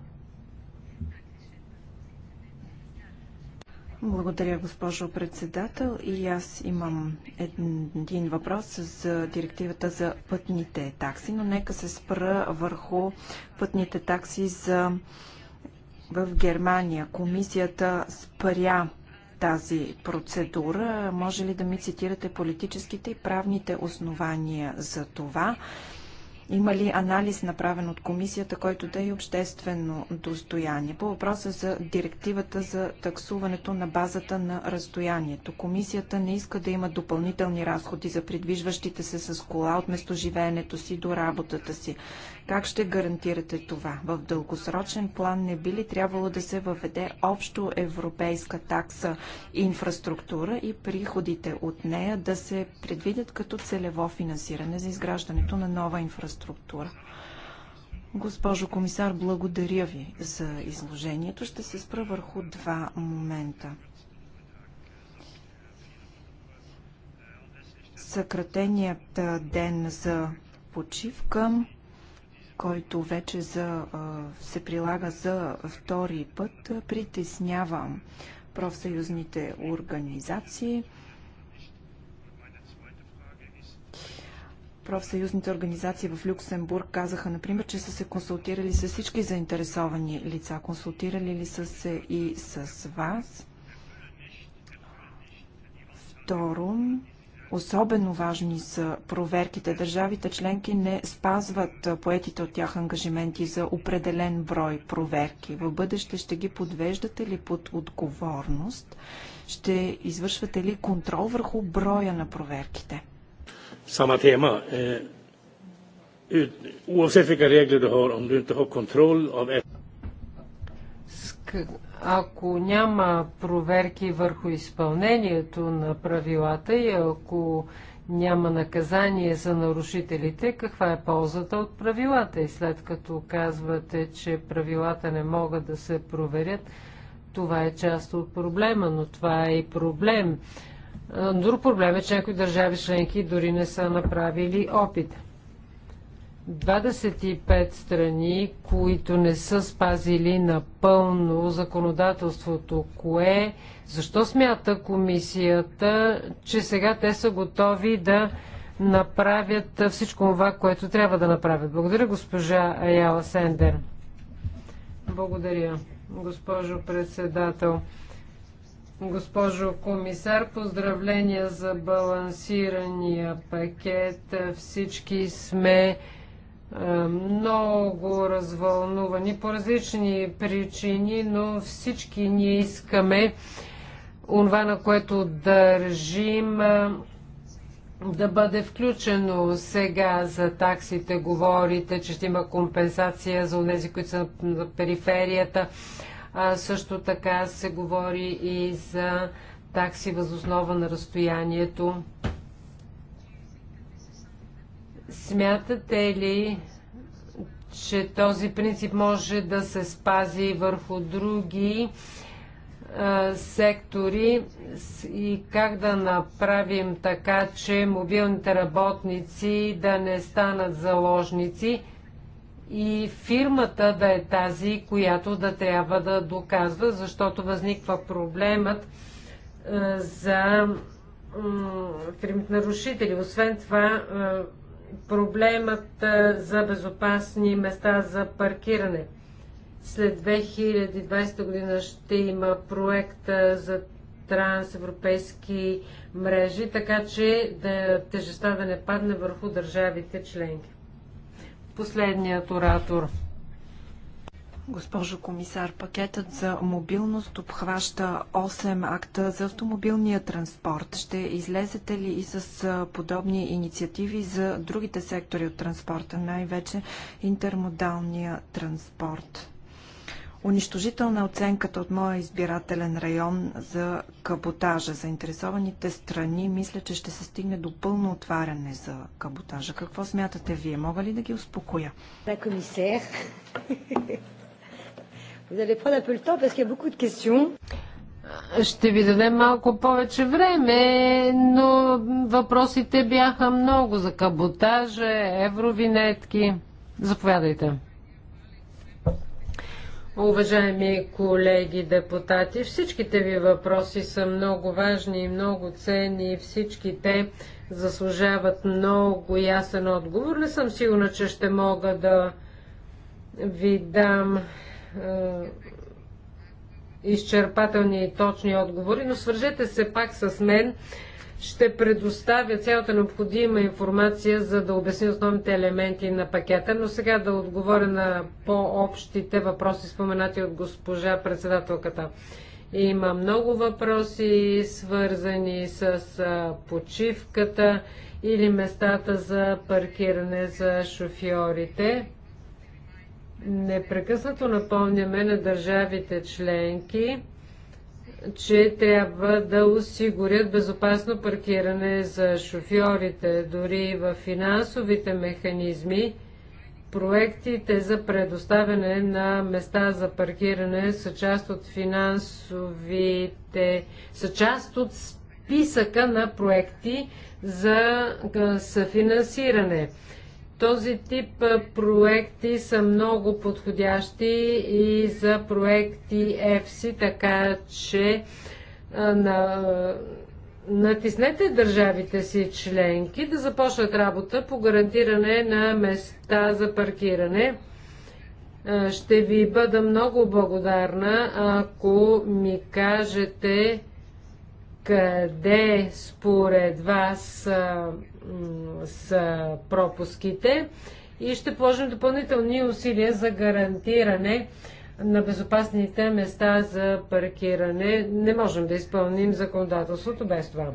Благодаря, госпожо председател. И аз имам един въпрос за директивата за пътните такси, но нека се спра върху пътните такси за в Германия. Комисията спря тази процедура. Може ли да ми цитирате политическите и правните основания за това? Има ли анализ направен от комисията, който да е обществено достояние? По въпроса за директивата за таксуването на базата на разстоянието. Комисията не иска да има допълнителни разходи за придвижващите се с кола от местоживеенето си до работата си. Как ще гарантирате това? В дългосрочен план не би ли трябвало да се въведе общо европейска такса инфраструктура и приходите от нея да се предвидят като целево финансиране за изграждането на нова инфраструктура? Госпожо комисар, благодаря ви за изложението. Ще се спра върху два момента. Съкратеният ден за почивка който вече за, се прилага за втори път, притеснява профсъюзните организации. профсъюзните организации в Люксембург казаха, например, че са се консултирали с всички заинтересовани лица. Консултирали ли са се и с вас? Второ, Особено важни са проверките. Държавите членки не спазват поетите от тях ангажименти за определен брой проверки. В бъдеще ще ги подвеждате ли под отговорност? Ще извършвате ли контрол върху броя на проверките? Сама тема. Е ако няма проверки върху изпълнението на правилата и ако няма наказание за нарушителите, каква е ползата от правилата? И след като казвате, че правилата не могат да се проверят, това е част от проблема, но това е и проблем. Друг проблем е, че някои държави членки дори не са направили опит. 25 страни, които не са спазили напълно законодателството. Кое? Защо смята комисията, че сега те са готови да направят всичко това, което трябва да направят? Благодаря, госпожа Аяла Сендер. Благодаря, госпожо председател. Госпожо комисар, поздравления за балансирания пакет. Всички сме е, много развълнувани по различни причини, но всички ние искаме онова, на което държим е, да бъде включено сега за таксите. Говорите, че ще има компенсация за тези, които са на периферията. А, също така се говори и за такси възоснова на разстоянието. Смятате ли, че този принцип може да се спази върху други сектори и как да направим така, че мобилните работници да не станат заложници и фирмата да е тази, която да трябва да доказва, защото възниква проблемът за фирмите нарушители. Освен това, проблемът за безопасни места за паркиране. След 2020 година ще има проект за трансевропейски мрежи, така че да, тежеста да не падне върху държавите членки. Последният оратор. Госпожо комисар, пакетът за мобилност обхваща 8 акта за автомобилния транспорт. Ще излезете ли и с подобни инициативи за другите сектори от транспорта, най-вече интермодалния транспорт? Унищожителна оценката от моя избирателен район за каботажа. за интересованите страни мисля, че ще се стигне до пълно отваряне за каботажа. Какво смятате вие? Мога ли да ги успокоя? Да, комисар. Ще ви дадем малко повече време, но въпросите бяха много за каботажа, евровинетки. Заповядайте. Уважаеми колеги депутати, всичките ви въпроси са много важни и много ценни и всички те заслужават много ясен отговор. Не съм сигурна, че ще мога да ви дам е, изчерпателни и точни отговори, но свържете се пак с мен. Ще предоставя цялата необходима информация, за да обясня основните елементи на пакета, но сега да отговоря на по-общите въпроси, споменати от госпожа председателката. Има много въпроси, свързани с почивката или местата за паркиране за шофьорите непрекъснато напомняме на държавите членки, че трябва да осигурят безопасно паркиране за шофьорите, дори в финансовите механизми. Проектите за предоставяне на места за паркиране са част от финансовите, са част от списъка на проекти за съфинансиране. Този тип проекти са много подходящи и за проекти EFSI, така че на, натиснете държавите си членки да започнат работа по гарантиране на места за паркиране. Ще ви бъда много благодарна, ако ми кажете къде според вас са пропуските и ще положим допълнителни усилия за гарантиране на безопасните места за паркиране. Не можем да изпълним законодателството без това.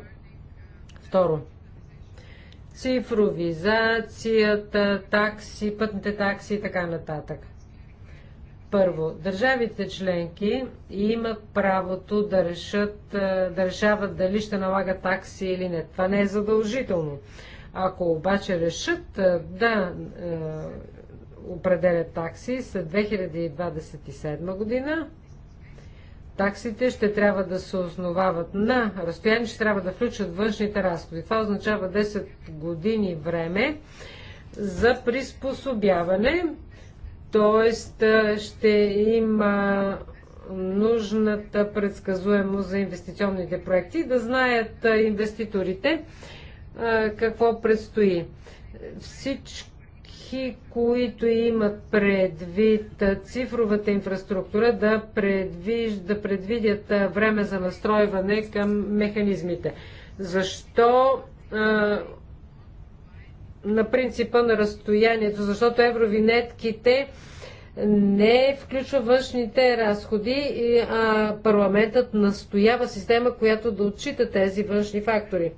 Второ. Цифровизацията, такси, пътните такси и така нататък. Първо, държавите членки имат правото да, решат, е, да решават дали ще налагат такси или не. Това не е задължително. Ако обаче решат е, да е, определят такси след 2027 година, таксите ще трябва да се основават на разстояние, ще трябва да включат външните разходи. Това означава 10 години време за приспособяване, Тоест ще има нужната предсказуемост за инвестиционните проекти, да знаят инвеститорите какво предстои. Всички, които имат предвид цифровата инфраструктура, да, предвиж, да предвидят време за настройване към механизмите. Защо на принципа на разстоянието, защото евровинетките не включва външните разходи, а парламентът настоява система, която да отчита тези външни фактори.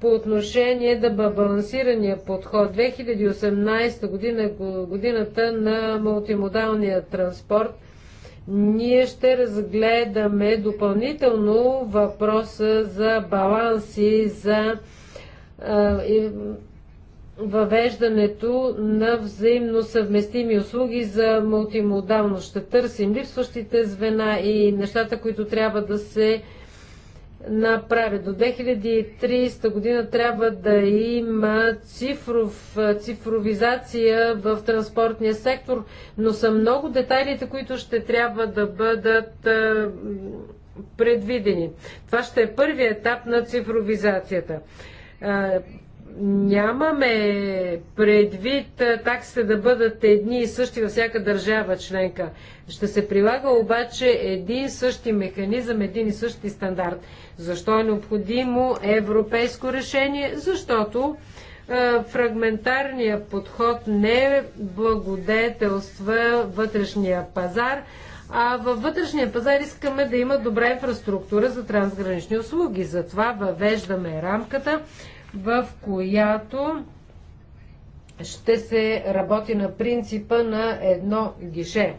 По отношение да балансирания подход, 2018 година, годината на мултимодалния транспорт, ние ще разгледаме допълнително въпроса за баланси, за въвеждането на взаимно съвместими услуги за мултимодалност. Ще търсим липсващите звена и нещата, които трябва да се направят. До 2030 година трябва да има цифров, цифровизация в транспортния сектор, но са много детайлите, които ще трябва да бъдат предвидени. Това ще е първият етап на цифровизацията нямаме предвид таксите да бъдат едни и същи във всяка държава членка. Ще се прилага обаче един и същи механизъм, един и същи стандарт. Защо е необходимо европейско решение? Защото фрагментарният подход не благодетелства вътрешния пазар, а във вътрешния пазар искаме да има добра инфраструктура за трансгранични услуги. Затова въвеждаме рамката, в която ще се работи на принципа на едно гише.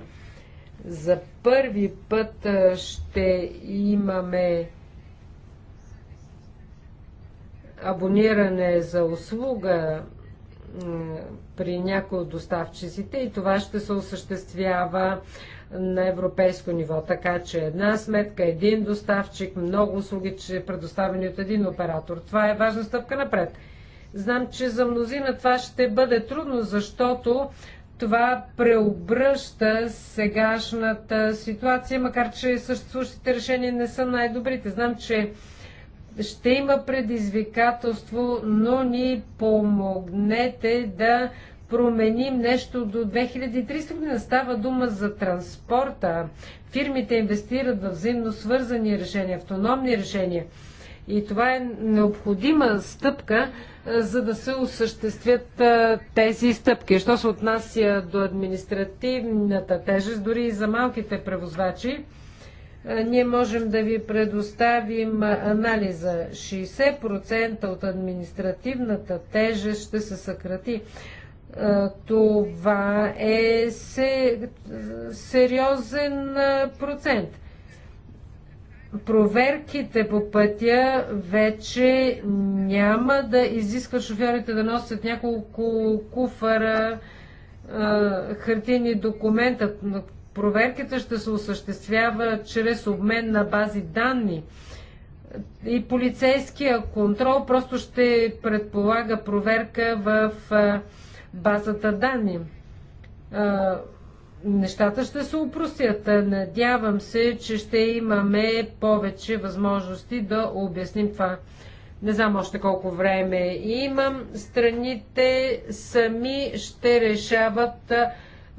За първи път ще имаме абониране за услуга при някои от доставчиците и това ще се осъществява на европейско ниво. Така че една сметка, един доставчик, много услуги, че е предоставени от един оператор. Това е важна стъпка напред. Знам, че за мнозина това ще бъде трудно, защото това преобръща сегашната ситуация, макар че съществуващите решения не са най-добрите. Знам, че ще има предизвикателство, но ни помогнете да променим нещо до 2300 година. Става дума за транспорта. Фирмите инвестират в взаимно свързани решения, автономни решения. И това е необходима стъпка, за да се осъществят тези стъпки. Що се отнася до административната тежест, дори и за малките превозвачи, ние можем да ви предоставим анализа. 60% от административната тежест ще се съкрати. Това е сериозен процент. Проверките по пътя вече няма да изискват шофьорите да носят няколко куфара хартини документа, Проверката ще се осъществява чрез обмен на бази данни и полицейския контрол просто ще предполага проверка в базата данни. Нещата ще се упростят. Надявам се, че ще имаме повече възможности да обясним това. Не знам още колко време имам. Страните сами ще решават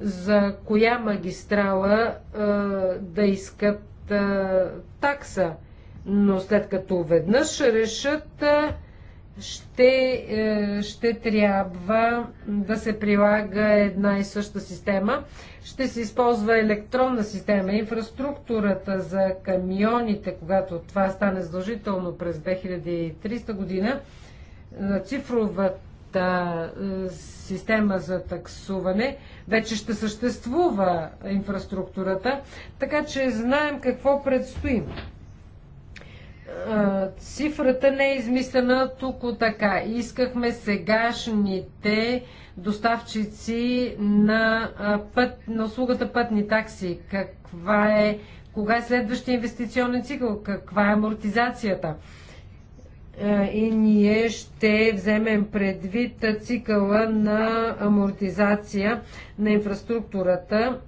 за коя магистрала а, да искат а, такса. Но след като веднъж решат, а, ще, е, ще трябва да се прилага една и съща система. Ще се използва електронна система. Инфраструктурата за камионите, когато това стане задължително през 2300 година, цифровата система за таксуване. Вече ще съществува инфраструктурата, така че знаем какво предстои. Цифрата не е измислена тук така. Искахме сегашните доставчици на, път, на услугата пътни такси. Каква е, кога е следващия инвестиционен цикъл? Каква е амортизацията? Е, и ние ще вземем предвид цикъла на амортизация на инфраструктурата.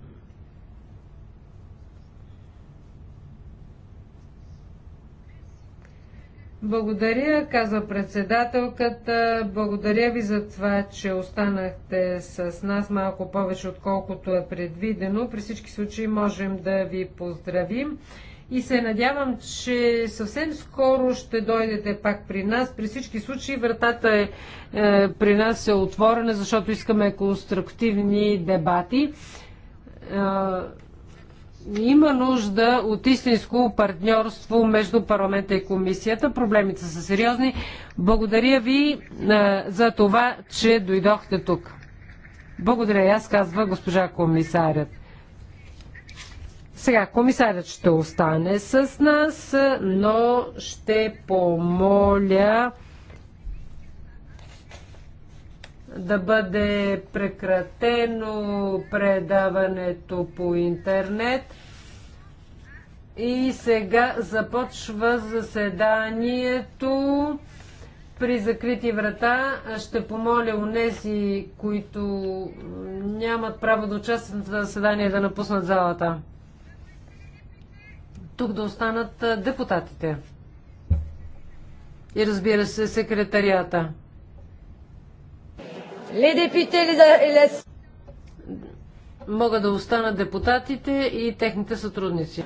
Благодаря, казва председателката. Благодаря ви за това, че останахте с нас малко повече, отколкото е предвидено. При всички случаи можем да ви поздравим и се надявам, че съвсем скоро ще дойдете пак при нас. При всички случаи вратата е, е при нас е отворена, защото искаме конструктивни дебати. Е, има нужда от истинско партньорство между парламента и комисията. Проблемите са сериозни. Благодаря ви е, за това, че дойдохте тук. Благодаря, аз казва госпожа комисарят. Сега, комисарят ще остане с нас, но ще помоля да бъде прекратено предаването по интернет. И сега започва заседанието при закрити врата. Ще помоля нези, които нямат право да участват в заседание, да напуснат залата тук да останат депутатите. И разбира се, секретарията. Les Могат да останат депутатите и техните сътрудници.